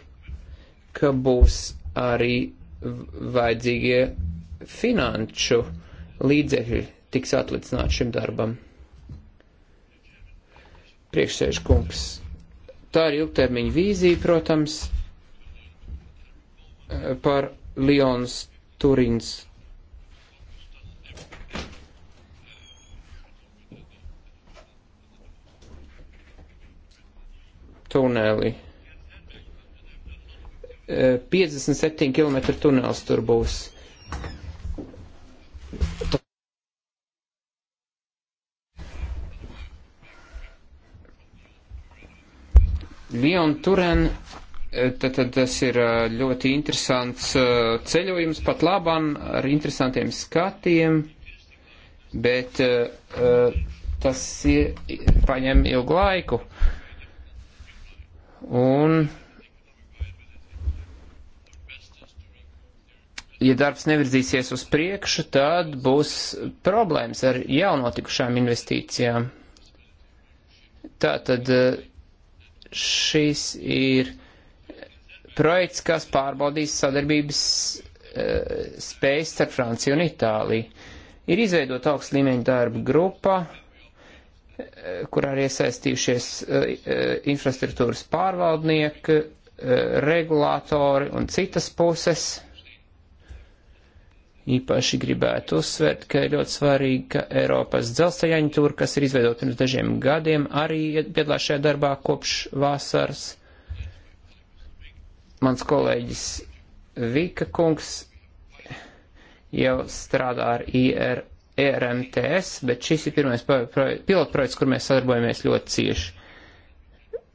ka būs arī vajadzīgie finanšu līdzekļi tiks atlicināti šim darbam. Priekšsēž kungs. Tā ir ilgtermiņa vīzija, protams, par Lions Turins tuneli. 57 km tunels tur būs. Lion Turen, eh, tad, tad tas ir eh, ļoti interesants eh, ceļojums, pat labam, ar interesantiem skatiem, bet tas ir, paņem ilgu laiku. Uh, Un, ja darbs nevirzīsies uz priekšu, tad būs problēmas ar jaunotikušām investīcijām. Tātad eh, šis ir projekts, kas pārbaudīs sadarbības eh, spējas starp Franciju un Itāliju. Ir izveidota augsts līmeņa darba grupa, kurā ir iesaistījušies e, e, infrastruktūras pārvaldnieki, e, regulātori un citas puses. Īpaši gribētu uzsvērt, ka ir ļoti svarīgi, ka Eiropas dzelzceļa aģentūra, kas ir izveidota pirms dažiem gadiem, arī piedalās šajā darbā kopš vasaras. Mans kolēģis Vika kungs jau strādā ar IR ERMTS, bet šis ir pirmais pilotprojekts, kur mēs sadarbojamies ļoti cieši.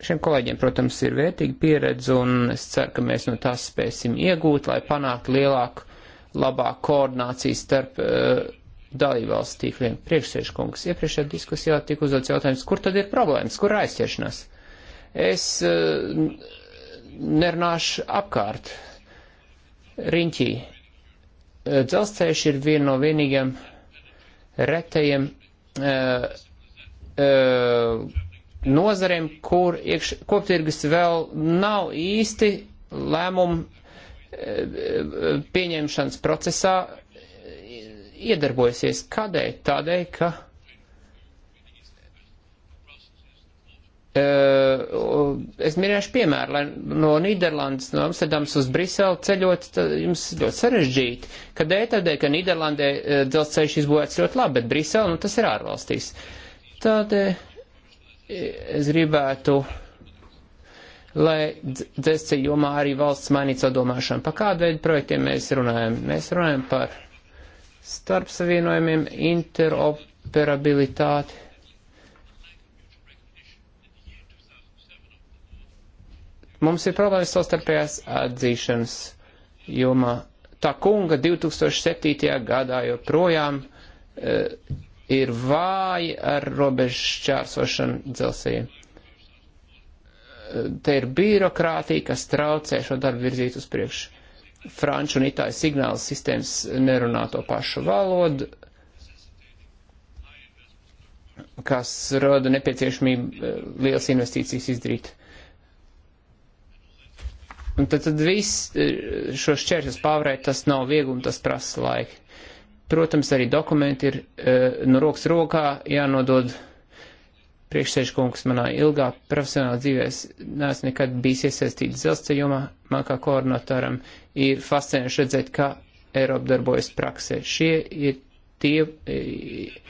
Šiem kolēģiem, protams, ir vērtīga pieredze, un es ceru, ka mēs no tās spēsim iegūt, lai panāktu lielāku, labāku koordināciju starp uh, dalībvalsts tīkliem. Priekšsēžkungs, iepriekšējā diskusijā tika uzdots jautājums, kur tad ir problēmas, kur aizķeršanās? Es uh, nerunāšu apkārt. Riņķī, dzelzceļš ir viena no vienīgajām retajiem uh, uh, nozarēm, kur iekš, koptirgus vēl nav īsti lēmumu uh, pieņemšanas procesā iedarbojusies. Kādēļ? Tādēļ, ka es minēšu piemēru, lai no Nīderlandes, no Amsterdams uz Briseli ceļot, jums ļoti sarežģīti, ka dēļ tādēļ, ka Nīderlandē e, dzelzceļš izbūvēts ļoti labi, bet Briseli, nu tas ir ārvalstīs. Tādēļ e, es gribētu, lai dzelzceļ jomā arī valsts mainītu savu domāšanu. Pa kādu veidu projektiem mēs runājam? Mēs runājam par starpsavienojumiem, interoperabilitāti Mums ir problēmas savstarpējās atzīšanas jomā. Tā kunga 2007. gadā joprojām e, ir vāji ar robežu šķērsošanu dzelzceļiem. E, te ir birokrātija, kas traucē šo darbu virzīt uz priekšu. Franču un itāļu signāla sistēmas nerunā to pašu valodu, kas rada nepieciešamību e, liels investīcijas izdarīt. Un tad, tad viss eh, šo šķēršļus pārvarēt, tas nav viegli un tas prasa laiku. Protams, arī dokumenti ir eh, no nu, rokas rokā jānodod priekšsēžkungs manā ilgā profesionālā dzīvē. Es neesmu nekad bijis iesaistīts dzelzceļumā. Man kā koordinatoram ir fascinējoši redzēt, kā Eiropa darbojas praksē. Šie ir tie eh,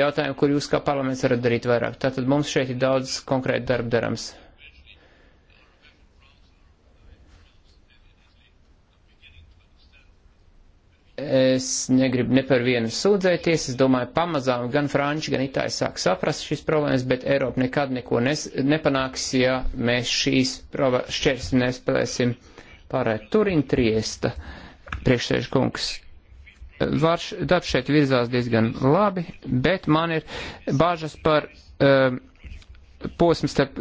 jautājumi, kur jūs kā parlaments varat darīt vairāk. Tātad mums šeit ir daudz konkrēti darba darams. Es negribu ne par vienu sūdzēties, es domāju, pamazām gan Franči, gan Itāļi sāk saprast šīs problēmas, bet Eiropa nekad neko nes, nepanāks, ja mēs šīs šķērs nespēlēsim pārēt. Turīn Triesta, priekšsēžu kungs. Varš, darbs šeit virzās diezgan labi, bet man ir bāžas par um, eh, posmu starp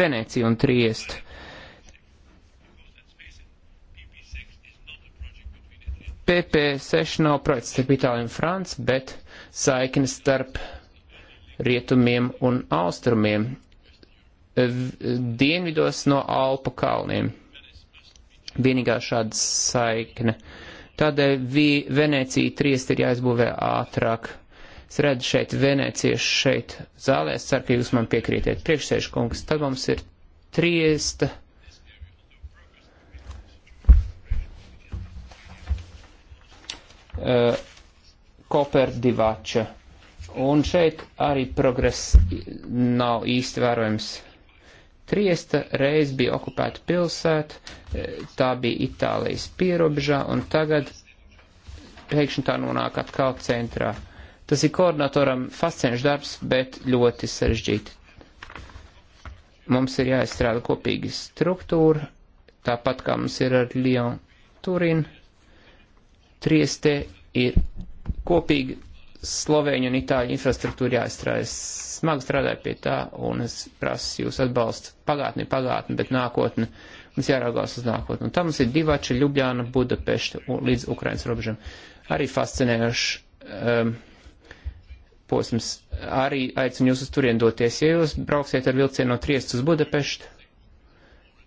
Venēciju un Triestu PP6 nav projekts starp Itāliju un Franciju, bet saiknes starp rietumiem un austrumiem, e, dienvidos no Alpu kalniem. Vienīgā šāda saikne. Tādēļ Venecija triest ir jāizbūvē ātrāk. Es redzu šeit veneciešu šeit zālē, es ceru, ka jūs man piekrītiet. Priekšsēžu kungs, tad mums ir triesta Eh, Koper Divača. Un šeit arī progress nav īsti vērojams. Triesta reiz bija okupēta pilsēta, eh, tā bija Itālijas pierobežā, un tagad pēkšņi tā nonāk atkal centrā. Tas ir koordinatoram fascinējošs darbs, bet ļoti sarežģīti. Mums ir jāizstrāda kopīga struktūra, tāpat kā mums ir ar Lyon Turinu Trieste ir kopīgi Slovēņu un Itāļu infrastruktūra jāizstrādā. Es smagi strādāju pie tā, un es prasu jūs atbalstu pagātni, pagātni, bet nākotni. Mums jāraugās uz nākotni. Un tam mums ir Divača, Ljubļāna, Budapešta līdz Ukrainas robežam. Arī fascinējošs um, posms. Arī aicinu jūs uz turien doties. Ja jūs brauksiet ar vilcienu no Triestas uz Budapeštu,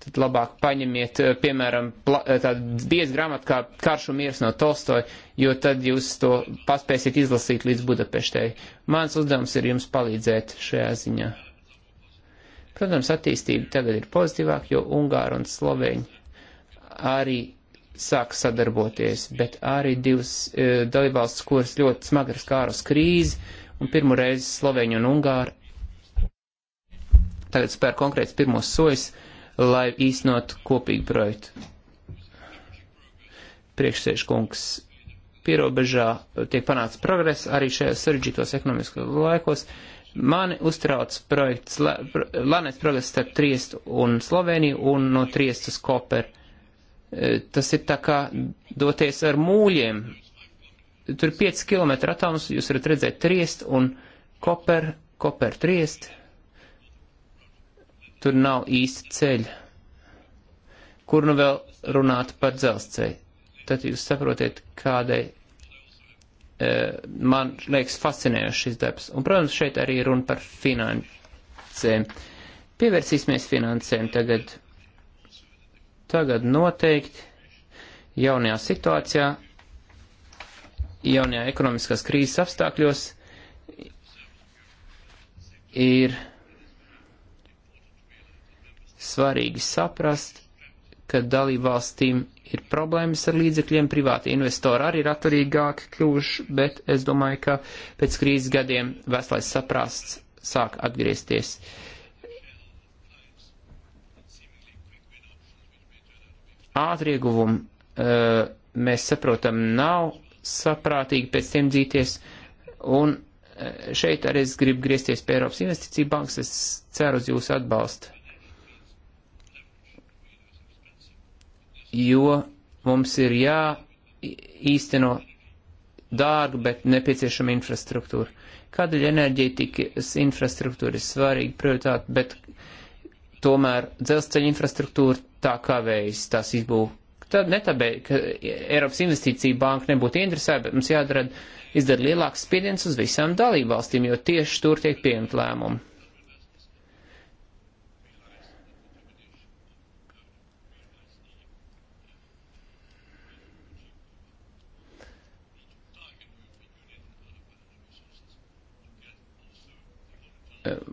tad labāk paņemiet, eh, piemēram, eh, tādu biezu grāmatu kā Karš un miers no Tolstoja, jo tad jūs to paspēsiet izlasīt līdz Budapeštei. Mans uzdevums ir jums palīdzēt šajā ziņā. Protams, attīstība tagad ir pozitīvāka, jo Ungāri un Sloveņi arī sāk sadarboties, bet arī divas e, dalībvalstis, kuras ļoti smagi ir skārus krīzi, un pirmo reizi Sloveņi un Ungāri tagad spēr konkrēts pirmos sojas lai īstenot kopīgu projektu. Priekšsēž kungs pierobežā tiek panāts progress arī šajos sarežģītos ekonomiskos laikos. Mani uztrauc projekts, lēnais progress starp Triestu un Sloveniju un no Triestas Koper. E, tas ir tā kā doties ar mūļiem. Tur ir 5 km attālums, jūs varat redzēt Triest un Koper, Koper Triest. Tur nav īsti ceļa. Kur nu vēl runāt par dzelzceļu? Tad jūs saprotiet, kādai e, man liekas fascinējošs šis darbs. Un, protams, šeit arī runa par finansēm. Pievērsīsimies finansēm tagad. Tagad noteikti jaunajā situācijā, jaunajā ekonomiskās krīzes apstākļos ir svarīgi saprast, ka dalībvalstīm ir problēmas ar līdzekļiem, privāti investori arī ir atturīgāki kļuvuši, bet es domāju, ka pēc krīzes gadiem veselais saprasts sāk atgriezties. Ātri ieguvumi eh, mēs saprotam nav saprātīgi pēc tiem dzīties, un eh, šeit arī es gribu griezties pie Eiropas investīcija bankas, es ceru uz jūsu atbalstu. jo mums ir jāīsteno dārga, bet nepieciešama infrastruktūra. Kādēļ enerģētikas infrastruktūra ir svarīga prioritāte, bet tomēr dzelzceļa infrastruktūra tā kavējas tās izbūv. Tad ne tāpēc, ka Eiropas investīcija banka nebūtu interesēta, bet mums jādara izdara lielāks spiediens uz visām dalībvalstīm, jo tieši tur tiek pieņemt lēmumu.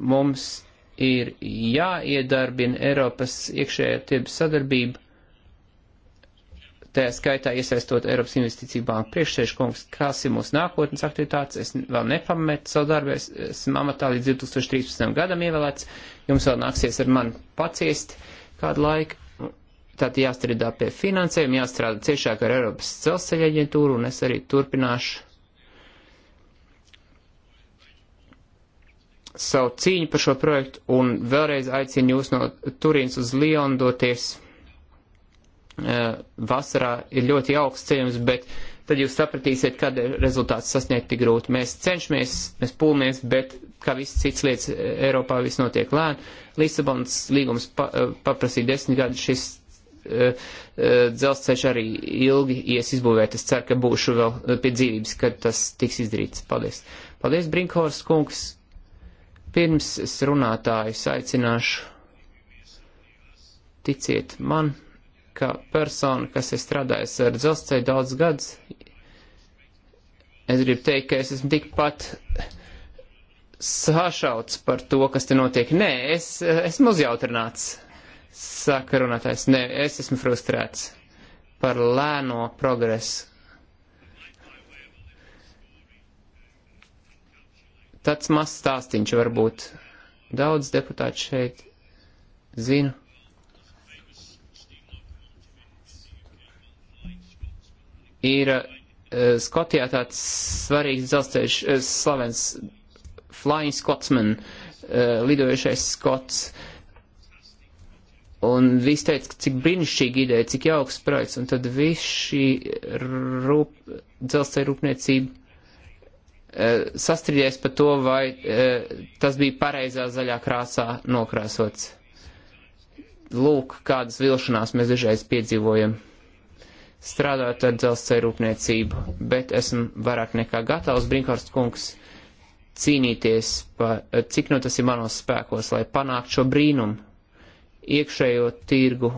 mums ir jāiedarbina Eiropas iekšējā tirgus sadarbība, tā skaitā iesaistot Eiropas investīciju banku priekšsēžkungs, kas ir mūsu nākotnes aktivitātes. Es vēl nepametu savu darbu, es esmu amatā līdz 2013. gadam ievēlēts, jums vēl nāksies ar mani paciest kādu laiku. Tātad jāstrādā pie finansējuma, jāstrādā ciešāk ar Eiropas celceļa aģentūru, un es arī turpināšu savu cīņu par šo projektu un vēlreiz aicinu jūs no Turīnas uz Lionu doties. E, vasarā ir ļoti augsts ceļums, bet tad jūs sapratīsiet, kad rezultāts sasniegt tik grūti. Mēs cenšamies, mēs pūlamies, bet kā viss cits lietas e, Eiropā viss notiek lēni. Lisabons līgums pa, e, paprasīja desmit gadus, šis uh, dzelzceļš arī ilgi ies izbūvēt. Es ceru, ka būšu vēl pie dzīvības, kad tas tiks izdarīts. Paldies. Paldies, Brinkhorst kungs. Vispirms es runātājus aicināšu, ticiet man, ka persona, kas ir strādājusi ar dzelzceļu daudz gadus, es gribu teikt, ka es esmu tikpat sašauts par to, kas te notiek. Nē, es esmu uzjautrināts, saka runātājs. Nē, es esmu frustrēts par lēno progresu, tāds mazs stāstiņš varbūt. Daudz deputāti šeit zinu. Ir uh, Skotijā tāds svarīgs dzelzceļš uh, slavens Flying Scotsman, uh, lidojušais Skots. Un viss teica, cik brīnišķīgi ideja, cik jauks projekts, un tad viss šī rūp, dzelzceļa rūpniecība Eh, sastrīdies par to, vai eh, tas bija pareizā zaļā krāsā nokrāsots. Lūk, kādas vilšanās mēs dažreiz piedzīvojam strādājot ar dzelzceļa rūpniecību, bet esmu vairāk nekā gatavs, Brinkhorst kungs, cīnīties, pa, eh, cik nu tas ir manos spēkos, lai panāktu šo brīnumu iekšējo tirgu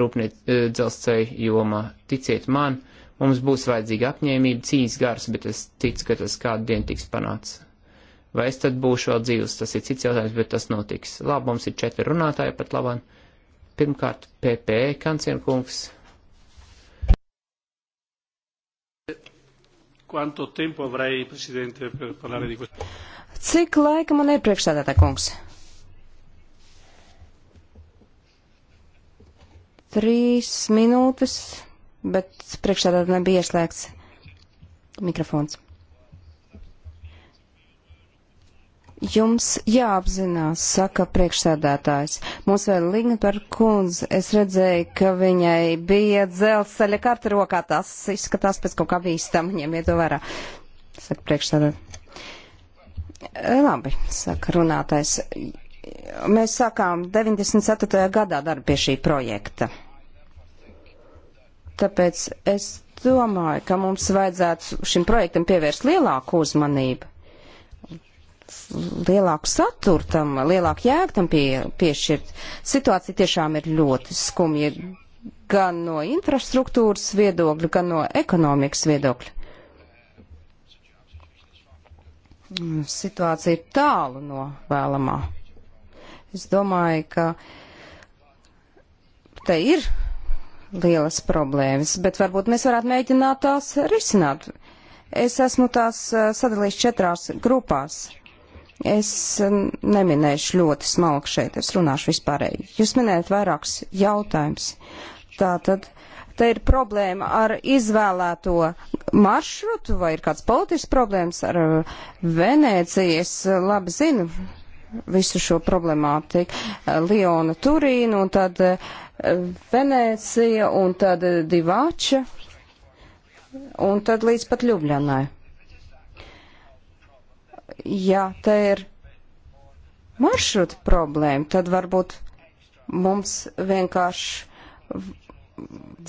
rūpniec, dzelzceļa jomā. Ticiet man, uh, Mums būs vajadzīga apņēmība, cīņas gars, bet es ticu, ka tas kādu dienu tiks panāts. Vai es tad būšu vēl dzīvs, tas ir cits jautājums, bet tas notiks. Labi, mums ir četri runātāji pat labāk. Pirmkārt, PP Kancienkungs. Quanto tempo avrei, Presidente, per parlare di questo? Cik laika man ir priekšstādātā kungs? Trīs minūtes bet priekšstādātājiem bija ieslēgts mikrofons. Jums jāapzinās, saka priekšsēdētājs. Mums vēl Lignaper kundze, es redzēju, ka viņai bija dzelzceļa karta rokā, tas izskatās pēc kaut kā bīstam, viņiem iet to vērā. Saka priekšsēdētājs. E, labi, saka runātājs. Mēs sākām 94. gadā darbu pie šī projekta. Tāpēc es domāju, ka mums vajadzētu šim projektam pievērst lielāku uzmanību, lielāku saturu tam, lielāku jēgu tam pie, piešķirt. Situācija tiešām ir ļoti skumja gan no infrastruktūras viedokļa, gan no ekonomikas viedokļa. Situācija ir tālu no vēlamā. Es domāju, ka te ir lielas problēmas, bet varbūt mēs varētu mēģināt tās risināt. Es esmu tās sadalījis četrās grupās. Es neminēšu ļoti smalki šeit, es runāšu vispārēji. Jūs minējat vairākus jautājumus. Tātad, te ir problēma ar izvēlēto maršrutu vai ir kāds politisks problēmas ar Venēciju. Es labi zinu visu šo problemātiku. Liona Turīnu un tad. Uh, Venēcija un tad Divača un tad līdz pat Ljubljanai. Ja te ir maršruta problēma, tad varbūt mums vienkārši,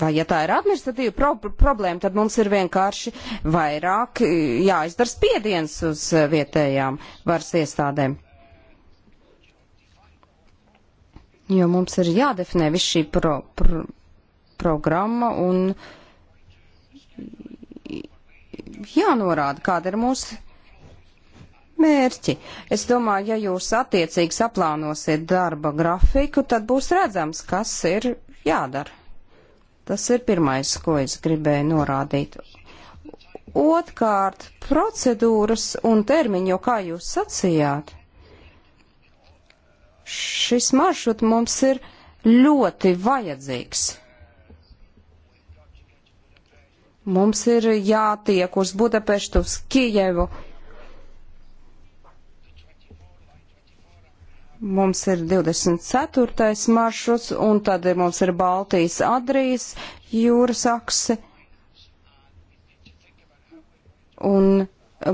vai ja tā ir administratīva pro problēma, tad mums ir vienkārši vairāk jāizdara spiediens uz vietējām varas iestādēm. jo mums ir jādefinē viss šī pro, pro, programma un jānorāda, kāda ir mūsu mērķi. Es domāju, ja jūs attiecīgi saplānosiet darba grafiku, tad būs redzams, kas ir jādara. Tas ir pirmais, ko es gribēju norādīt. Otkārt, procedūras un termiņi, jo kā jūs sacījāt, Šis maršrut mums ir ļoti vajadzīgs. Mums ir jātiek uz Budapeštu, uz Kijevu. Mums ir 24. maršruts, un tad mums ir Baltijas Adrijas jūras akse. Un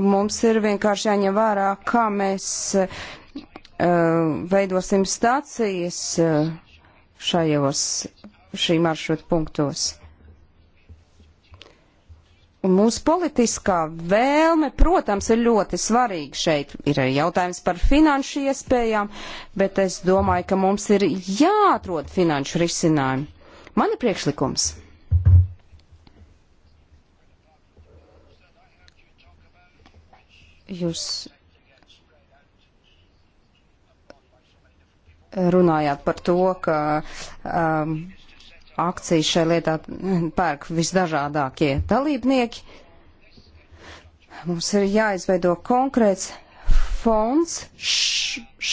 mums ir vienkārši jāņem vērā, kā mēs Eh, veidosim stācijas eh, šajos šī maršruta punktos. Un mūsu politiskā vēlme, protams, ir ļoti svarīga šeit. Ir jautājums par finanšu iespējām, bet es domāju, ka mums ir jāatrod finanšu risinājumi. Man ir priekšlikums. Jūs runājāt par to, ka um, akcijas šai lietā pērk visdažādākie dalībnieki. Mums ir jāizveido konkrēts fonds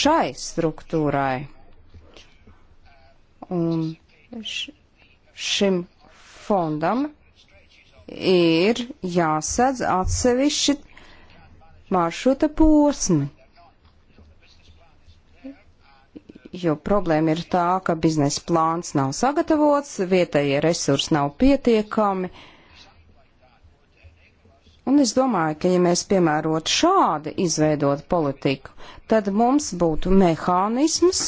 šai struktūrai. Un šim fondam ir jāsadz atsevišķi maršruta posmi jo problēma ir tā, ka biznesa plāns nav sagatavots, vietējie resursi nav pietiekami. Un es domāju, ka ja mēs piemērot šādi izveidot politiku, tad mums būtu mehānisms,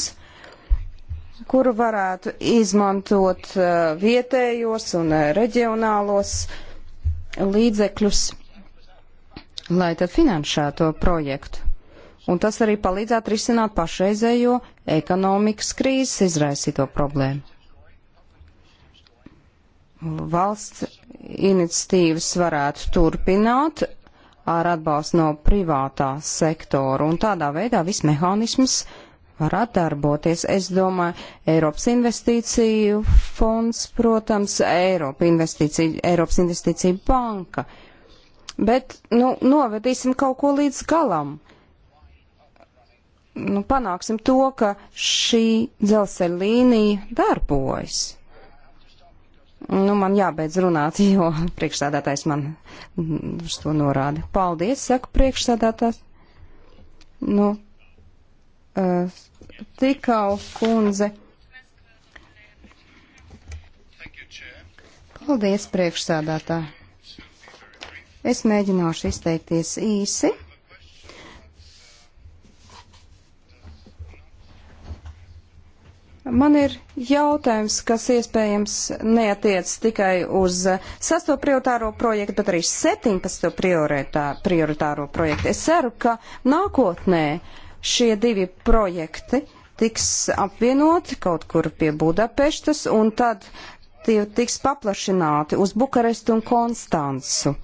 kuru varētu izmantot uh, vietējos un uh, reģionālos līdzekļus, lai tad finansētu projektu un tas arī palīdzētu risināt pašreizējo ekonomikas krīzes izraisīto problēmu. Valsts iniciatīvas varētu turpināt ar atbalstu no privātā sektora, un tādā veidā viss mehānisms varētu darboties. Es domāju, Eiropas investīciju fonds, protams, Eiropa investīcija, Eiropas investīcija banka. Bet, nu, novedīsim kaut ko līdz galam. Uh, nu, panāksim to, ka šī dzelzceļa līnija darbojas. Nu, man jābeidz runāt, jo priekšstādātājs man uz to norāda. Paldies, saka priekšstādātājs. Nu, uh, tikau kundze. Paldies, priekšsādātā. Es mēģināšu izteikties īsi. Man ir jautājums, kas iespējams neatiec tikai uz 6. prioritāro projektu, bet arī 17. Prioritā, prioritāro projektu. Es ceru, ka nākotnē šie divi projekti tiks apvienoti kaut kur pie Budapeštas un tad tie tiks paplašināti uz Bukarestu un Konstancu,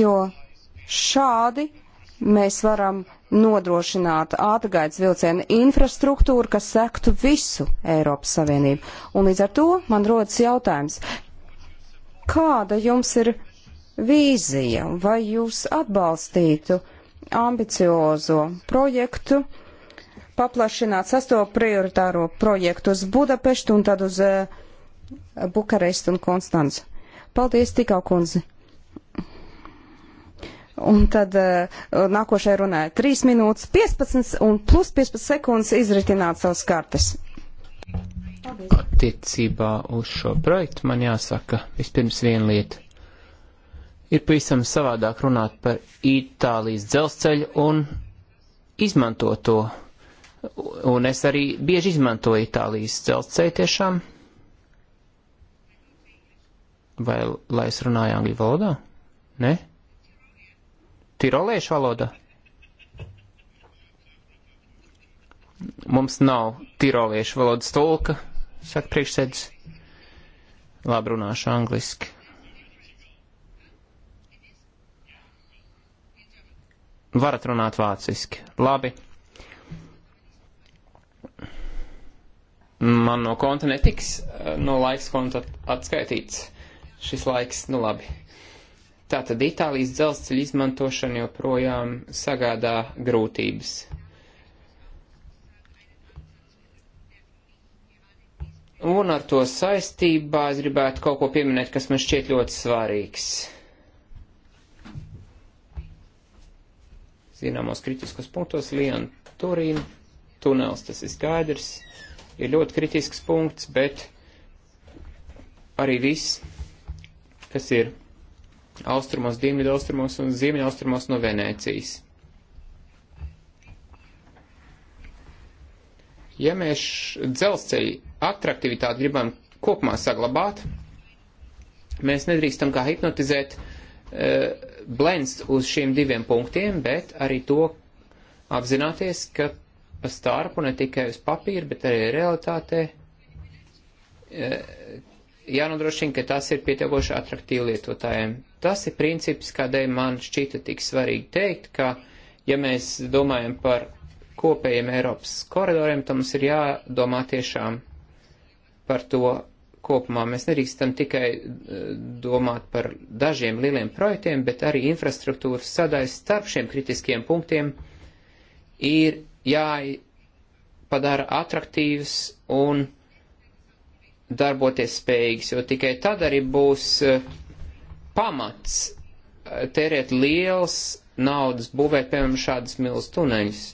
jo šādi mēs varam nodrošināt ātrgaitas vilcienu infrastruktūru, kas sektu visu Eiropas Savienību. Un līdz ar to man rodas jautājums, kāda jums ir vīzija, vai jūs atbalstītu ambiciozo projektu, paplašināt sesto prioritāro projektu uz Budapeštu un tad uz uh, Bukarestu un Konstancu? Paldies, tikā kundze! Un tad uh, nākošai runāja 3 minūtes 15 un plus 15 sekundes izritināt savas kartes. Paldies. Attiecībā uz šo projektu man jāsaka vispirms viena lieta. Ir pavisam savādāk runāt par Itālijas dzelzceļu un izmantot to. Un es arī bieži izmantoju Itālijas dzelzceļu tiešām. Vai lai es runāju angļu valodā? Ne? tiroliešu valoda? Mums nav tiroliešu valodas tulka, saka priekšsēdus. Labi runāšu angliski. Varat runāt vāciski. Labi. Man no konta netiks, eh, no laiks konta atskaitīts. Šis laiks, nu labi. Tātad Itālijas dzelzceļa izmantošana joprojām sagādā grūtības. Un ar to saistībā es gribētu kaut ko pieminēt, kas man šķiet ļoti svarīgs. Zināmos kritiskos punktos Lian Turīna tunels, tas ir skaidrs, ir ļoti kritisks punkts, bet arī viss, kas ir austrumos, dienvidaustrumos un ziemeļaustrumos no Venēcijas. Ja mēs dzelzceļa atraktivitāti gribam kopumā saglabāt, mēs nedrīkstam kā hipnotizēt uh, blends uz šiem diviem punktiem, bet arī to apzināties, ka pa starpu ne tikai uz papīra, bet arī realitātē uh, jānodrošina, ka tas ir pietiekoši atraktīvi lietotājiem. Tas ir princips, kādēļ man šķita tik svarīgi teikt, ka, ja mēs domājam par kopējiem Eiropas koridoriem, tad mums ir jādomā tiešām par to kopumā. Mēs nedrīkstam tikai e, domāt par dažiem lieliem projektiem, bet arī infrastruktūras sadaļas starp šiem kritiskiem punktiem ir jāpadara atraktīvas un darboties spējīgs, jo tikai tad arī būs eh, pamats eh, tērēt liels naudas, būvēt, piemēram, šādas milz tuneļus.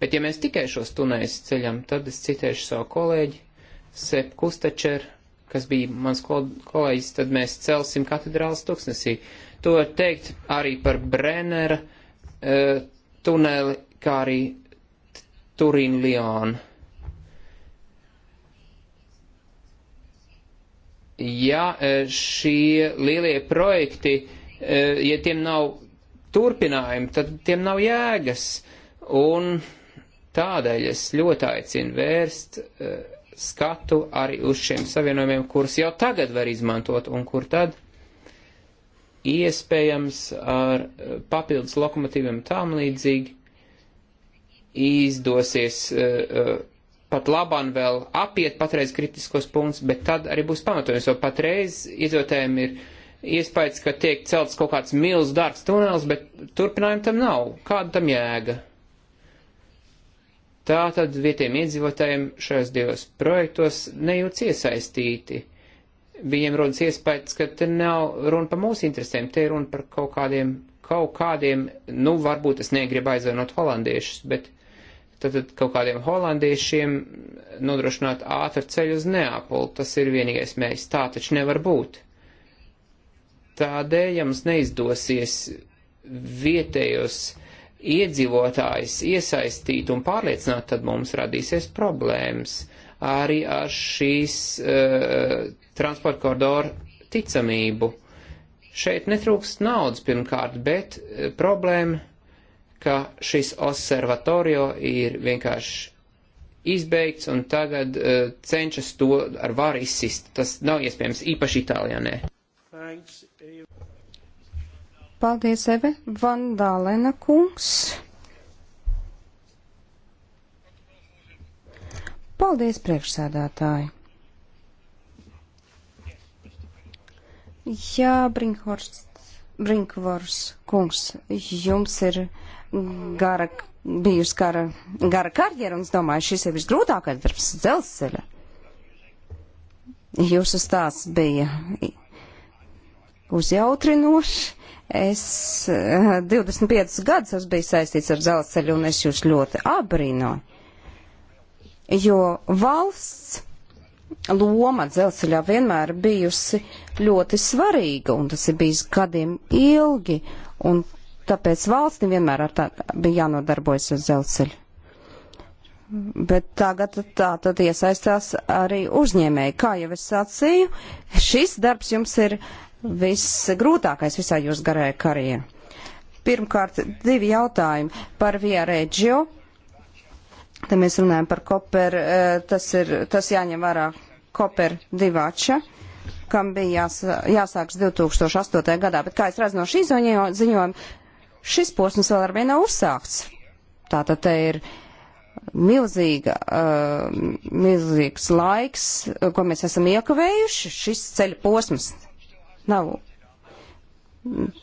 Bet ja mēs tikai šos tuneļus ceļam, tad es citēšu savu kolēģi, Sep Kustečer, kas bija mans kol kolēģis, tad mēs celsim katedrālas tuksnesī. To var teikt arī par Brennera e, tuneli, kā arī Turīnu Lionu ja e, šie lielie projekti, e, ja tiem nav turpinājumi, tad tiem nav jēgas. Un tādēļ es ļoti aicinu vērst e, skatu arī uz šiem savienojumiem, kurus jau tagad var izmantot un kur tad iespējams ar papildus lokomotīviem tām līdzīgi izdosies uh, pat labam vēl apiet patreiz kritiskos punktus, bet tad arī būs pamatojums, jo patreiz iedotējiem ir iespējas, ka tiek celts kaut kāds milz dārgs tunels, bet turpinājumu tam nav. Kāda tam jēga? Tā tad vietiem iedzīvotājiem šajos divos projektos nejūtas iesaistīti. Viņiem rodas iespējas, ka te nav runa par mūsu interesēm, te ir runa par kaut kādiem, kaut kādiem, nu varbūt es negribu aizvainot holandiešus, bet uh, Tātad kaut kādiem holandiešiem nodrošināt ātru ceļu uz Neapolu, tas ir vienīgais mērķis. Tā taču nevar būt. Tādēļ, ja mums neizdosies vietējos iedzīvotājs iesaistīt un pārliecināt, tad mums radīsies problēmas arī ar šīs uh, transporta koridoru ticamību. Šeit netrūkst naudas pirmkārt, bet eh, problēma ka šis observatorio ir vienkārši izbeigts un tagad uh, cenšas to ar varu izsist. Tas nav iespējams, īpaši Itālijā nē. Paldies, Eve. Vandālena kungs. Paldies, priekšsēdētāji. Jā, Brinkhorst, Brinkvors kungs, jums ir gara, bijusi gara, gara karjera, un es domāju, šis ir visgrūtākais darbs dzelzceļa. Jūsu stāsts bija uzjautrinošs. Es 25 eh, gadus esmu bijis saistīts ar dzelzceļu, un es jūs ļoti abrīnoju. Jo valsts loma dzelzceļā vienmēr bijusi ļoti svarīga, un tas ir bijis gadiem ilgi, un tāpēc valsti vienmēr ar tā bija jānodarbojas uz dzelzceļu. Bet tagad tā tad iesaistās arī uzņēmēji. Kā jau es sacīju, šis darbs jums ir visgrūtākais visā jūsu garajā karjerā. Pirmkārt, divi jautājumi par Via Reģio. Te mēs runājam par Koper, eh, tas ir, tas jāņem vērā Koper divača kam bija jās, jāsākas 2008. gadā, bet kā es redzu no šī ziņojuma, Šis posms vēl ar vienu nav uzsākts. Tātad te ir milzīga, uh, milzīgs laiks, uh, ko mēs esam iekavējuši. Šis ceļa posms nav.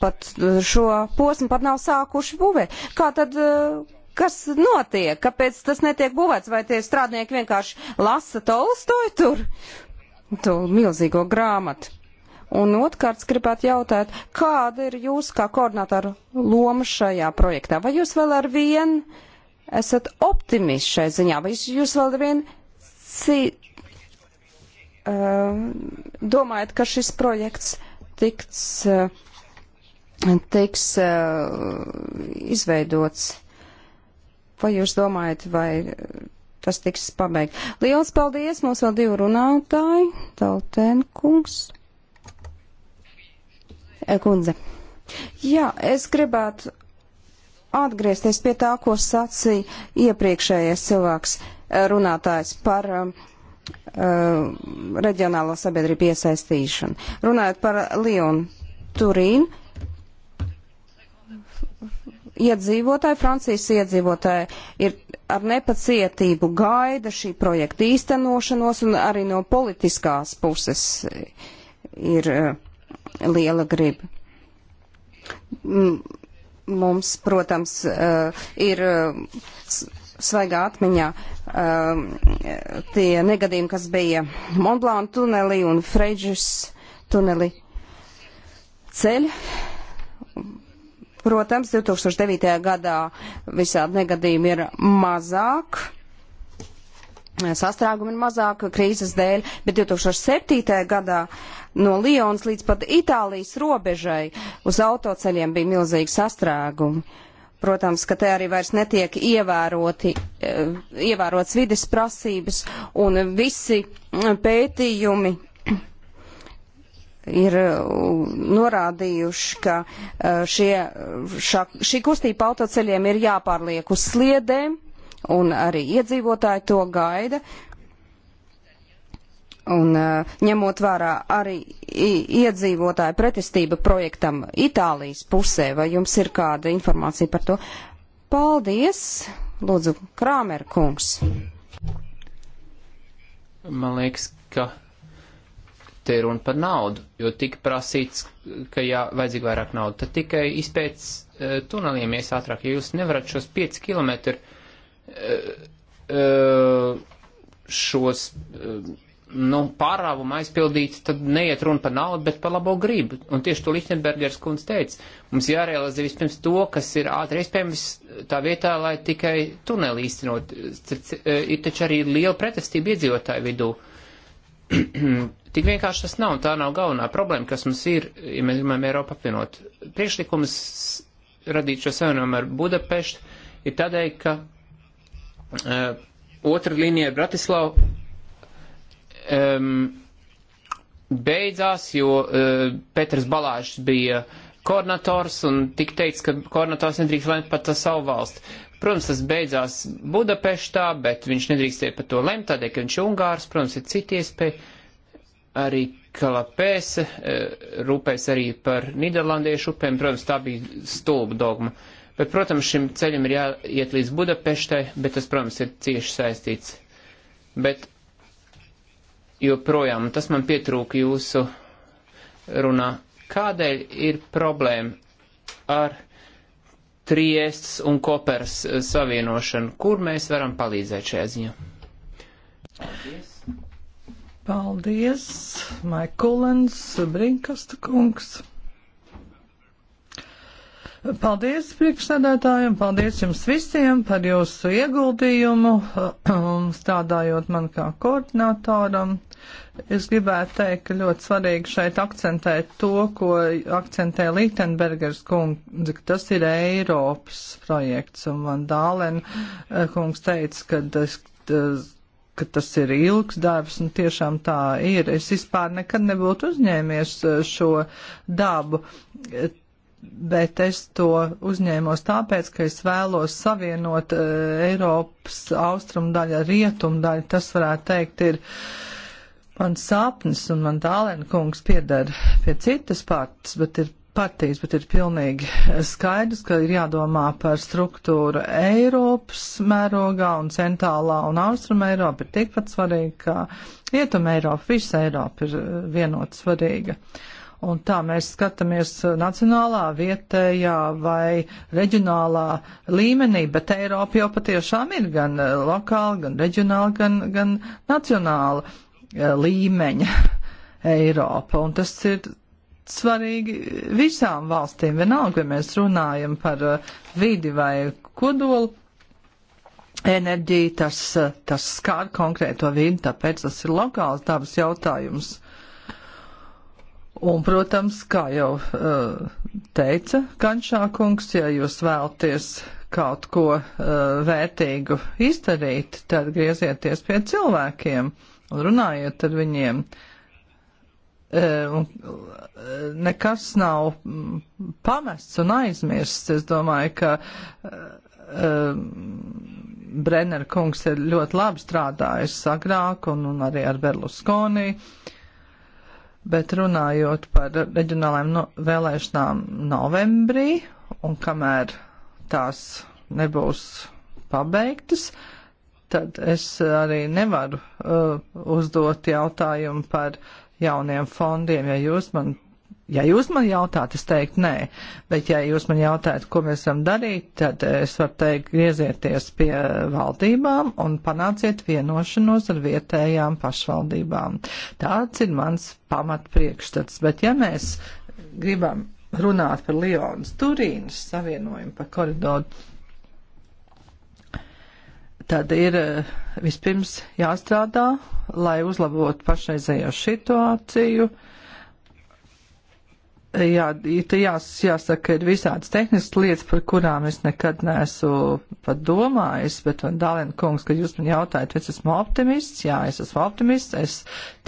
Pat šo posmu pat nav sākuši būvēt. Kā tad, uh, kas notiek? Kāpēc tas netiek būvēts? Vai tie strādnieki vienkārši lasa Tolstoju tur? To milzīgo grāmatu. Un otrkārt, gribētu jautāt, kāda ir jūs kā koordinātāra loma šajā projektā? Vai jūs vēl ar vienu esat optimists šai ziņā, vai jūs vēl ar vienu ci... uh, domājat, ka šis projekts tiks, uh, tiks uh, izveidots? Vai jūs domājat, vai tas tiks pabeigts? Liels paldies! Mums vēl divi runātāji, Tautēnkungs. kungs. Eh, kundze. Jā, es gribētu atgriezties pie tā, ko sacīja iepriekšējais cilvēks, eh, runātājs par um, reģionālo sabiedrību iesaistīšanu. Runājot par Lionu Turīnu, iedzīvotāji, Francijas iedzīvotāji ir ar nepacietību gaida šī projekta īstenošanos un arī no politiskās puses ir. Uh, liela griba. Mums, protams, eh, ir eh, svaigā atmiņā eh, tie negadījumi, kas bija Montblāna tunelī un Freidžas tunelī ceļa. Protams, 2009. gadā visādi negadījumi ir mazāk, sastrēgumi ir mazāk krīzes dēļ, bet 2007. gadā uh, no Lionas līdz pat Itālijas robežai uz autoceļiem bija milzīgi sastrēgumi. Protams, ka te arī vairs netiek ievēroti, eh, ievērots vides prasības un visi mm, pētījumi ir mm, norādījuši, ka eh, šie, šā, šī kustība autoceļiem ir jāpārliek uz sliedēm un arī iedzīvotāji to gaida. Un uh, ņemot vērā arī iedzīvotāju pretestība projektam Itālijas pusē, vai jums ir kāda informācija par to? Paldies! Lūdzu, Krāmer kungs. Man liekas, ka te ir runa par naudu, jo tika prasīts, ka jā, vajadzīga vairāk naudu. Tad tikai izpēc uh, tuneliem ies ātrāk, ja jūs nevarat šos 5 km uh, uh, šos. Uh, nu, pārāvumu aizpildīt, tad neiet runa par naudu, bet par labo gribu. Un tieši to Lichtenbergers kundze teica. Mums jārealizē vispirms to, kas ir ātri iespējams tā vietā, lai tikai tuneli īstenot. E, ir taču arī liela pretestība iedzīvotāju vidū. Tik vienkārši tas nav, un tā nav galvenā problēma, kas mums ir, ja mēs gribam Eiropu apvienot. Priekšlikums radīt šo savienojumu ar Budapeštu ir tādēļ, ka uh, otra līnija ir Bratislava, um, beidzās, jo uh, e, Petrs Balāšs bija koordinators un tik teica, ka koordinators nedrīkst lemt pat savu valstu. Protams, tas beidzās Budapeštā, bet viņš nedrīkstēja par to lemt, tādēļ, ka viņš ir Ungārs, protams, ir citi iespēja. Arī Kalapēse rūpēs arī par Nīderlandiešu upēm, protams, tā bija stulba dogma. Bet, protams, šim ceļam ir jāiet līdz Budapeštai, bet tas, protams, ir cieši saistīts. Bet joprojām, un tas man pietrūka jūsu runā, kādēļ ir problēma ar Triestas un Koperas eh, savienošanu, kur mēs varam palīdzēt šajā ziņā? Paldies! Paldies, Maikulens, Brinkasta kungs! Paldies priekšsēdētājiem, paldies jums visiem par jūsu ieguldījumu, strādājot man kā koordinatoram. Es gribētu teikt, ka ļoti svarīgi šeit akcentēt to, ko akcentē Lītenbergers kungs, ka tas ir Eiropas projekts, un man Dālen eh, kungs teica, ka tas, ka tas ir ilgs darbs, un tiešām tā ir. Es vispār nekad nebūtu uzņēmies eh, šo dabu bet es to uzņēmos tāpēc, ka es vēlos savienot uh, Eiropas austrumu daļu ar rietumu daļu. Tas varētu teikt ir uh, Man sapnis un man tālēna kungs piedara pie citas partijas, bet ir partijas, bet ir pilnīgi skaidrs, ka ir jādomā par struktūru Eiropas mērogā un centrālā un austruma Eiropa ir tikpat svarīga, kā rietuma Eiropa, visa Eiropa ir eh, vienot svarīga. Un tā mēs skatāmies nacionālā, vietējā vai reģionālā līmenī, bet Eiropa jau patiešām ir gan eh, lokāla, gan reģionāla, gan, gan nacionāla. Eh, līmeņa Eiropa. Un tas ir svarīgi visām valstīm, vienalga, vai mēs runājam par eh, vidi vai kodolu enerģiju, tas, eh, tas skār konkrēto vidi, tāpēc tas ir lokāls dabas jautājums. Un, protams, kā jau uh, teica Kančākungs, ja jūs vēlties kaut ko uh, vērtīgu izdarīt, tad griezieties pie cilvēkiem. Uh, un runājiet ar viņiem. E, un, e, nekas nav pamests un aizmirsts. Es domāju, ka e, e, Brenner kungs ir ļoti labi strādājis agrāk un, un arī ar Berluskoni. Bet runājot par reģionālajām no, vēlēšanām novembrī un kamēr tās nebūs pabeigtas, uh, tad es arī nevaru uh, uzdot jautājumu par jauniem fondiem. Ja jūs man, ja jūs man jautājat, es teiktu nē, bet ja jūs man jautājat, ko mēs varam darīt, tad es varu teikt griezieties pie valdībām un panāciet vienošanos ar vietējām pašvaldībām. Tāds ir mans pamatpriekšstats. Bet ja mēs gribam runāt par Lionas Turīnas savienojumu pa koridoru, tad ir eh, vispirms jāstrādā, lai uzlabotu pašreizējo situāciju. Uh, jā, jās, jāsaka, ir visādas tehniskas lietas, par kurām es nekad neesmu pat domājis, bet, un Dālien kungs, kad jūs man jautājat, vai es esmu optimists, jā, es esmu optimists, es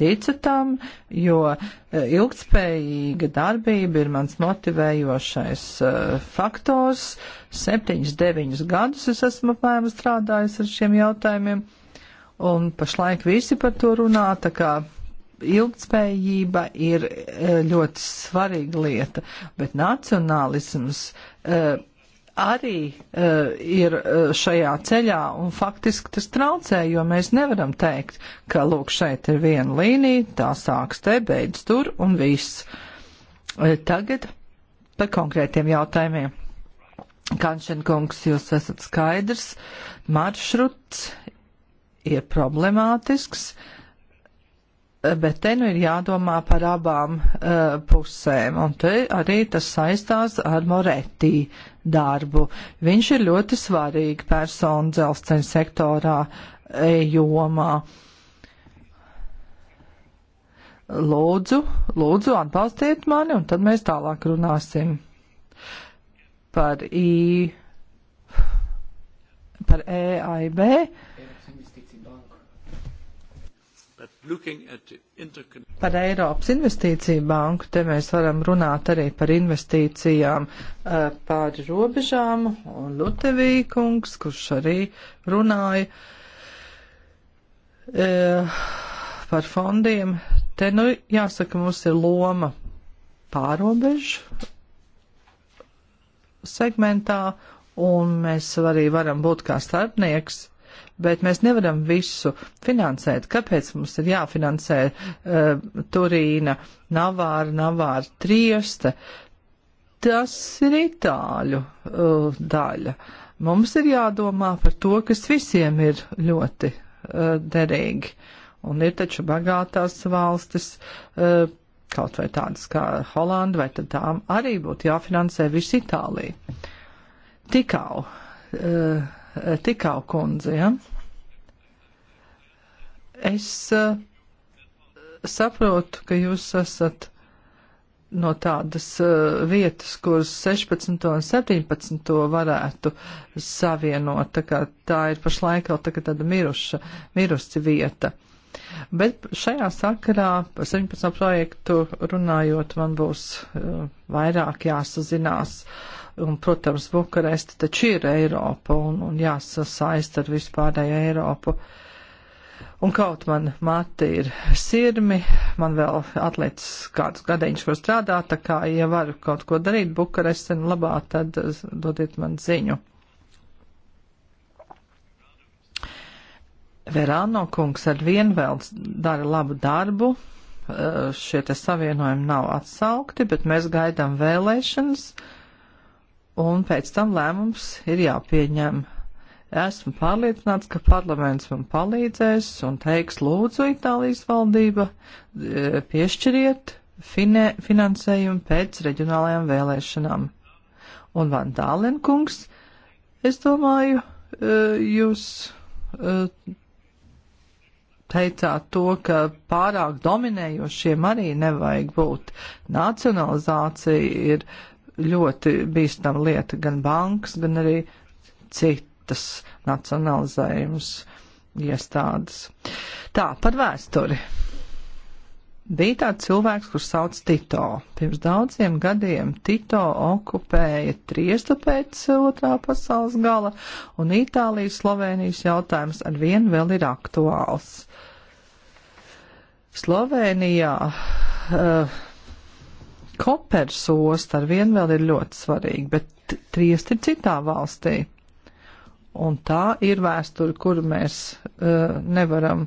ticu tam, jo e, ilgtspējīga darbība ir mans motivējošais uh, faktors. Septiņus, deviņus gadus es esmu apmēram strādājis ar šiem jautājumiem, un pašlaik visi par to runā, tā kā ilgtspējība ir e, ļoti svarīga lieta, bet nacionālisms e, arī e, ir šajā ceļā un faktiski tas traucē, jo mēs nevaram teikt, ka lūk šeit ir viena līnija, tā sāks te, beidz tur un viss. Tagad par konkrētiem jautājumiem. Kanšenkungs, jūs esat skaidrs, maršruts ir problemātisks. Uh, bet te nu ir jādomā par abām uh, pusēm, un te arī tas saistās ar Moretī darbu. Viņš ir ļoti svarīgi personu dzelzceļa sektorā e, jomā. Lūdzu, lūdzu, atbalstiet mani, un tad mēs tālāk runāsim par I, par EAIB. Uh, Par Eiropas investīciju banku te mēs varam runāt arī par investīcijām eh, pāri robežām, un Lutevīkungs, kurš arī runāja eh, par fondiem, te nu jāsaka, mums ir loma pārobežu segmentā, un mēs arī varam būt kā starpnieks bet mēs nevaram visu finansēt. Kāpēc mums ir jāfinansē uh, Turīna, Navāra, Navāra, Trieste? Tas ir itāļu uh, daļa. Mums ir jādomā par to, kas visiem ir ļoti uh, derīgi. Un ir taču bagātās valstis. Uh, kaut vai tādas kā Holanda, vai tad tām arī būtu jāfinansē viss Itālija. Tikau. Uh, tikau kundze, ja? Es eh, saprotu, ka jūs esat no tādas eh, vietas, kuras 16 un 17 varētu savienot, tā kā tā ir pašlaik vēl tā tāda miruša, mirusi vieta. Bet šajā sakarā par 17 projektu runājot, man būs eh, vairāk jāsazinās. Uh, Un, protams, Bukaresta taču ir Eiropa un, un jāsasaist ar vispārēju Eiropu. Un kaut man mati ir sirmi, man vēl atlicis kāds gadiņš, ko strādāt, tā kā, ja varu kaut ko darīt Bukaresten labā, tad dodiet man ziņu. Verāno kungs ar vienu vēl dara labu darbu, šie te savienojumi nav atsaukti, bet mēs gaidām vēlēšanas. Uh, un pēc tam lēmums ir jāpieņem. Esmu pārliecināts, ka parlaments man palīdzēs un teiks, lūdzu, Itālijas valdība, eh, piešķiriet finē, finansējumu pēc reģionālajām vēlēšanām. Un Van Dālenkungs, es domāju, eh, jūs eh, teicāt to, ka pārāk dominējošiem arī nevajag būt. Nacionalizācija ir uh, ļoti bīstama lieta gan bankas, gan arī citas nacionalizējumus iestādes. Tā, par vēsturi. Bija tāds cilvēks, kurš sauc Tito. Pirms daudziem gadiem Tito okupēja Triestu pēc otrā pasaules gala, un Itālijas Slovenijas jautājums ar vienu vēl ir aktuāls. Slovenijā uh, Kopers osta ar vienu vēl ir ļoti svarīga, bet Triest ir citā valstī. Un tā ir vēsture, kuru mēs uh, nevaram,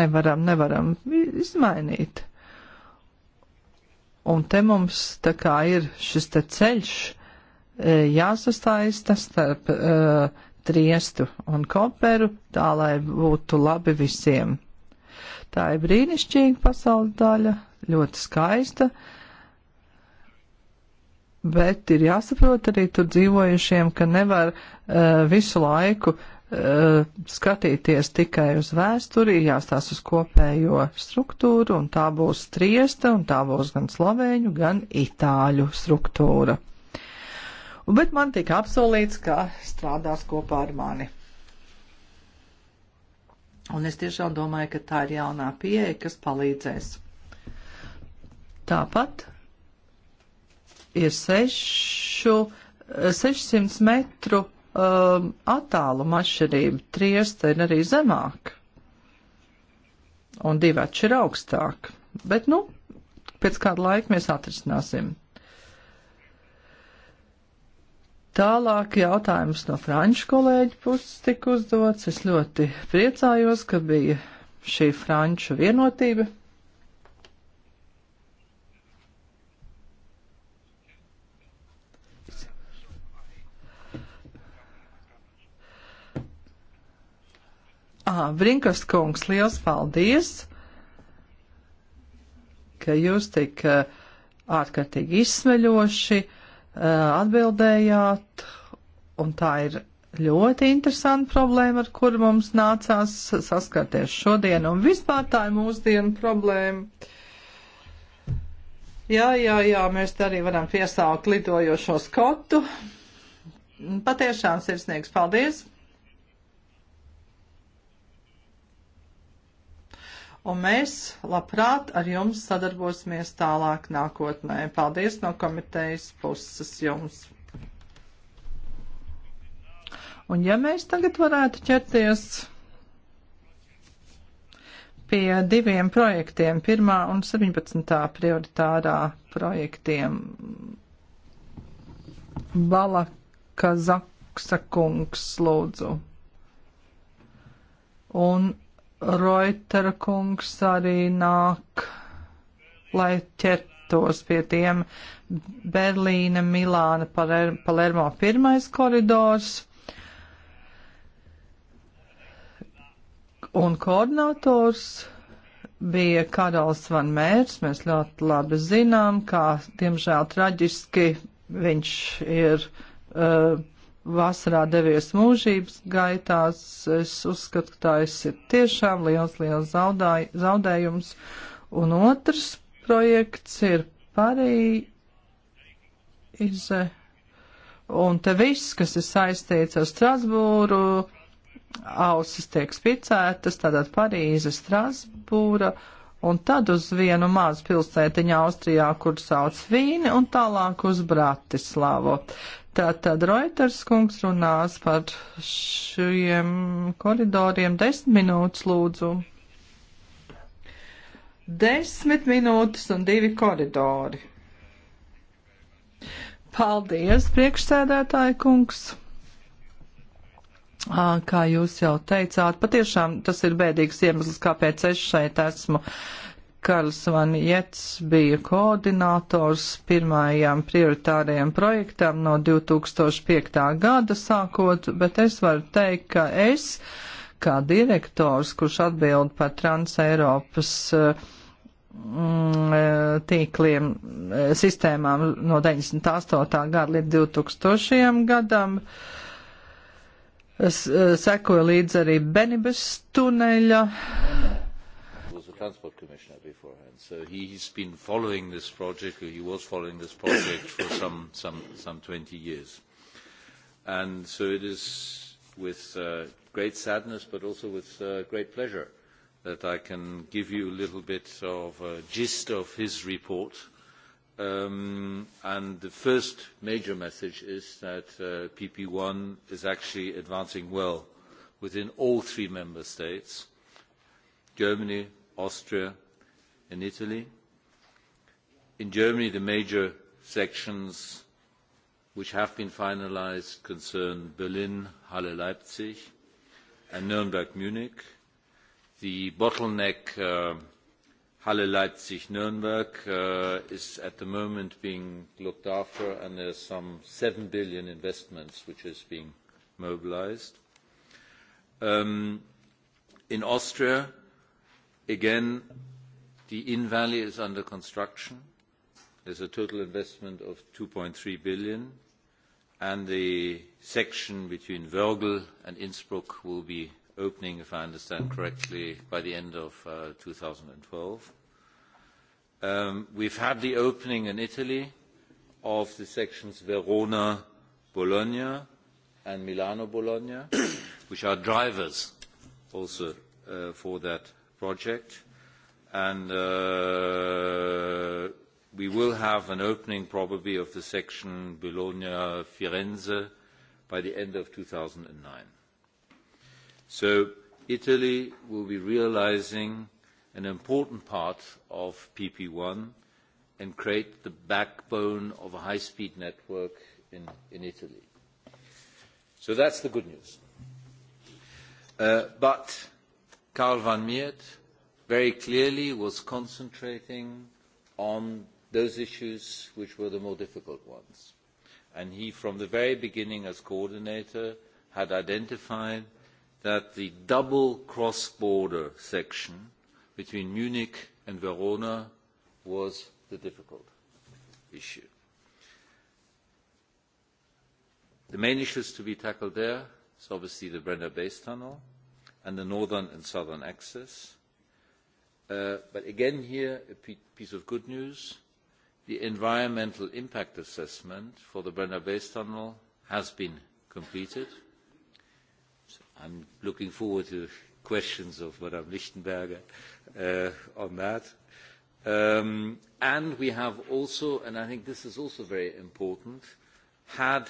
nevaram, nevaram izmainīt. Un te mums tā kā ir šis te ceļš uh, jāsastaista starp uh, Triestu un Koperu, tā lai būtu labi visiem. Tā ir brīnišķīga pasaules daļa, ļoti skaista, bet ir jāsaprot arī tur dzīvojušiem, ka nevar uh, visu laiku uh, skatīties tikai uz vēsturi, ir jāstās uz kopējo struktūru, un tā būs triesta, un tā būs gan slovēņu, gan itāļu struktūra. Un, bet man tika apsolīts, ka strādās kopā ar mani. Un es tiešām domāju, ka tā ir jaunā pieeja, kas palīdzēs. Tāpat ir sešu, 600 metru um, attāluma atšķirība. Trieste ir arī zemāk, un divači ir augstāk. Bet, nu, pēc kāda laika mēs atrisināsim. Tālāk jautājums no franču kolēģi puses tika uzdots. Es ļoti priecājos, ka bija šī franču vienotība. À, Brinkas kungs, liels paldies, ka jūs tik ārkārtīgi izsmeļoši uh, Uh, atbildējāt, un tā ir ļoti interesanta problēma, ar kuru mums nācās saskarties šodien, un vispār tā ir mūsdienu problēma. Jā, jā, jā, mēs te arī varam piesaukt lidojošo skotu. Patiešām sirsnīgs paldies! un mēs labprāt ar jums sadarbosimies tālāk nākotnē. Paldies no komitejas puses jums! Un ja mēs tagad varētu ķerties pie diviem projektiem, 1. un 17. prioritārā projektiem. Balaka Zaksa kungs lūdzu. Un Roitera kungs arī nāk, lai ķertos pie tiem Berlīna, Milāna, Palermo pirmais koridors. Un koordinators bija Karls Van Mērs, mēs ļoti labi zinām, kā, diemžēl, traģiski viņš ir uh, vasarā devies mūžības gaitās. Es uzskatu, ka tas ir tiešām liels, liels zaudāj, zaudējums. Un otrs projekts ir Parīze. Un te viss, kas ir saistīts ar Strasbūru, ausis tiek spicētas, tātad Parīze, Strasbūra. Un tad uz vienu mazu pilsētiņu Austrijā, kur sauc Vīni, un tālāk uz Bratislavu. Tātad Reuters kungs runās par šiem koridoriem. Desmit minūtes lūdzu. Desmit minūtes un divi koridori. Paldies, priekšsēdētāji kungs. Kā jūs jau teicāt, patiešām tas ir bēdīgs iemesls, kāpēc es šeit esmu. Karls Van Jets bija koordinators pirmajām prioritārajām projektām no 2005. gada sākot, bet es varu teikt, ka es, kā direktors, kurš atbild par Trans-Eiropas mm, tīkliem sistēmām no 98. gada līdz 2000. gadam, es eh, sekoju līdz arī Benibes tuneļa transport commissioner beforehand, so he, he's been following this project, or he was following this project for some, some, some 20 years. And so it is with uh, great sadness, but also with uh, great pleasure that I can give you a little bit of a gist of his report. Um, and the first major message is that uh, PP1 is actually advancing well within all three member states, Germany, Austria and Italy. In Germany, the major sections which have been finalized concern Berlin, Halle, Leipzig, and Nuremberg, Munich. The bottleneck uh, Halle, Leipzig, Nuremberg uh, is at the moment being looked after, and there's some 7 billion investments which is being mobilized. Um, in Austria, Again, the in valley is under construction. There's a total investment of 2.3 billion, and the section between Wörgl and Innsbruck will be opening, if I understand correctly, by the end of uh, 2012. Um, we've had the opening in Italy of the sections Verona-Bologna and Milano-Bologna, which are drivers also uh, for that project. And uh, we will have an opening probably of the section Bologna-Firenze by the end of 2009. So Italy will be realizing an important part of PP1 and create the backbone of a high-speed network in, in Italy. So that's the good news. Uh, but Karl van Miert very clearly was concentrating on those issues which were the more difficult ones. And he, from the very beginning as coordinator, had identified that the double cross-border section between Munich and Verona was the difficult issue. The main issues to be tackled there is obviously the Brenner Base Tunnel, and the northern and southern axis. Uh, but again here, a piece of good news. The environmental impact assessment for the Brenner Base Tunnel has been completed. So I'm looking forward to questions of Madame Lichtenberger uh, on that. Um, and we have also, and I think this is also very important, had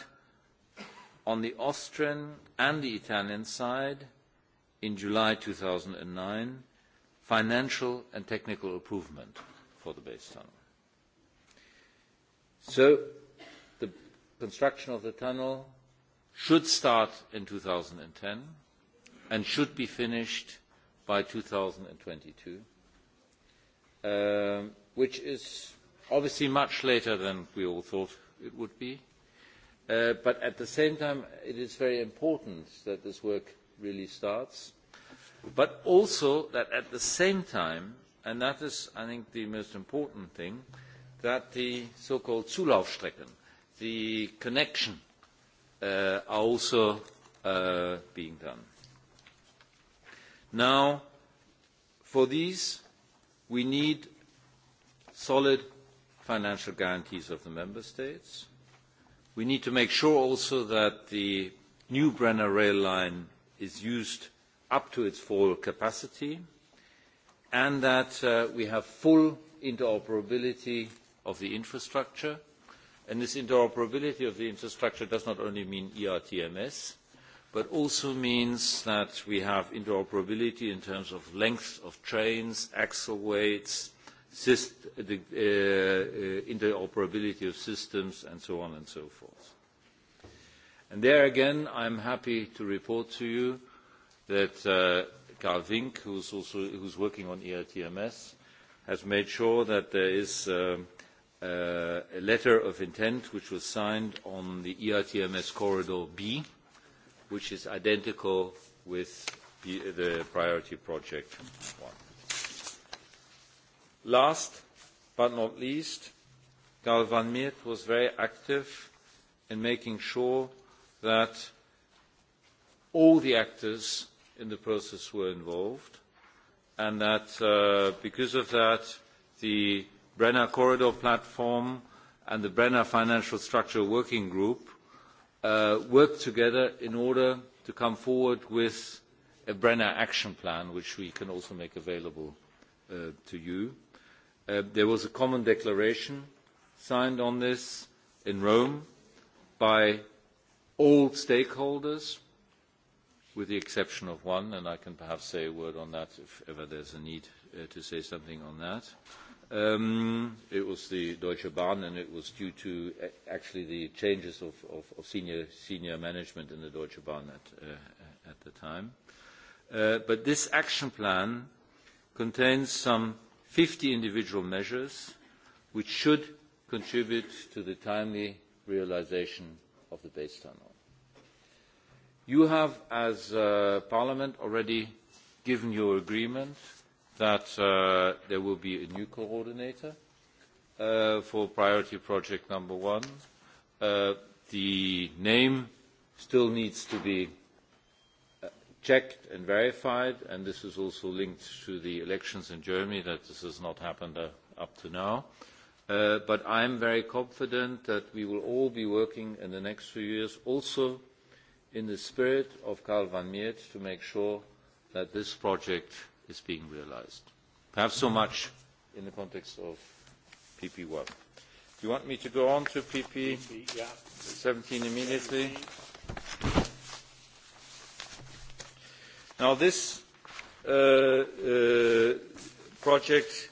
on the Austrian and the Italian side, in July 2009 financial and technical improvement for the base tunnel. So the construction of the tunnel should start in 2010 and should be finished by 2022, um, which is obviously much later than we all thought it would be. Uh, but at the same time, it is very important that this work really starts, but also that at the same time, and that is, I think, the most important thing, that the so-called Zulaufstrecken, the connection, uh, are also uh, being done. Now, for these, we need solid financial guarantees of the member states. We need to make sure also that the new Brenner rail line is used up to its full capacity and that uh, we have full interoperability of the infrastructure. And this interoperability of the infrastructure does not only mean ERTMS, but also means that we have interoperability in terms of length of trains, axle weights, syst- uh, uh, interoperability of systems, and so on and so forth And there again, I'm happy to report to you that uh, Karl Vink, who's, also, who's working on ERTMS, has made sure that there is um, uh, a letter of intent which was signed on the ERTMS Corridor B, which is identical with the, the priority project one. Last but not least, Karl van Miert was very active in making sure that all the actors in the process were involved and that uh, because of that the Brenner Corridor platform and the Brenner Financial Structure Working Group uh, worked together in order to come forward with a Brenner action plan which we can also make available uh, to you. Uh, there was a common declaration signed on this in Rome by all stakeholders, with the exception of one, and I can perhaps say a word on that if ever there's a need uh, to say something on that. Um, it was the Deutsche Bahn, and it was due to uh, actually the changes of, of, of senior, senior management in the Deutsche Bahn at, uh, at the time. Uh, but this action plan contains some 50 individual measures which should contribute to the timely realization of the base tunnel. You have, as uh, Parliament, already given your agreement that uh, there will be a new coordinator uh, for priority project number one. Uh, the name still needs to be uh, checked and verified, and this is also linked to the elections in Germany, that this has not happened uh, up to now. Uh, Uh, but I am very confident that we will all be working in the next few years also in the spirit of Karl van Miert to make sure that this project is being realized. Perhaps so much in the context of PP1. Do you want me to go on to PP, PP yeah. 17 immediately? Now this uh, uh, project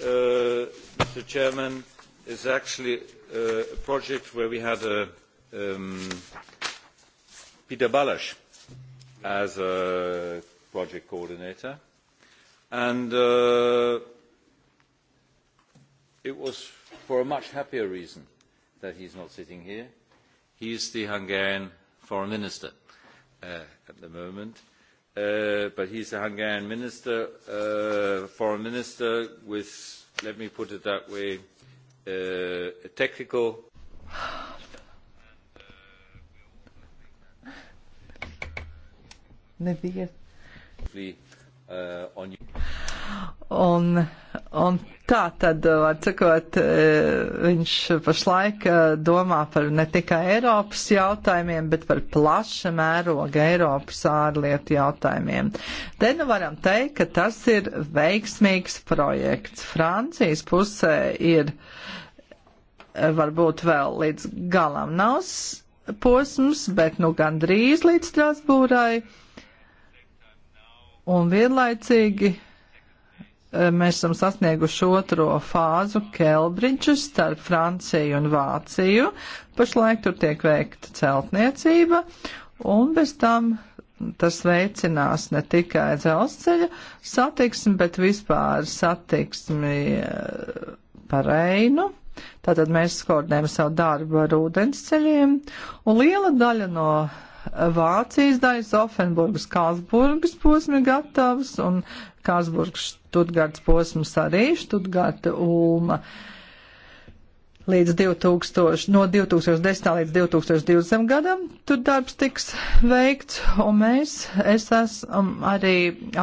uh, Mr. Chairman, is actually uh, a project where we had a, uh, um, Peter Balash as a project coordinator. And uh, it was for a much happier reason that he's not sitting here. He is the Hungarian foreign minister uh, at the moment uh, but he's a Hungarian minister, uh, foreign minister, with, let me put it that way, uh, a technical. uh, on you. Un, un tā tad, var sakot, e, viņš pašlaik e, domā par ne tikai Eiropas jautājumiem, bet par plaša mēroga Eiropas ārlietu jautājumiem. Te nu varam teikt, ka tas ir veiksmīgs projekts. Francijas pusē ir e, varbūt vēl līdz galam nav posms, bet nu gandrīz līdz Strasbūrai. Un vienlaicīgi Eh, mēs esam sasnieguši otro fāzu Kelbridžas starp Franciju un Vāciju. Pašlaik tur tiek veikta celtniecība, un bez tam tas veicinās ne tikai dzelzceļa satiksmi, bet vispār satiksmi eh, par Reinu. Tātad mēs koordinējam savu darbu ar ūdensceļiem, un liela daļa no Vācijas daļas, Offenburgas, Kalsburgas posmi gatavs un Kalsburgas Štutgards posms arī, Štutgarda Ulma. Līdz 2000, no 2010. līdz 2020. gadam tur darbs tiks veikts, un mēs, es esmu arī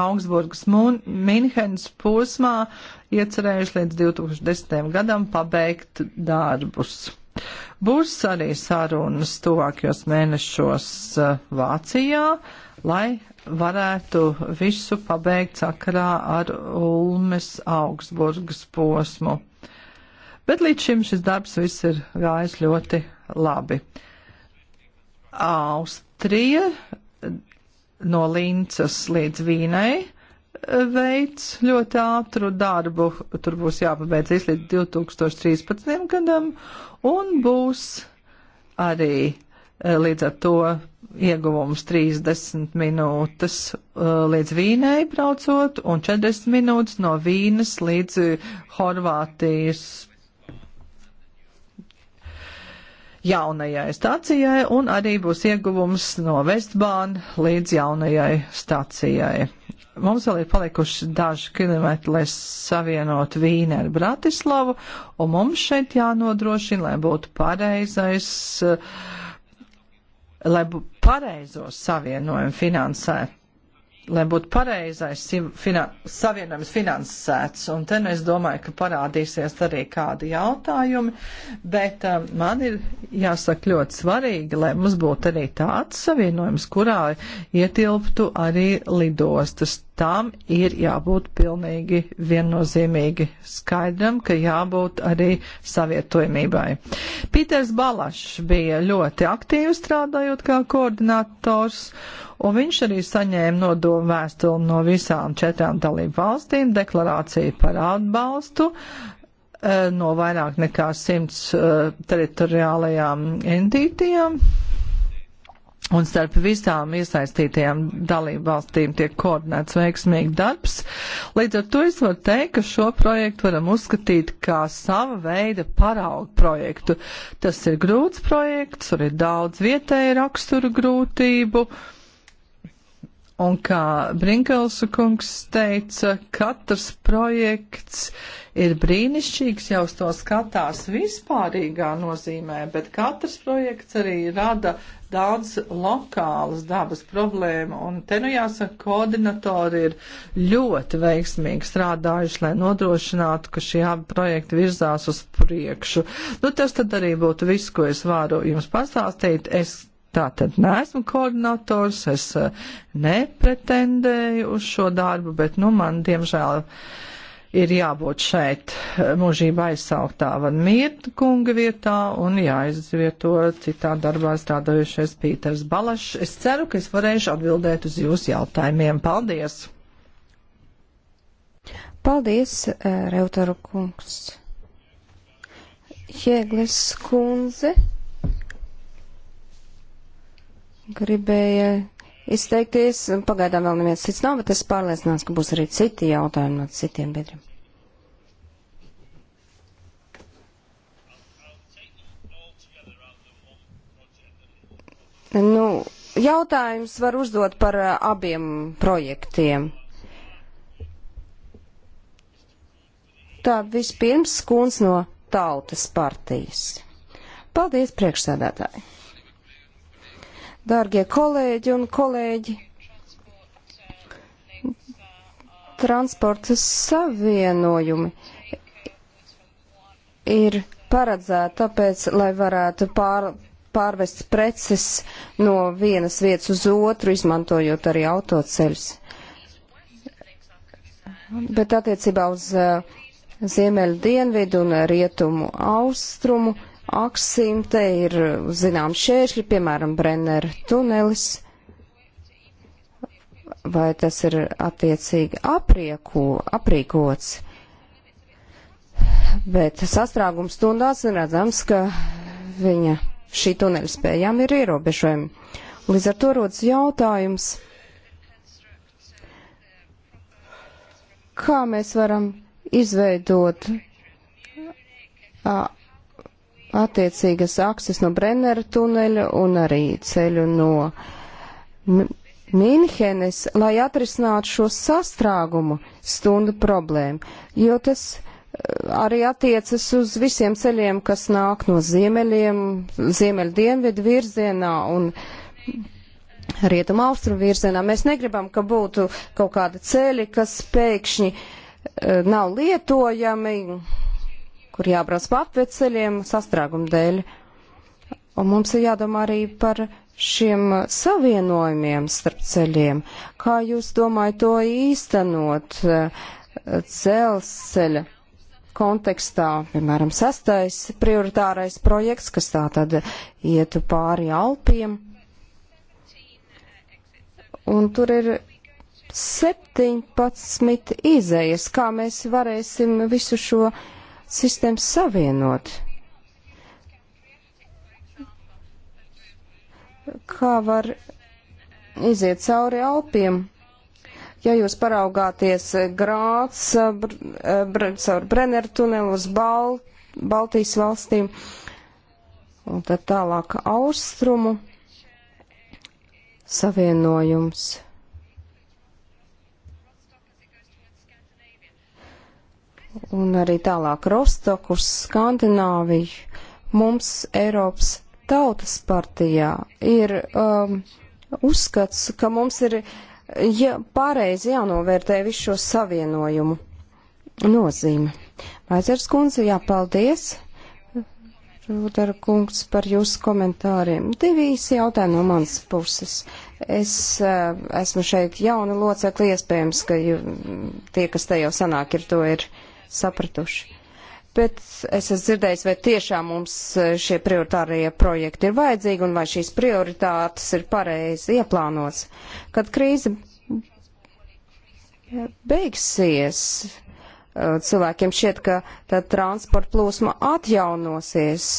Augsburgas Minhenes posmā iecerējuši līdz 2010. gadam pabeigt darbus. Būs arī sarunas tuvākajos mēnešos eh, Vācijā, lai varētu visu pabeigt sakarā ar Ulmes Augsburgas posmu. Bet līdz šim šis darbs viss ir gājis ļoti labi. Austrija eh, no Lincas līdz Vīnai veids ļoti ātru darbu. Tur būs jāpabeidz līdz 2013. gadam un būs arī eh, līdz ar to ieguvums 30 minūtes eh, līdz Vīnei braucot un 40 minūtes no Vīnes līdz eh, Horvātijas jaunajai stacijai un arī būs ieguvums no Vestbāna līdz jaunajai stacijai. Mums vēl ir palikuši daži kilometri, lai savienotu Vīni ar Bratislavu, un mums šeit jānodrošina, lai būtu pareizais, eh, lai būtu pareizo savienojumu finansēt lai būtu pareizais finan savienojums finansēts. Un te nu es domāju, ka parādīsies arī kādi jautājumi, bet um, man ir jāsaka ļoti svarīgi, lai mums būtu arī tāds savienojums, kurā ietilptu arī lidostas tam ir jābūt pilnīgi viennozīmīgi skaidram, ka jābūt arī savietojumībai. Pīters Balašs bija ļoti aktīvs strādājot kā koordinators, un viņš arī saņēma nodomu vēstuli no visām četrām dalību valstīm deklarāciju par atbalstu eh, no vairāk nekā simts eh, teritoriālajām entitītām Un starp visām iesaistītajām dalību valstīm tiek koordinēts veiksmīgi darbs. Līdz ar to es varu teikt, ka šo projektu varam uzskatīt kā sava veida paraugu projektu. Tas ir grūts projekts, tur ir daudz vietēju raksturu grūtību. Un kā Brinkelsu kungs teica, katrs projekts ir brīnišķīgs, jau uz to skatās vispārīgā nozīmē, bet katrs projekts arī rada daudz lokālas dabas problēma, un te nu jāsaka, koordinatori ir ļoti veiksmīgi strādājuši, lai nodrošinātu, ka šie abi projekti virzās uz priekšu. Nu, tas tad arī būtu viss, ko es varu jums pastāstīt. Es Tātad neesmu koordinators, es eh, nepretendēju uz šo darbu, bet, nu, man, diemžēl, uh, ir jābūt šeit mūžībā aizsauktā van Mirtkunga vietā un jāizvieto citā darbā strādājušais Pīters Balašs. Es ceru, ka es varēšu atbildēt uz jūsu jautājumiem. Paldies! Paldies, eh, Reutaru kungs! Jēglis kundze gribēja izteikties. Pagaidām vēl neviens cits nav, bet es pārliecināts, ka būs arī citi jautājumi no citiem biedriem. Nu, jautājums var uzdot par eh, abiem projektiem. Tā vispirms skūns no tautas partijas. Paldies priekšsēdētāji! Dārgie kolēģi un kolēģi, transporta savienojumi ir paredzēti tāpēc, lai varētu pār, pārvest preces no vienas vietas uz otru, izmantojot arī autoceļus. Bet attiecībā uz uh, eh, ziemeļu dienvidu un rietumu austrumu aksim, te ir zinām šēršļi, piemēram, Brenner tunelis, vai tas ir attiecīgi aprieku, aprīkots. Bet sastrāgums stundās ir redzams, ka viņa šī tuneļa spējām ir ierobežojumi. Līdz ar to rodas jautājums, kā mēs varam izveidot attiecīgas akses no Brennera tuneļa un arī ceļu no Mīnhenes, lai atrisinātu šo sastrāgumu stundu problēmu, jo tas eh, arī attiecas uz visiem ceļiem, kas nāk no ziemeļiem, ziemeļu dienvidu virzienā un rietumu austrumu virzienā. Mēs negribam, ka būtu kaut kādi ceļi, kas pēkšņi eh, nav lietojami, kur jābrauc pa apveceļiem sastrāguma dēļ. Un mums ir jādomā arī par šiem savienojumiem starp ceļiem. Kā jūs domājat to īstenot eh, dzelzceļa kontekstā, piemēram, sastais prioritārais projekts, kas tā tad ietu pāri Alpiem? Un tur ir 17 izējas, kā mēs varēsim visu šo sistēmas savienot. Kā var iziet cauri Alpiem? Ja jūs paraugāties Grāts, eh, br eh, br caur Brenner tunelu uz Bal Baltijas valstīm un tad tālāk austrumu savienojums un arī tālāk Rostoku, Skandināviju. Mums Eiropas tautas partijā ir um, uzskats, ka mums ir ja, pareizi jānovērtē visu šo savienojumu nozīme. Vaizers kundze, jāpaldies. Rūdara kungs par jūsu komentāriem. Divi īsi jautājumi no manas puses. Es uh, esmu šeit jauna locekla, iespējams, ka jū, tie, kas te jau sanāk, ir to ir. Uh, sapratuši. Bet es esmu dzirdējis, vai tiešām mums e, šie prioritārie projekti ir vajadzīgi un vai šīs prioritātes ir pareizi ieplānots. Kad krīze beigsies, e, cilvēkiem šķiet, ka tā transporta plūsma atjaunosies.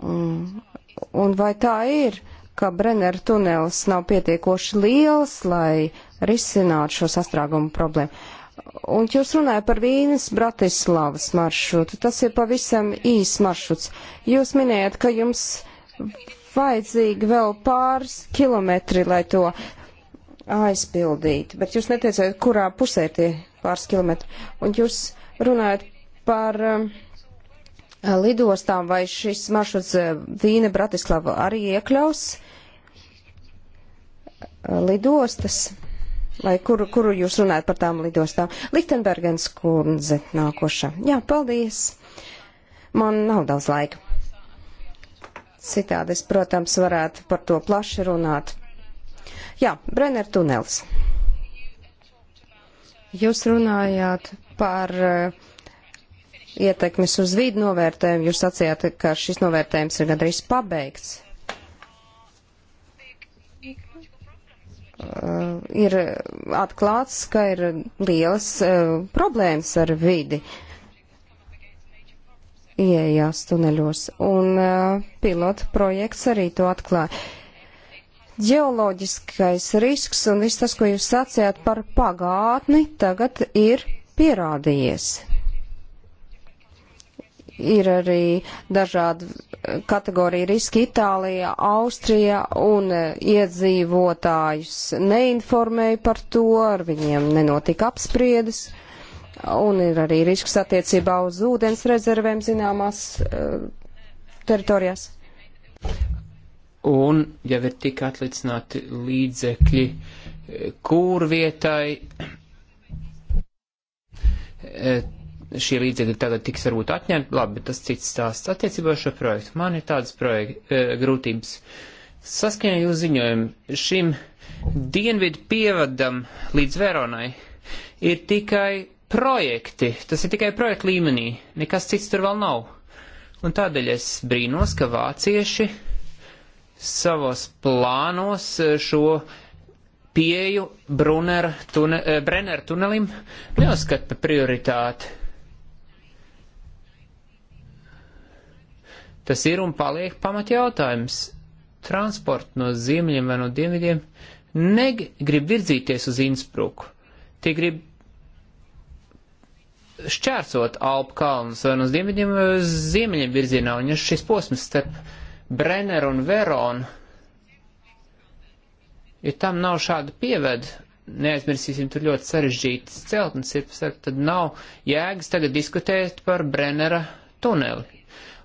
Un, un vai tā ir, ka Brenner tunelis nav pietiekoši liels, lai risinātu šo sastrāgumu problēmu? Un jūs runājat par Vīnes Bratislavas maršrutu. Tas ir pavisam īs maršruts. Jūs minējat, ka jums vajadzīgi vēl pāris kilometri, lai to aizpildītu, bet jūs neteicāt, kurā pusē tie pāris kilometri. Un jūs runājat par um, lidostām, vai šis maršruts uh, Vīne Bratislava arī iekļaus uh, lidostas? lai kuru, kuru jūs runājat par tām lidostām. Lichtenbergens kundze nākoša. Jā, paldies. Man nav daudz laika. Citādi es, protams, varētu par to plaši runāt. Jā, Brenner tunels. Jūs runājāt par uh, ietekmes uz vidu novērtējumu. Jūs sacījāt, ka šis novērtējums ir gandrīz pabeigts. uh, ir atklāts, ka ir lielas uh, problēmas ar vidi ieejās tuneļos, un uh, pilota projekts arī to atklāja. Geoloģiskais risks un viss tas, ko jūs sacījāt par pagātni, tagad ir pierādījies. Ir arī dažādi eh, kategorija riski Itālijā, Austrijā un eh, iedzīvotājus neinformēja par to, ar viņiem nenotika apspriedes. Un ir arī risks attiecībā uz ūdens rezervēm zināmās uh, teritorijās. Un jau ir tik atlicināti līdzekļi kūrvietai, šie līdzekļi tagad tiks varbūt atņemti, labi, bet tas cits stāsts attiecībā šo projektu. Man ir tādas projekta e, grūtības. Saskaņā jūs ziņojumu šim dienvidu pievadam līdz Veronai ir tikai projekti, tas ir tikai projekta līmenī, nekas cits tur vēl nav. Un tādēļ es brīnos, ka vācieši savos plānos šo pieju Brunner tune, e, Brenner tunelim neuzskata par prioritāti. Tas ir un paliek pamatjautājums. Transporti no ziemeļiem vai no dienvidiem negrib virzīties uz Innsbruku. Tie grib šķērsot Alpu kalnus vai no dienvidiem vai uz ziemeļiem virzienā, un ja šis posms starp Brenner un Veronu, ja tam nav šāda pieved, neaizmirsīsim, tur ļoti sarežģītas celtnes ir, tad nav jēgas tagad diskutēt par Brennera tuneli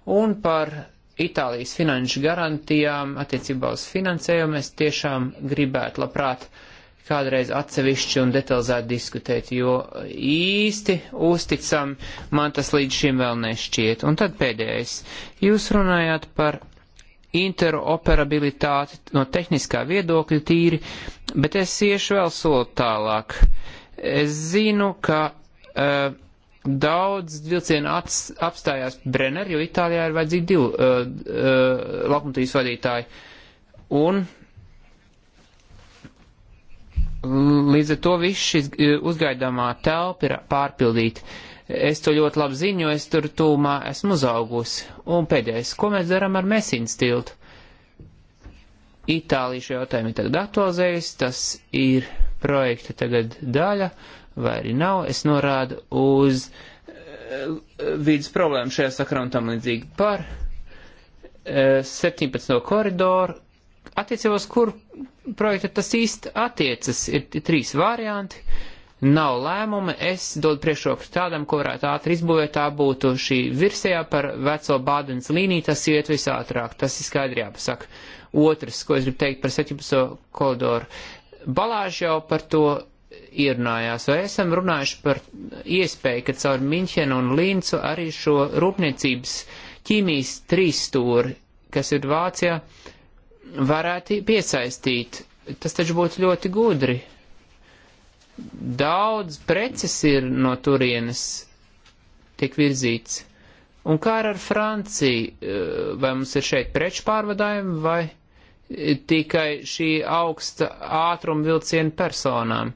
un par Itālijas finanšu garantijām attiecībā uz finansējumu es tiešām gribētu labprāt kādreiz atsevišķi un detalizēti diskutēt, jo īsti uzticam man tas līdz šim vēl nešķiet. Un tad pēdējais. Jūs runājāt par interoperabilitāti no tehniskā viedokļa tīri, bet es iešu vēl soli tālāk. Es zinu, ka uh, Daudz vilcienu apstājās Brenner, jo Itālijā ir vajadzīgi divi uh, uh, lokomotīvas vadītāji. Un līdz ar to viss šis uh, uzgaidāmā telpa ir pārpildīta. Es to ļoti labi zinu, jo es tur tūmā esmu uzaugusi. Un pēdējais, ko mēs darām ar mesīnas tiltu? Itālija šo jautājumu ir tagad aktualizējusi, tas ir projekta tagad daļa, vai arī nav, es norādu uz eh, vīdes problēmu šajā sakarā un tam līdzīgi par 17. Eh, no koridoru, attiecībos, kur projekta tas īsti attiecas, ir trīs varianti, nav lēmuma, es dodu priekšroku tādam, ko varētu ātri izbūvēt, tā būtu šī virsējā par veco bādens līniju, tas iet visātrāk, tas ir skaidri jāpasaka. Otrs, ko es gribu teikt par 17. koridoru, Balāžs jau par to ierunājās, vai esam runājuši par iespēju, ka caur Miņķenu un Lincu arī šo rūpniecības ķīmijas trīsstūri, kas ir Vācijā, varētu piesaistīt. Tas taču būtu ļoti gudri. Daudz preces ir no turienes tiek virzīts. Un kā ar Franciju? Eh, vai mums ir šeit preču pārvadājumi vai tikai šī augsta ātruma vilciena personām?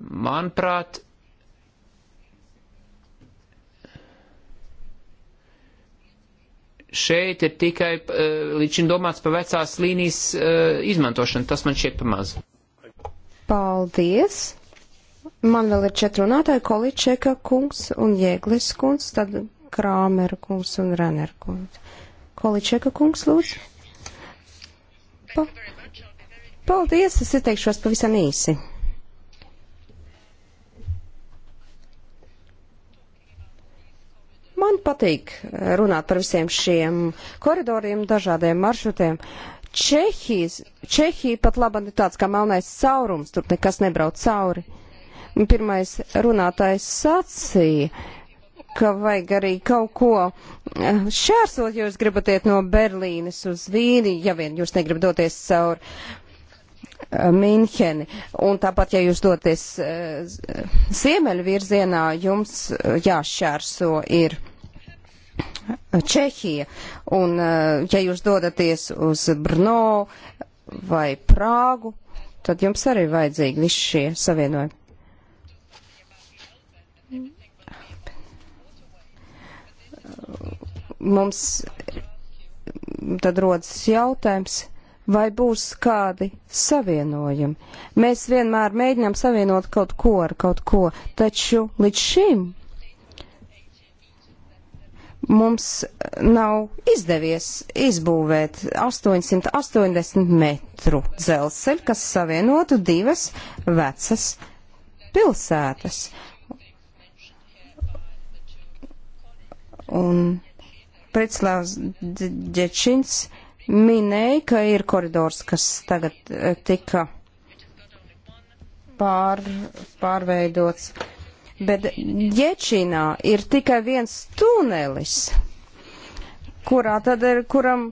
Manuprāt, šeit ir tikai eh, līdz šim domāts par vecās līnijas eh, izmantošanu. Tas man šķiet pamaz. Paldies! Man vēl ir četri runātāji - Količeka kungs un Jēglis kungs, tad Krāmera kungs un Renner kungs. Količeka kungs, lūdzu. Pa Paldies, es ieteikšos pavisam īsi. Man patīk eh, runāt par visiem šiem koridoriem, dažādiem maršrutiem. Čehijas, Čehija pat laba ir tāds kā melnais caurums, tur nekas nebrauc cauri. Pirmais runātājs sacīja, ka vajag arī kaut ko eh, šķērsot, jo jūs gribat iet no Berlīnes uz Vīni, ja vien jūs negribat doties cauri. Eh, Mīnheni. Un tāpat, ja jūs doties uh, ziemeļu virzienā, jums uh, jāšķērso ir Čehija. Un, eh, ja jūs dodaties uz Brno vai Prāgu, tad jums arī vajadzīgi visi šie savienojumi. Mums tad rodas jautājums, vai būs kādi savienojumi. Mēs vienmēr mēģinām savienot kaut ko ar kaut ko, taču līdz šim mums nav izdevies izbūvēt 880 metru dzelzceļu, kas savienotu divas vecas pilsētas. Un Pritslāvs Dečins minēja, ka ir koridors, kas tagad eh, tika pār, pārveidots bet Ječinā ir tikai viens tunelis, kurā tad ir, kuram,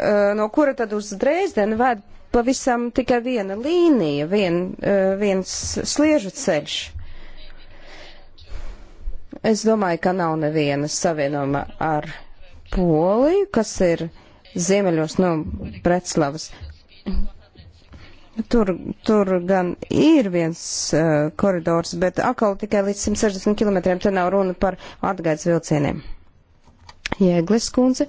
eh, no kura tad uz Dresdenu ved pavisam tikai viena līnija, vien, eh, viens sliežu ceļš. Es domāju, ka nav neviena savienojuma ar Poliju, kas ir ziemeļos no Breclavas. Tur, tur gan ir viens uh, koridors, bet atkal tikai līdz 160 km te nav runa par atgaidas vilcieniem. Jēglis kundze.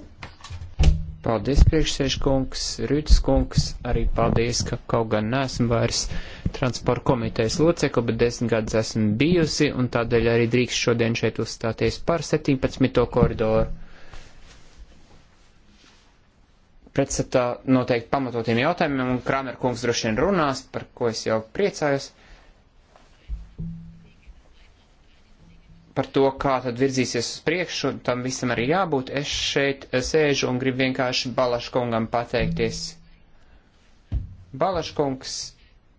Paldies, priekšsēžkungs, Rītskungs, arī paldies, ka kaut gan neesmu vairs transporta komitejas locekla, bet desmit gadus esmu bijusi un tādēļ arī drīkst šodien šeit uzstāties par 17. koridoru pretstatā noteikti pamatotiem jautājumiem, un Kramer kungs droši vien runās, par ko es jau priecājos, par to, kā tad virzīsies uz priekšu, un tam visam arī jābūt. Es šeit sēžu un gribu vienkārši Balaškungam pateikties. Balaškungs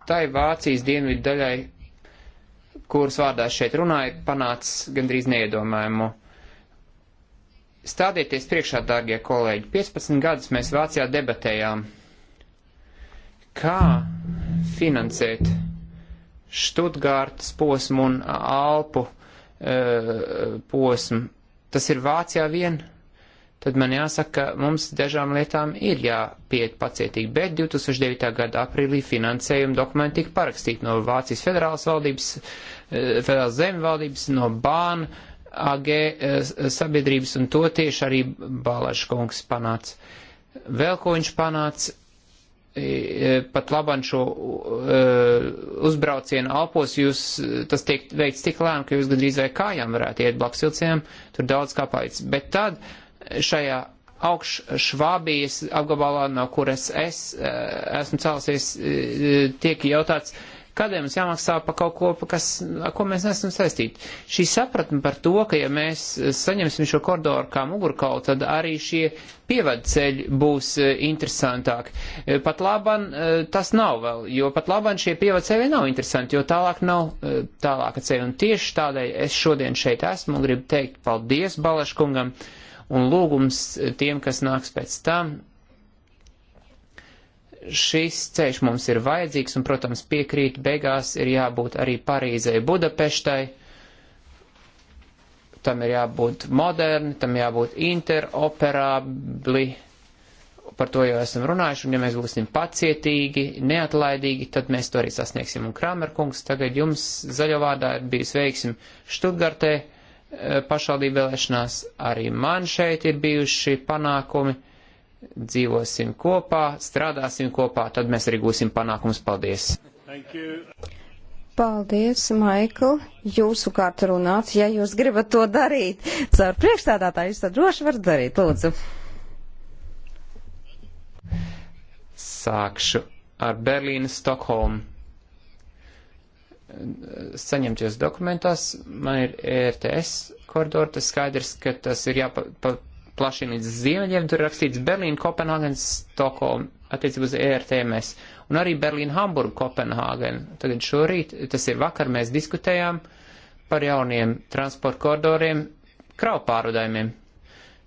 tai Vācijas dienvidu daļai, kuras vārdā šeit runāja, panāca gandrīz neiedomājumu Stādieties priekšā, dārgie kolēģi, 15 gadus mēs Vācijā debatējām, kā finansēt Štutgārtas posmu un Alpu e, posmu. Tas ir Vācijā vien, tad man jāsaka, ka mums dažām lietām ir jāpiet pacietīgi, bet 2009. gada aprīlī finansējuma dokumenti tika parakstīti no Vācijas federālas valdības, e, federālas zemvaldības, no Bāna, AG eh, eh, sabiedrības, un to tieši arī Balažs kungs panāca. Vēl ko viņš panāca, e, pat laban šo e, uzbraucienu Alpos, jūs, e, tas tiek veikts tik lēni, ka jūs gandrīz vai kājām varētu iet blakus vilcienam, tur daudz kāpēc. Bet tad šajā augššvābijas apgabalā, no kuras es esmu celsies, tiek jautāts, Kādēļ mums jāmaksā par kaut ko, kas, ko mēs nesam saistīti? Šī sapratne par to, ka ja mēs saņemsim šo koridoru kā mugurkaulu, tad arī šie pievadceļi būs e, interesantāki. E, pat laban e, tas nav vēl, jo pat laban šie pievadceļi nav interesanti, jo tālāk nav tālāka ceļa. Un tieši tādēļ es šodien šeit esmu un gribu teikt paldies Balaškungam un lūgums tiem, kas nāks pēc tam, šis ceļš mums ir vajadzīgs, un, protams, piekrīt, beigās ir jābūt arī Parīzei, Budapeštai. Tam ir jābūt moderni, tam jābūt interoperabli. Par to jau esam runājuši, un ja mēs būsim pacietīgi, neatlaidīgi, tad mēs to arī sasniegsim. Un Kramerkungs, tagad jums zaļovādā ir bijis veiksim Štutgartē eh, pašvaldību vēlēšanās, arī man šeit ir bijuši panākumi dzīvosim kopā, strādāsim kopā, tad mēs arī gūsim panākumus. Paldies! Paldies, Maikl, jūsu kārta runāts, ja jūs gribat to darīt. Caur priekšstādātāju jūs to droši varat darīt, lūdzu. Sākšu ar Berlīnu Stokholmu. Saņemties dokumentos, man ir ERTS koridori, tas skaidrs, ka tas ir jāpa, pa, plašina līdz ziemeļiem, tur ir rakstīts Berlīna, Kopenhāgens, Stokholma attiecībā uz ERTMS, un arī Berlīna, Hamburga, Kopenhāgena. Tagad šorīt, tas ir vakar, mēs diskutējām par jauniem transporta koridoriem, kravu pārvadājumiem.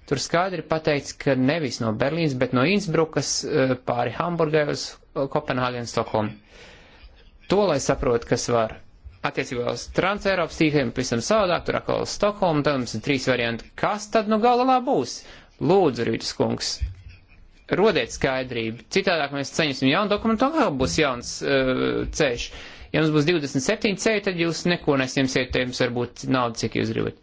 Tur skaidri pateikts, ka nevis no Berlīnas, bet no Innsbrukas eh, pāri Hamburgai uz Kopenhāgenu, Stokholmu. To, lai saprot, kas var attiecībā uz Transeiropas tīkliem pavisam savādāk, tur atkal Stokholma, tad mums ir trīs varianti. Kas tad nu galā būs? Lūdzu, Rītas kungs, rodiet skaidrību. Citādāk mēs ceņosim jaunu dokumentu, atkal būs jauns uh, ceļš. Ja mums būs 27 ceļi, tad jūs neko nesņemsiet, jums varbūt naudu, cik jūs gribat.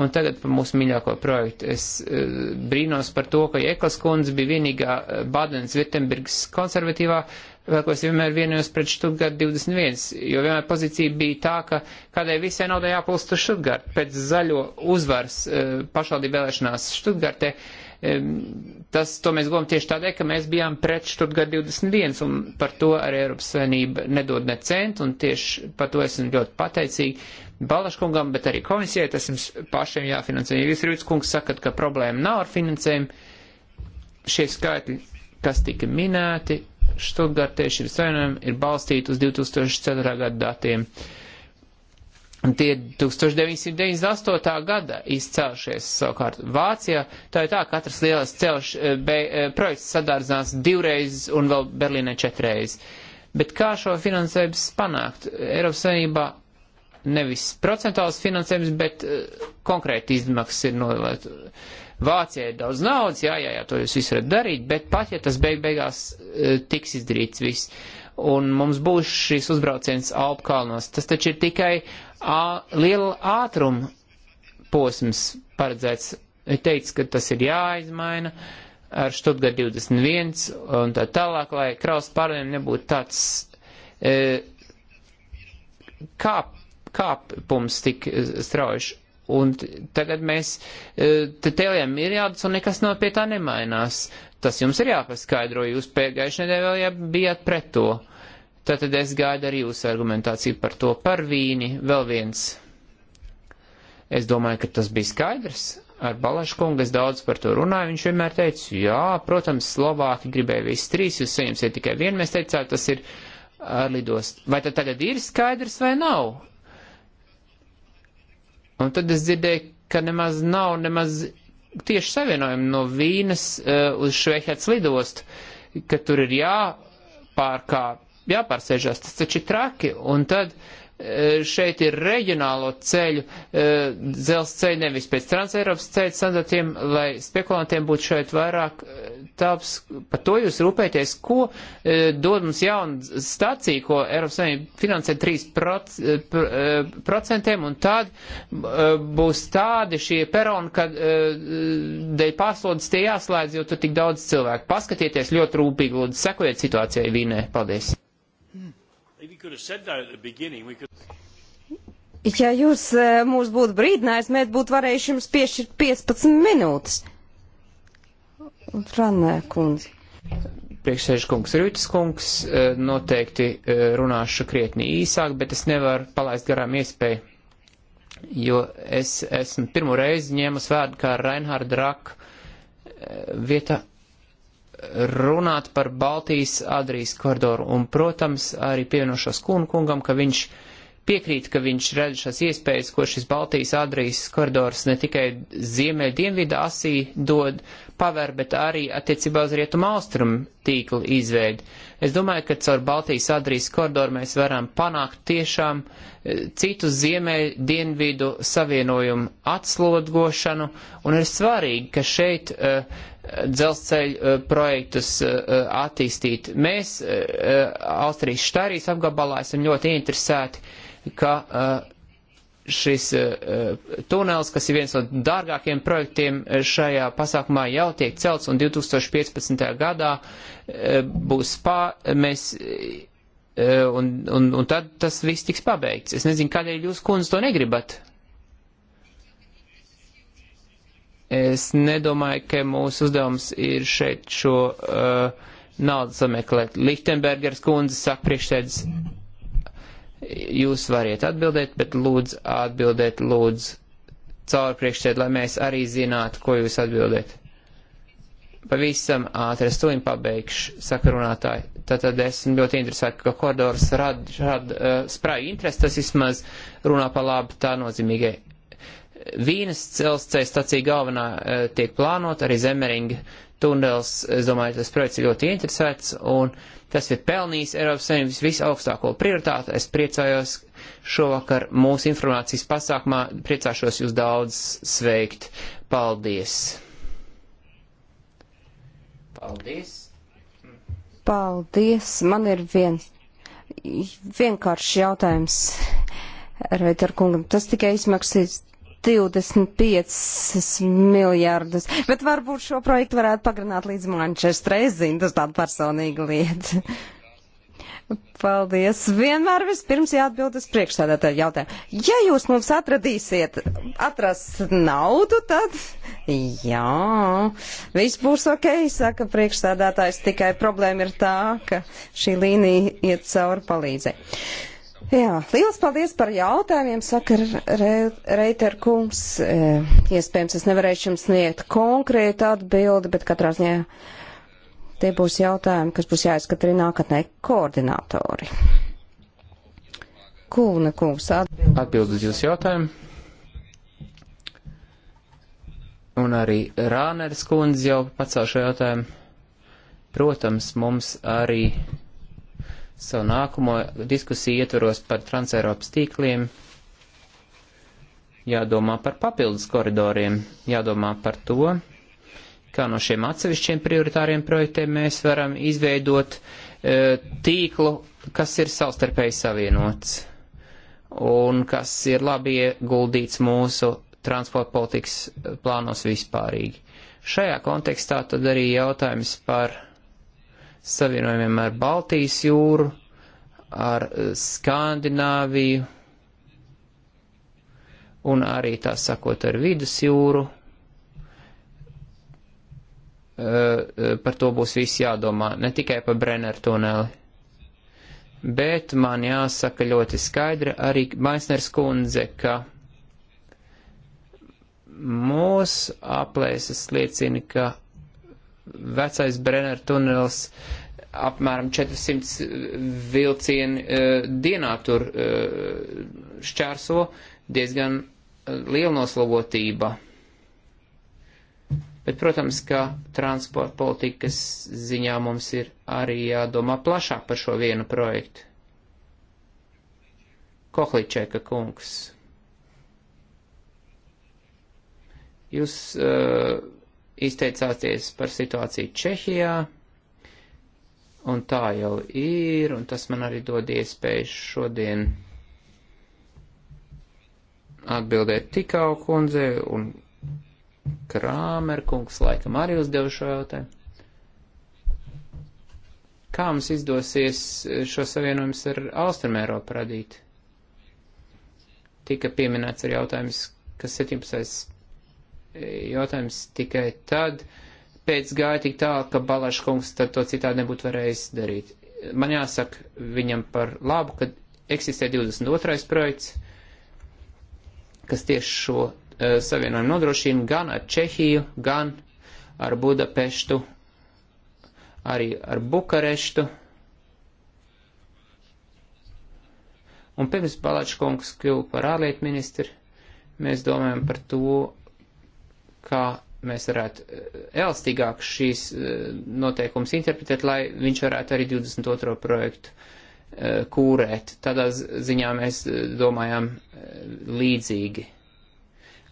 Un tagad par mūsu mīļāko projektu. Es uh, brīnos par to, ka Eklas kundze bija vienīgā eh, Badens-Virtembergs konservatīvā uh, vēl ko es vienmēr vienojos pret Štutgart 21, jo vienmēr pozīcija bija tā, ka kādai visai naudai jāplūst uz Štutgart. Pēc zaļo uzvaras eh, pašvaldību vēlēšanās Štutgartē tas, to mēs guvām tieši tādēļ, ka mēs bijām pret Štutgart 21 un par to arī Eiropas Savienība nedod ne centu un tieši par to esmu ļoti pateicīgi Balaškungam, bet arī komisijai tas jums pašiem jāfinansē. Ja jūs Rītskungs sakat, ka problēma nav ar finansējumu, šie skaitļi, kas tika minēti, Štutgartieši ir savienojumi, ir balstīti uz 2004. gada datiem. Tie 1998. gada izcelšies savukārt Vācijā. Tā ir tā, katrs lielais celš, eh, be, eh, projekts sadārdzinās divreiz un vēl Berlīnē četreiz. Bet kā šo finansējumu panākt? Eiropas Savienībā nevis procentāls finansējums, bet eh, konkrēti izmaksas ir nolētas Vācijai ir daudz naudas, jā, jā, jā, to jūs visi varat darīt, bet pat, ja tas beig beigās e, tiks izdarīts viss, un mums būs šis uzbrauciens Alpkalnos, tas taču ir tikai liela ātruma posms paredzēts. Ir teikts, ka tas ir jāizmaina ar Štutgart 21 un tā tālāk, lai kraus pārējiem nebūtu tāds e, kāp, kāpums tik strauji. Un tagad mēs e, te tēlējam miljārdus un nekas no pie tā nemainās. Tas jums ir jāpaskaidro, jūs pēgājušajā nedēļā bijāt pret to. Tātad es gaidu arī jūsu argumentāciju par to. Par vīni vēl viens. Es domāju, ka tas bija skaidrs. Ar Balašu kungu es daudz par to runāju, viņš vienmēr teica, jā, protams, Slovāki gribēja visus trīs, jūs saņemsiet tikai vienu, mēs teicām, tas ir ar lidostu. Vai tad tagad ir skaidrs vai nav? Un tad es dzirdēju, ka nemaz nav nemaz tieši savienojumi no Vīnas uh, eh, uz Šveihets lidostu, ka tur ir jāpārkā, jāpārsēžās, tas taču ir traki. Un tad uh, Eh, šeit ir reģionālo ceļu, eh, dzelzceļu nevis pēc transeiropas ceļu standartiem, lai spekulantiem būtu šeit vairāk eh, tāps, par to jūs rūpēties, ko dod mums jauna stācija, ko Eiropas Savienība finansē 3% un tad būs tādi šie peroni, kad dēļ pārslodas tie jāslēdz, jo tur tik daudz cilvēku. Paskatieties ļoti rūpīgi, lūdzu, sekojiet situācijai Vīnē. Paldies! Ja jūs eh, mūs būtu brīdinājis, mēs būtu varējuši jums piešķirt 15 minūtes. Franē, kundze. Priekšsēžu kungs Rītas kungs, eh, noteikti eh, runāšu krietni īsāk, bet es nevaru palaist garām iespēju, jo es esmu pirmo reizi ņēmus vērdu kā Reinhard Rak vietā runāt par Baltijas Adrijas koridoru un, protams, arī pievienošos Kūnu kungam, ka viņš piekrīt, ka viņš redz šās iespējas, ko šis Baltijas Adrijas koridors ne tikai ziemeļ dienvidu asī dod paver, bet arī attiecībā uz rietumu austrumu tīklu izveidi. Es domāju, ka caur Baltijas Adrijas koridoru mēs varam panākt tiešām eh, citu ziemeļ dienvidu savienojumu atslodgošanu, un ir svarīgi, ka šeit uh, dzelzceļu eh, projektus eh, eh, attīstīt. Mēs Austrijas Štārijas apgabalā esam ļoti interesēti, ka šis tunels, kas ir viens no dārgākiem projektiem šajā pasākumā, jau tiek celts un 2015. gadā būs pār, mēs un, un, un tad tas viss tiks pabeigts. Es nezinu, kādēļ jūs, kundze, to negribat Es nedomāju, ka mūsu uzdevums ir šeit šo uh, naudu sameklēt. Lichtenbergers kundze saka priekšsēdz, jūs variet atbildēt, bet lūdzu atbildēt, lūdzu caur priekšsēd, lai mēs arī zinātu, ko jūs atbildēt. Pavisam ātri es tulim pabeigšu, saka runātāji. Tātad esmu ļoti interesēta, ka koridors rada rad, uh, sprāju interesi, tas vismaz runā pa labu tā nozīmīgai Vīnes celsceļa stacija galvenā e, tiek plānota, arī Zemeringa tunels, e, es domāju, tas projekts ir ļoti interesēts, un tas ir pelnījis Eiropas Savienības visaugstāko prioritāti. Es priecājos šovakar mūsu informācijas pasākumā, priecāšos jūs daudz sveikt. Paldies! Paldies! Paldies! Man ir viens vienkāršs jautājums, Reiter kungam. Tas tikai izmaksīs 25 miljārdus. Bet varbūt šo projektu varētu pagarināt līdz Manchesterai. Es zinu, tas tāda personīga lieta. Paldies. Vienmēr vispirms jāatbild uz priekšstādātāju jautājumu. Ja jūs mums atradīsiet, atrast naudu, tad jā, viss būs ok, saka priekšstādātājs, tikai problēma ir tā, ka šī līnija iet cauri palīdzēji. Jā, liels paldies par jautājumiem, saka Re Reiter kungs. E, iespējams, es nevarēšu jums sniegt konkrētu atbildi, bet katrā ziņā tie būs jautājumi, kas būs jāizskata arī nākotnē koordinātori. Kūna kungs atbild. Atbildes jūs jautājumu. Un arī Rāneres kundze jau pacēl šo jautājumu. Protams, mums arī savu nākamo diskusiju ietvaros par transeiropas tīkliem, jādomā par papildus koridoriem, jādomā par to, kā no šiem atsevišķiem prioritāriem projektiem mēs varam izveidot e, tīklu, kas ir savstarpēji savienots un kas ir labi ieguldīts mūsu transporta politikas plānos vispārīgi. Šajā kontekstā tad arī jautājums par savienojumiem ar Baltijas jūru, ar eh, Skandināviju un arī tā sakot ar Vidus jūru. Eh, eh, par to būs viss jādomā, ne tikai par Brenner tuneli. Bet man jāsaka ļoti skaidri arī Maisners kundze, ka mūsu aplēses liecina, ka vecais Brenner tunels, apmēram 400 vilcieni uh, dienā tur uh, šķērso, diezgan e, liela noslogotība. Bet, protams, ka transporta politikas ziņā mums ir arī jādomā plašāk par šo vienu projektu. Kohličēka kungs. Jūs uh, izteicāties par situāciju Čehijā, un tā jau ir, un tas man arī dod iespēju šodien atbildēt tikau kundzei, un Krāmerkungs laikam arī uzdev šo jautājumu kā mums izdosies šo savienojumus ar Austrumēropu radīt. Tika pieminēts arī jautājums, ka 17 jautājums tikai tad, pēc gāja tik tālu, ka Balaškungs tad to citādi nebūtu varējis darīt. Man jāsaka viņam par labu, ka eksistē 22. projekts, kas tieši šo uh, savienojumu nodrošina gan ar Čehiju, gan ar Budapeštu, arī ar Bukareštu. Un pirms Balačkungs kļuva par ārlietu ministru, mēs domājam par to, kā mēs varētu eh, elastīgāk šīs eh, noteikums interpretēt, lai viņš varētu arī 22. projektu eh, kūrēt. Tādā ziņā mēs domājām līdzīgi.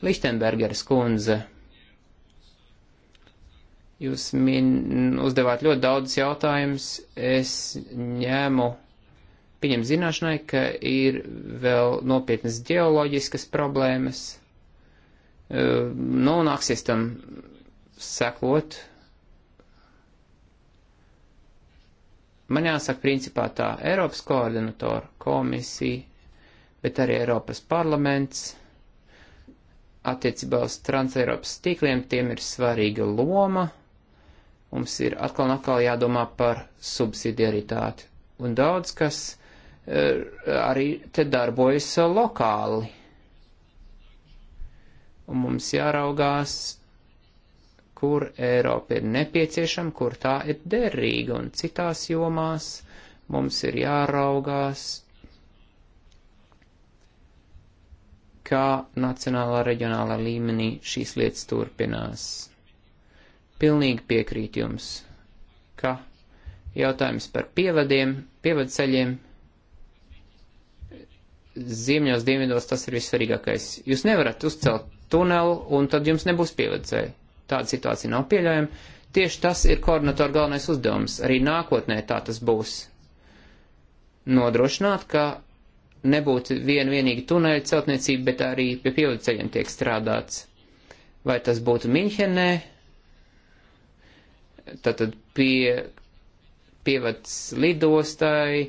Lichtenbergeras kundze, jūs min, uzdevāt ļoti daudz jautājumus. Es ņēmu, pieņem zināšanai, ka ir vēl nopietnas geoloģiskas problēmas Ehm, nu, nāksies tam sekot. Man jāsaka, principā tā Eiropas koordinatora komisija, bet arī Eiropas parlaments attiecībā uz transeiropas tīkliem, tiem ir svarīga loma. Mums ir atkal un atkal jādomā par subsidiaritāti. Un daudz kas eh, arī te darbojas lokāli un mums jāraugās, kur Eiropa ir nepieciešama, kur tā ir derīga, un citās jomās mums ir jāraugās, kā nacionālā reģionālā līmenī šīs lietas turpinās. Pilnīgi piekrīt jums, ka jautājums par pievadiem, pievadceļiem ziemeļos, dienvidos tas ir vissvarīgākais. Jūs nevarat uzcelt tunelu, un tad jums nebūs pievedēji. Tāda situācija nav pieļaujama. Tieši tas ir koordinatora galvenais uzdevums. Arī nākotnē tā tas būs. Nodrošināt, ka nebūtu vien vienīgi tuneļa celtniecība, bet arī pie pievedceļiem tiek strādāts. Vai tas būtu Miņhenē, tātad pie pievads lidostai,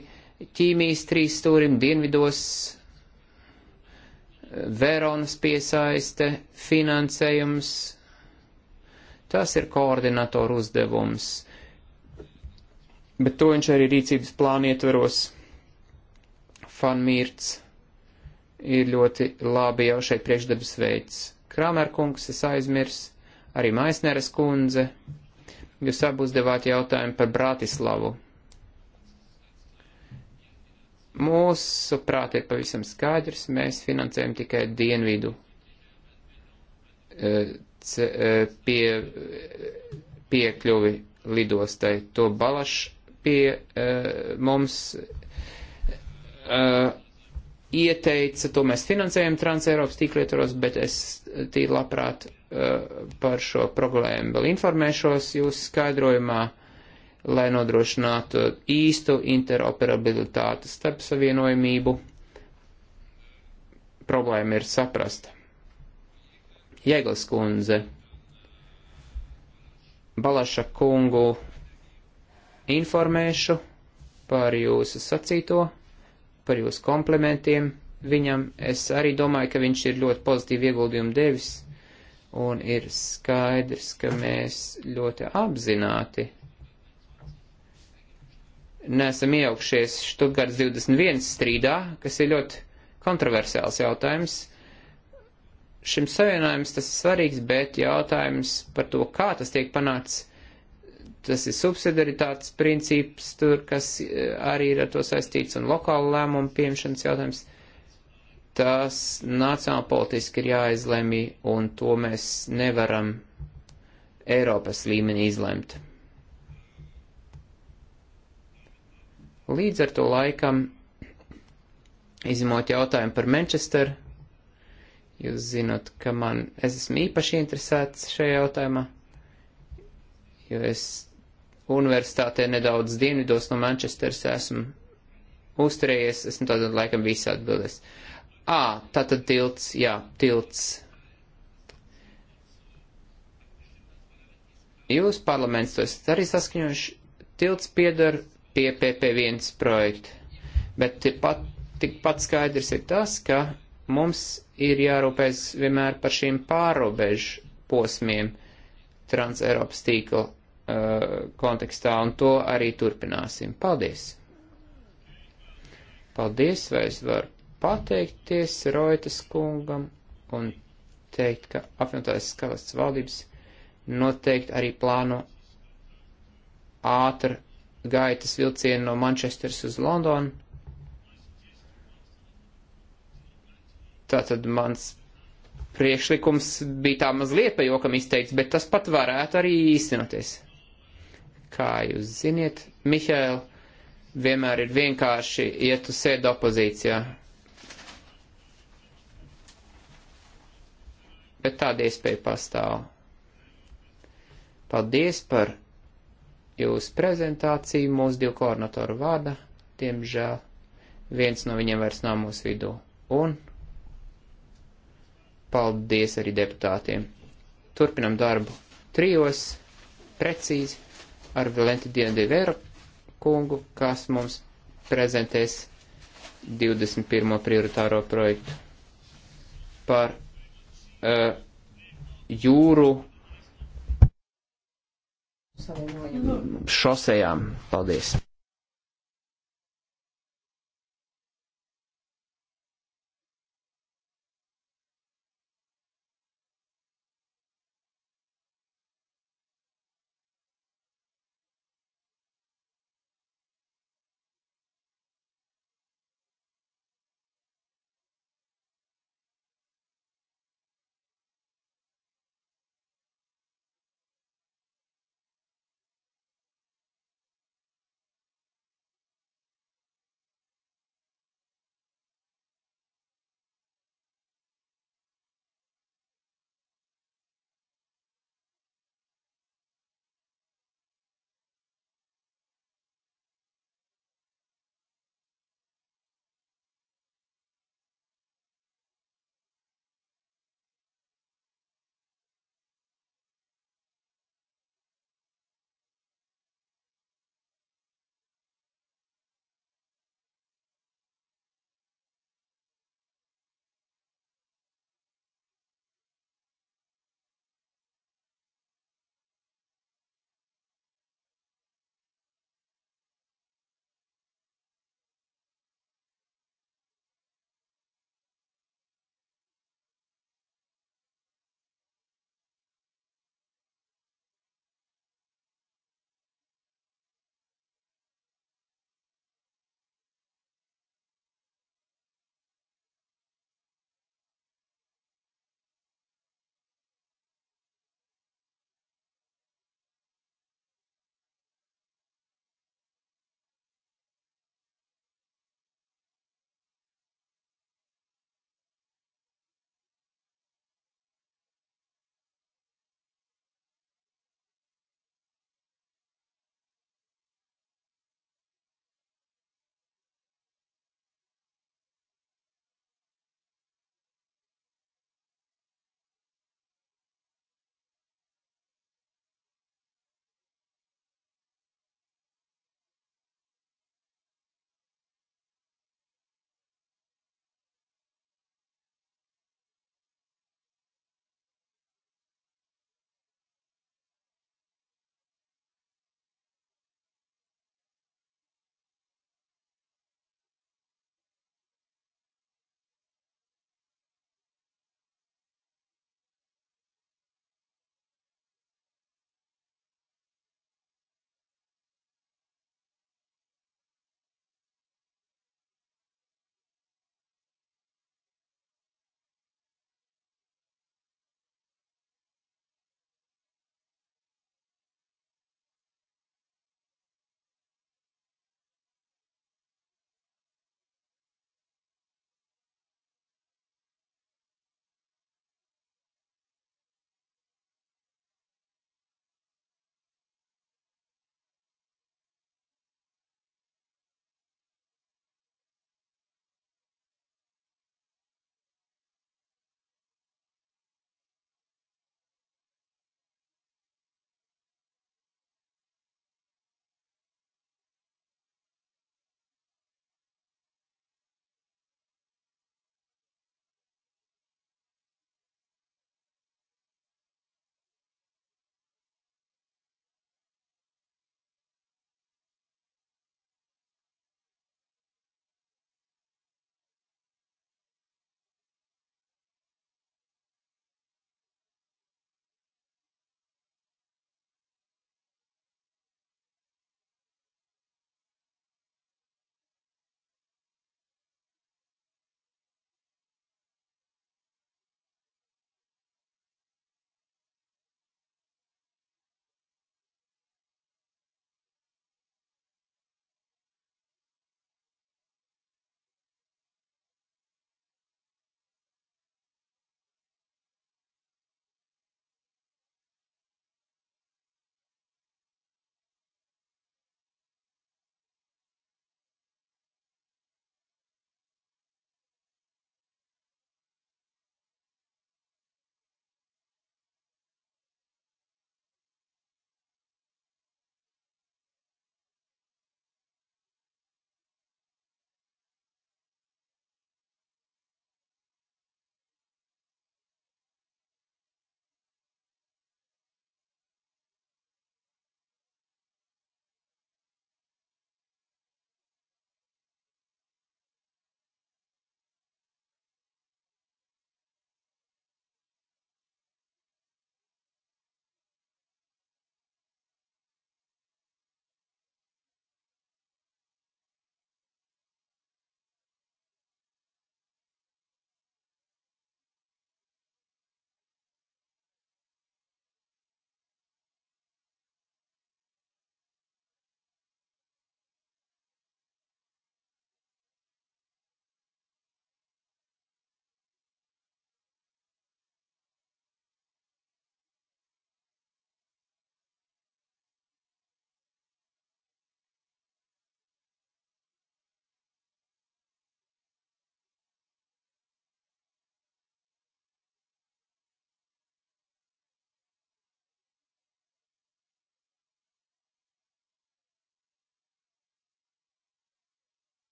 ķīmijas trīs stūrim, dienvidos Veronas piesaiste, finansējums. Tas ir koordinatoru uzdevums. Bet to viņš arī rīcības plānu ietveros. Fanmīrts ir ļoti labi jau šeit priekšdebas veids. Kramerkungs, es aizmirs, arī Maisneres kundze. Jūs abu uzdevāt jautājumu par Bratislavu. Mūsu prāt ir pavisam skaidrs, mēs finansējam tikai dienvidu eh, eh, pie, piekļuvi lidostai. To balaš pie eh, mums ieteica, to mēs finansējam Transeiropas tīklietoros, bet es tīri labprāt par šo problēmu vēl informēšos jūsu skaidrojumā lai nodrošinātu īstu interoperabilitāti starp savienojumību. Problēma ir saprast. Jēglas kundze, Balaša kungu informēšu par jūsu sacīto, par jūsu komplementiem viņam. Es arī domāju, ka viņš ir ļoti pozitīvi ieguldījumu devis, un ir skaidrs, ka mēs ļoti apzināti neesam iejaukšies Štutgards 21 strīdā, kas ir ļoti kontroversiāls jautājums. Šim savienojums tas ir svarīgs, bet jautājums par to, kā tas tiek panāts, tas ir subsidiaritātes princips, tur, kas eh, arī ir ar to saistīts, un lokāla lēmuma pieņemšanas jautājums. Tas nacionāli politiski ir jāizlemj, un to mēs nevaram Eiropas līmenī izlemt. Līdz ar to laikam, izņemot jautājumu par Manchesteru, jūs zinot, ka man, es esmu īpaši interesēts šajā jautājumā, jo es universitātē nedaudz dienvidos no Manchesteras esmu uzturējies, esmu tātad laikam visi atbildēs. Ā, tātad tilts, jā, tilts. Jūs parlaments to esat arī saskaņojuši. Tilts piedara pie PP1 projekta. Bet tikpat tik skaidrs ir tas, ka mums ir jārūpēs vienmēr par šīm pārobežu posmiem Trans-Eiropas tīkla uh, kontekstā, un to arī turpināsim. Paldies! Paldies, vai es varu pateikties Roitas kungam un teikt, ka apvienotās skalists valdības noteikti arī plāno ātri gaitas vilcienu no Manchesteras uz Londonu. Tātad mans priekšlikums bija tā mazliet pa jokam izteikts, bet tas pat varētu arī īstenoties. Kā jūs ziniet, Mihēl, vienmēr ir vienkārši iet ja uz sēdu opozīcijā. Bet tāda iespēja pastāv. Paldies par jūsu prezentāciju mūsu divu koordinatoru vārda. Diemžēl viens no viņiem vairs nav mūsu vidū. Un paldies arī deputātiem. Turpinam darbu trijos, precīzi, ar Valenti Diendevēra kungu, kas mums prezentēs 21. prioritāro projektu par uh, jūru savienojumu šosejām. Paldies!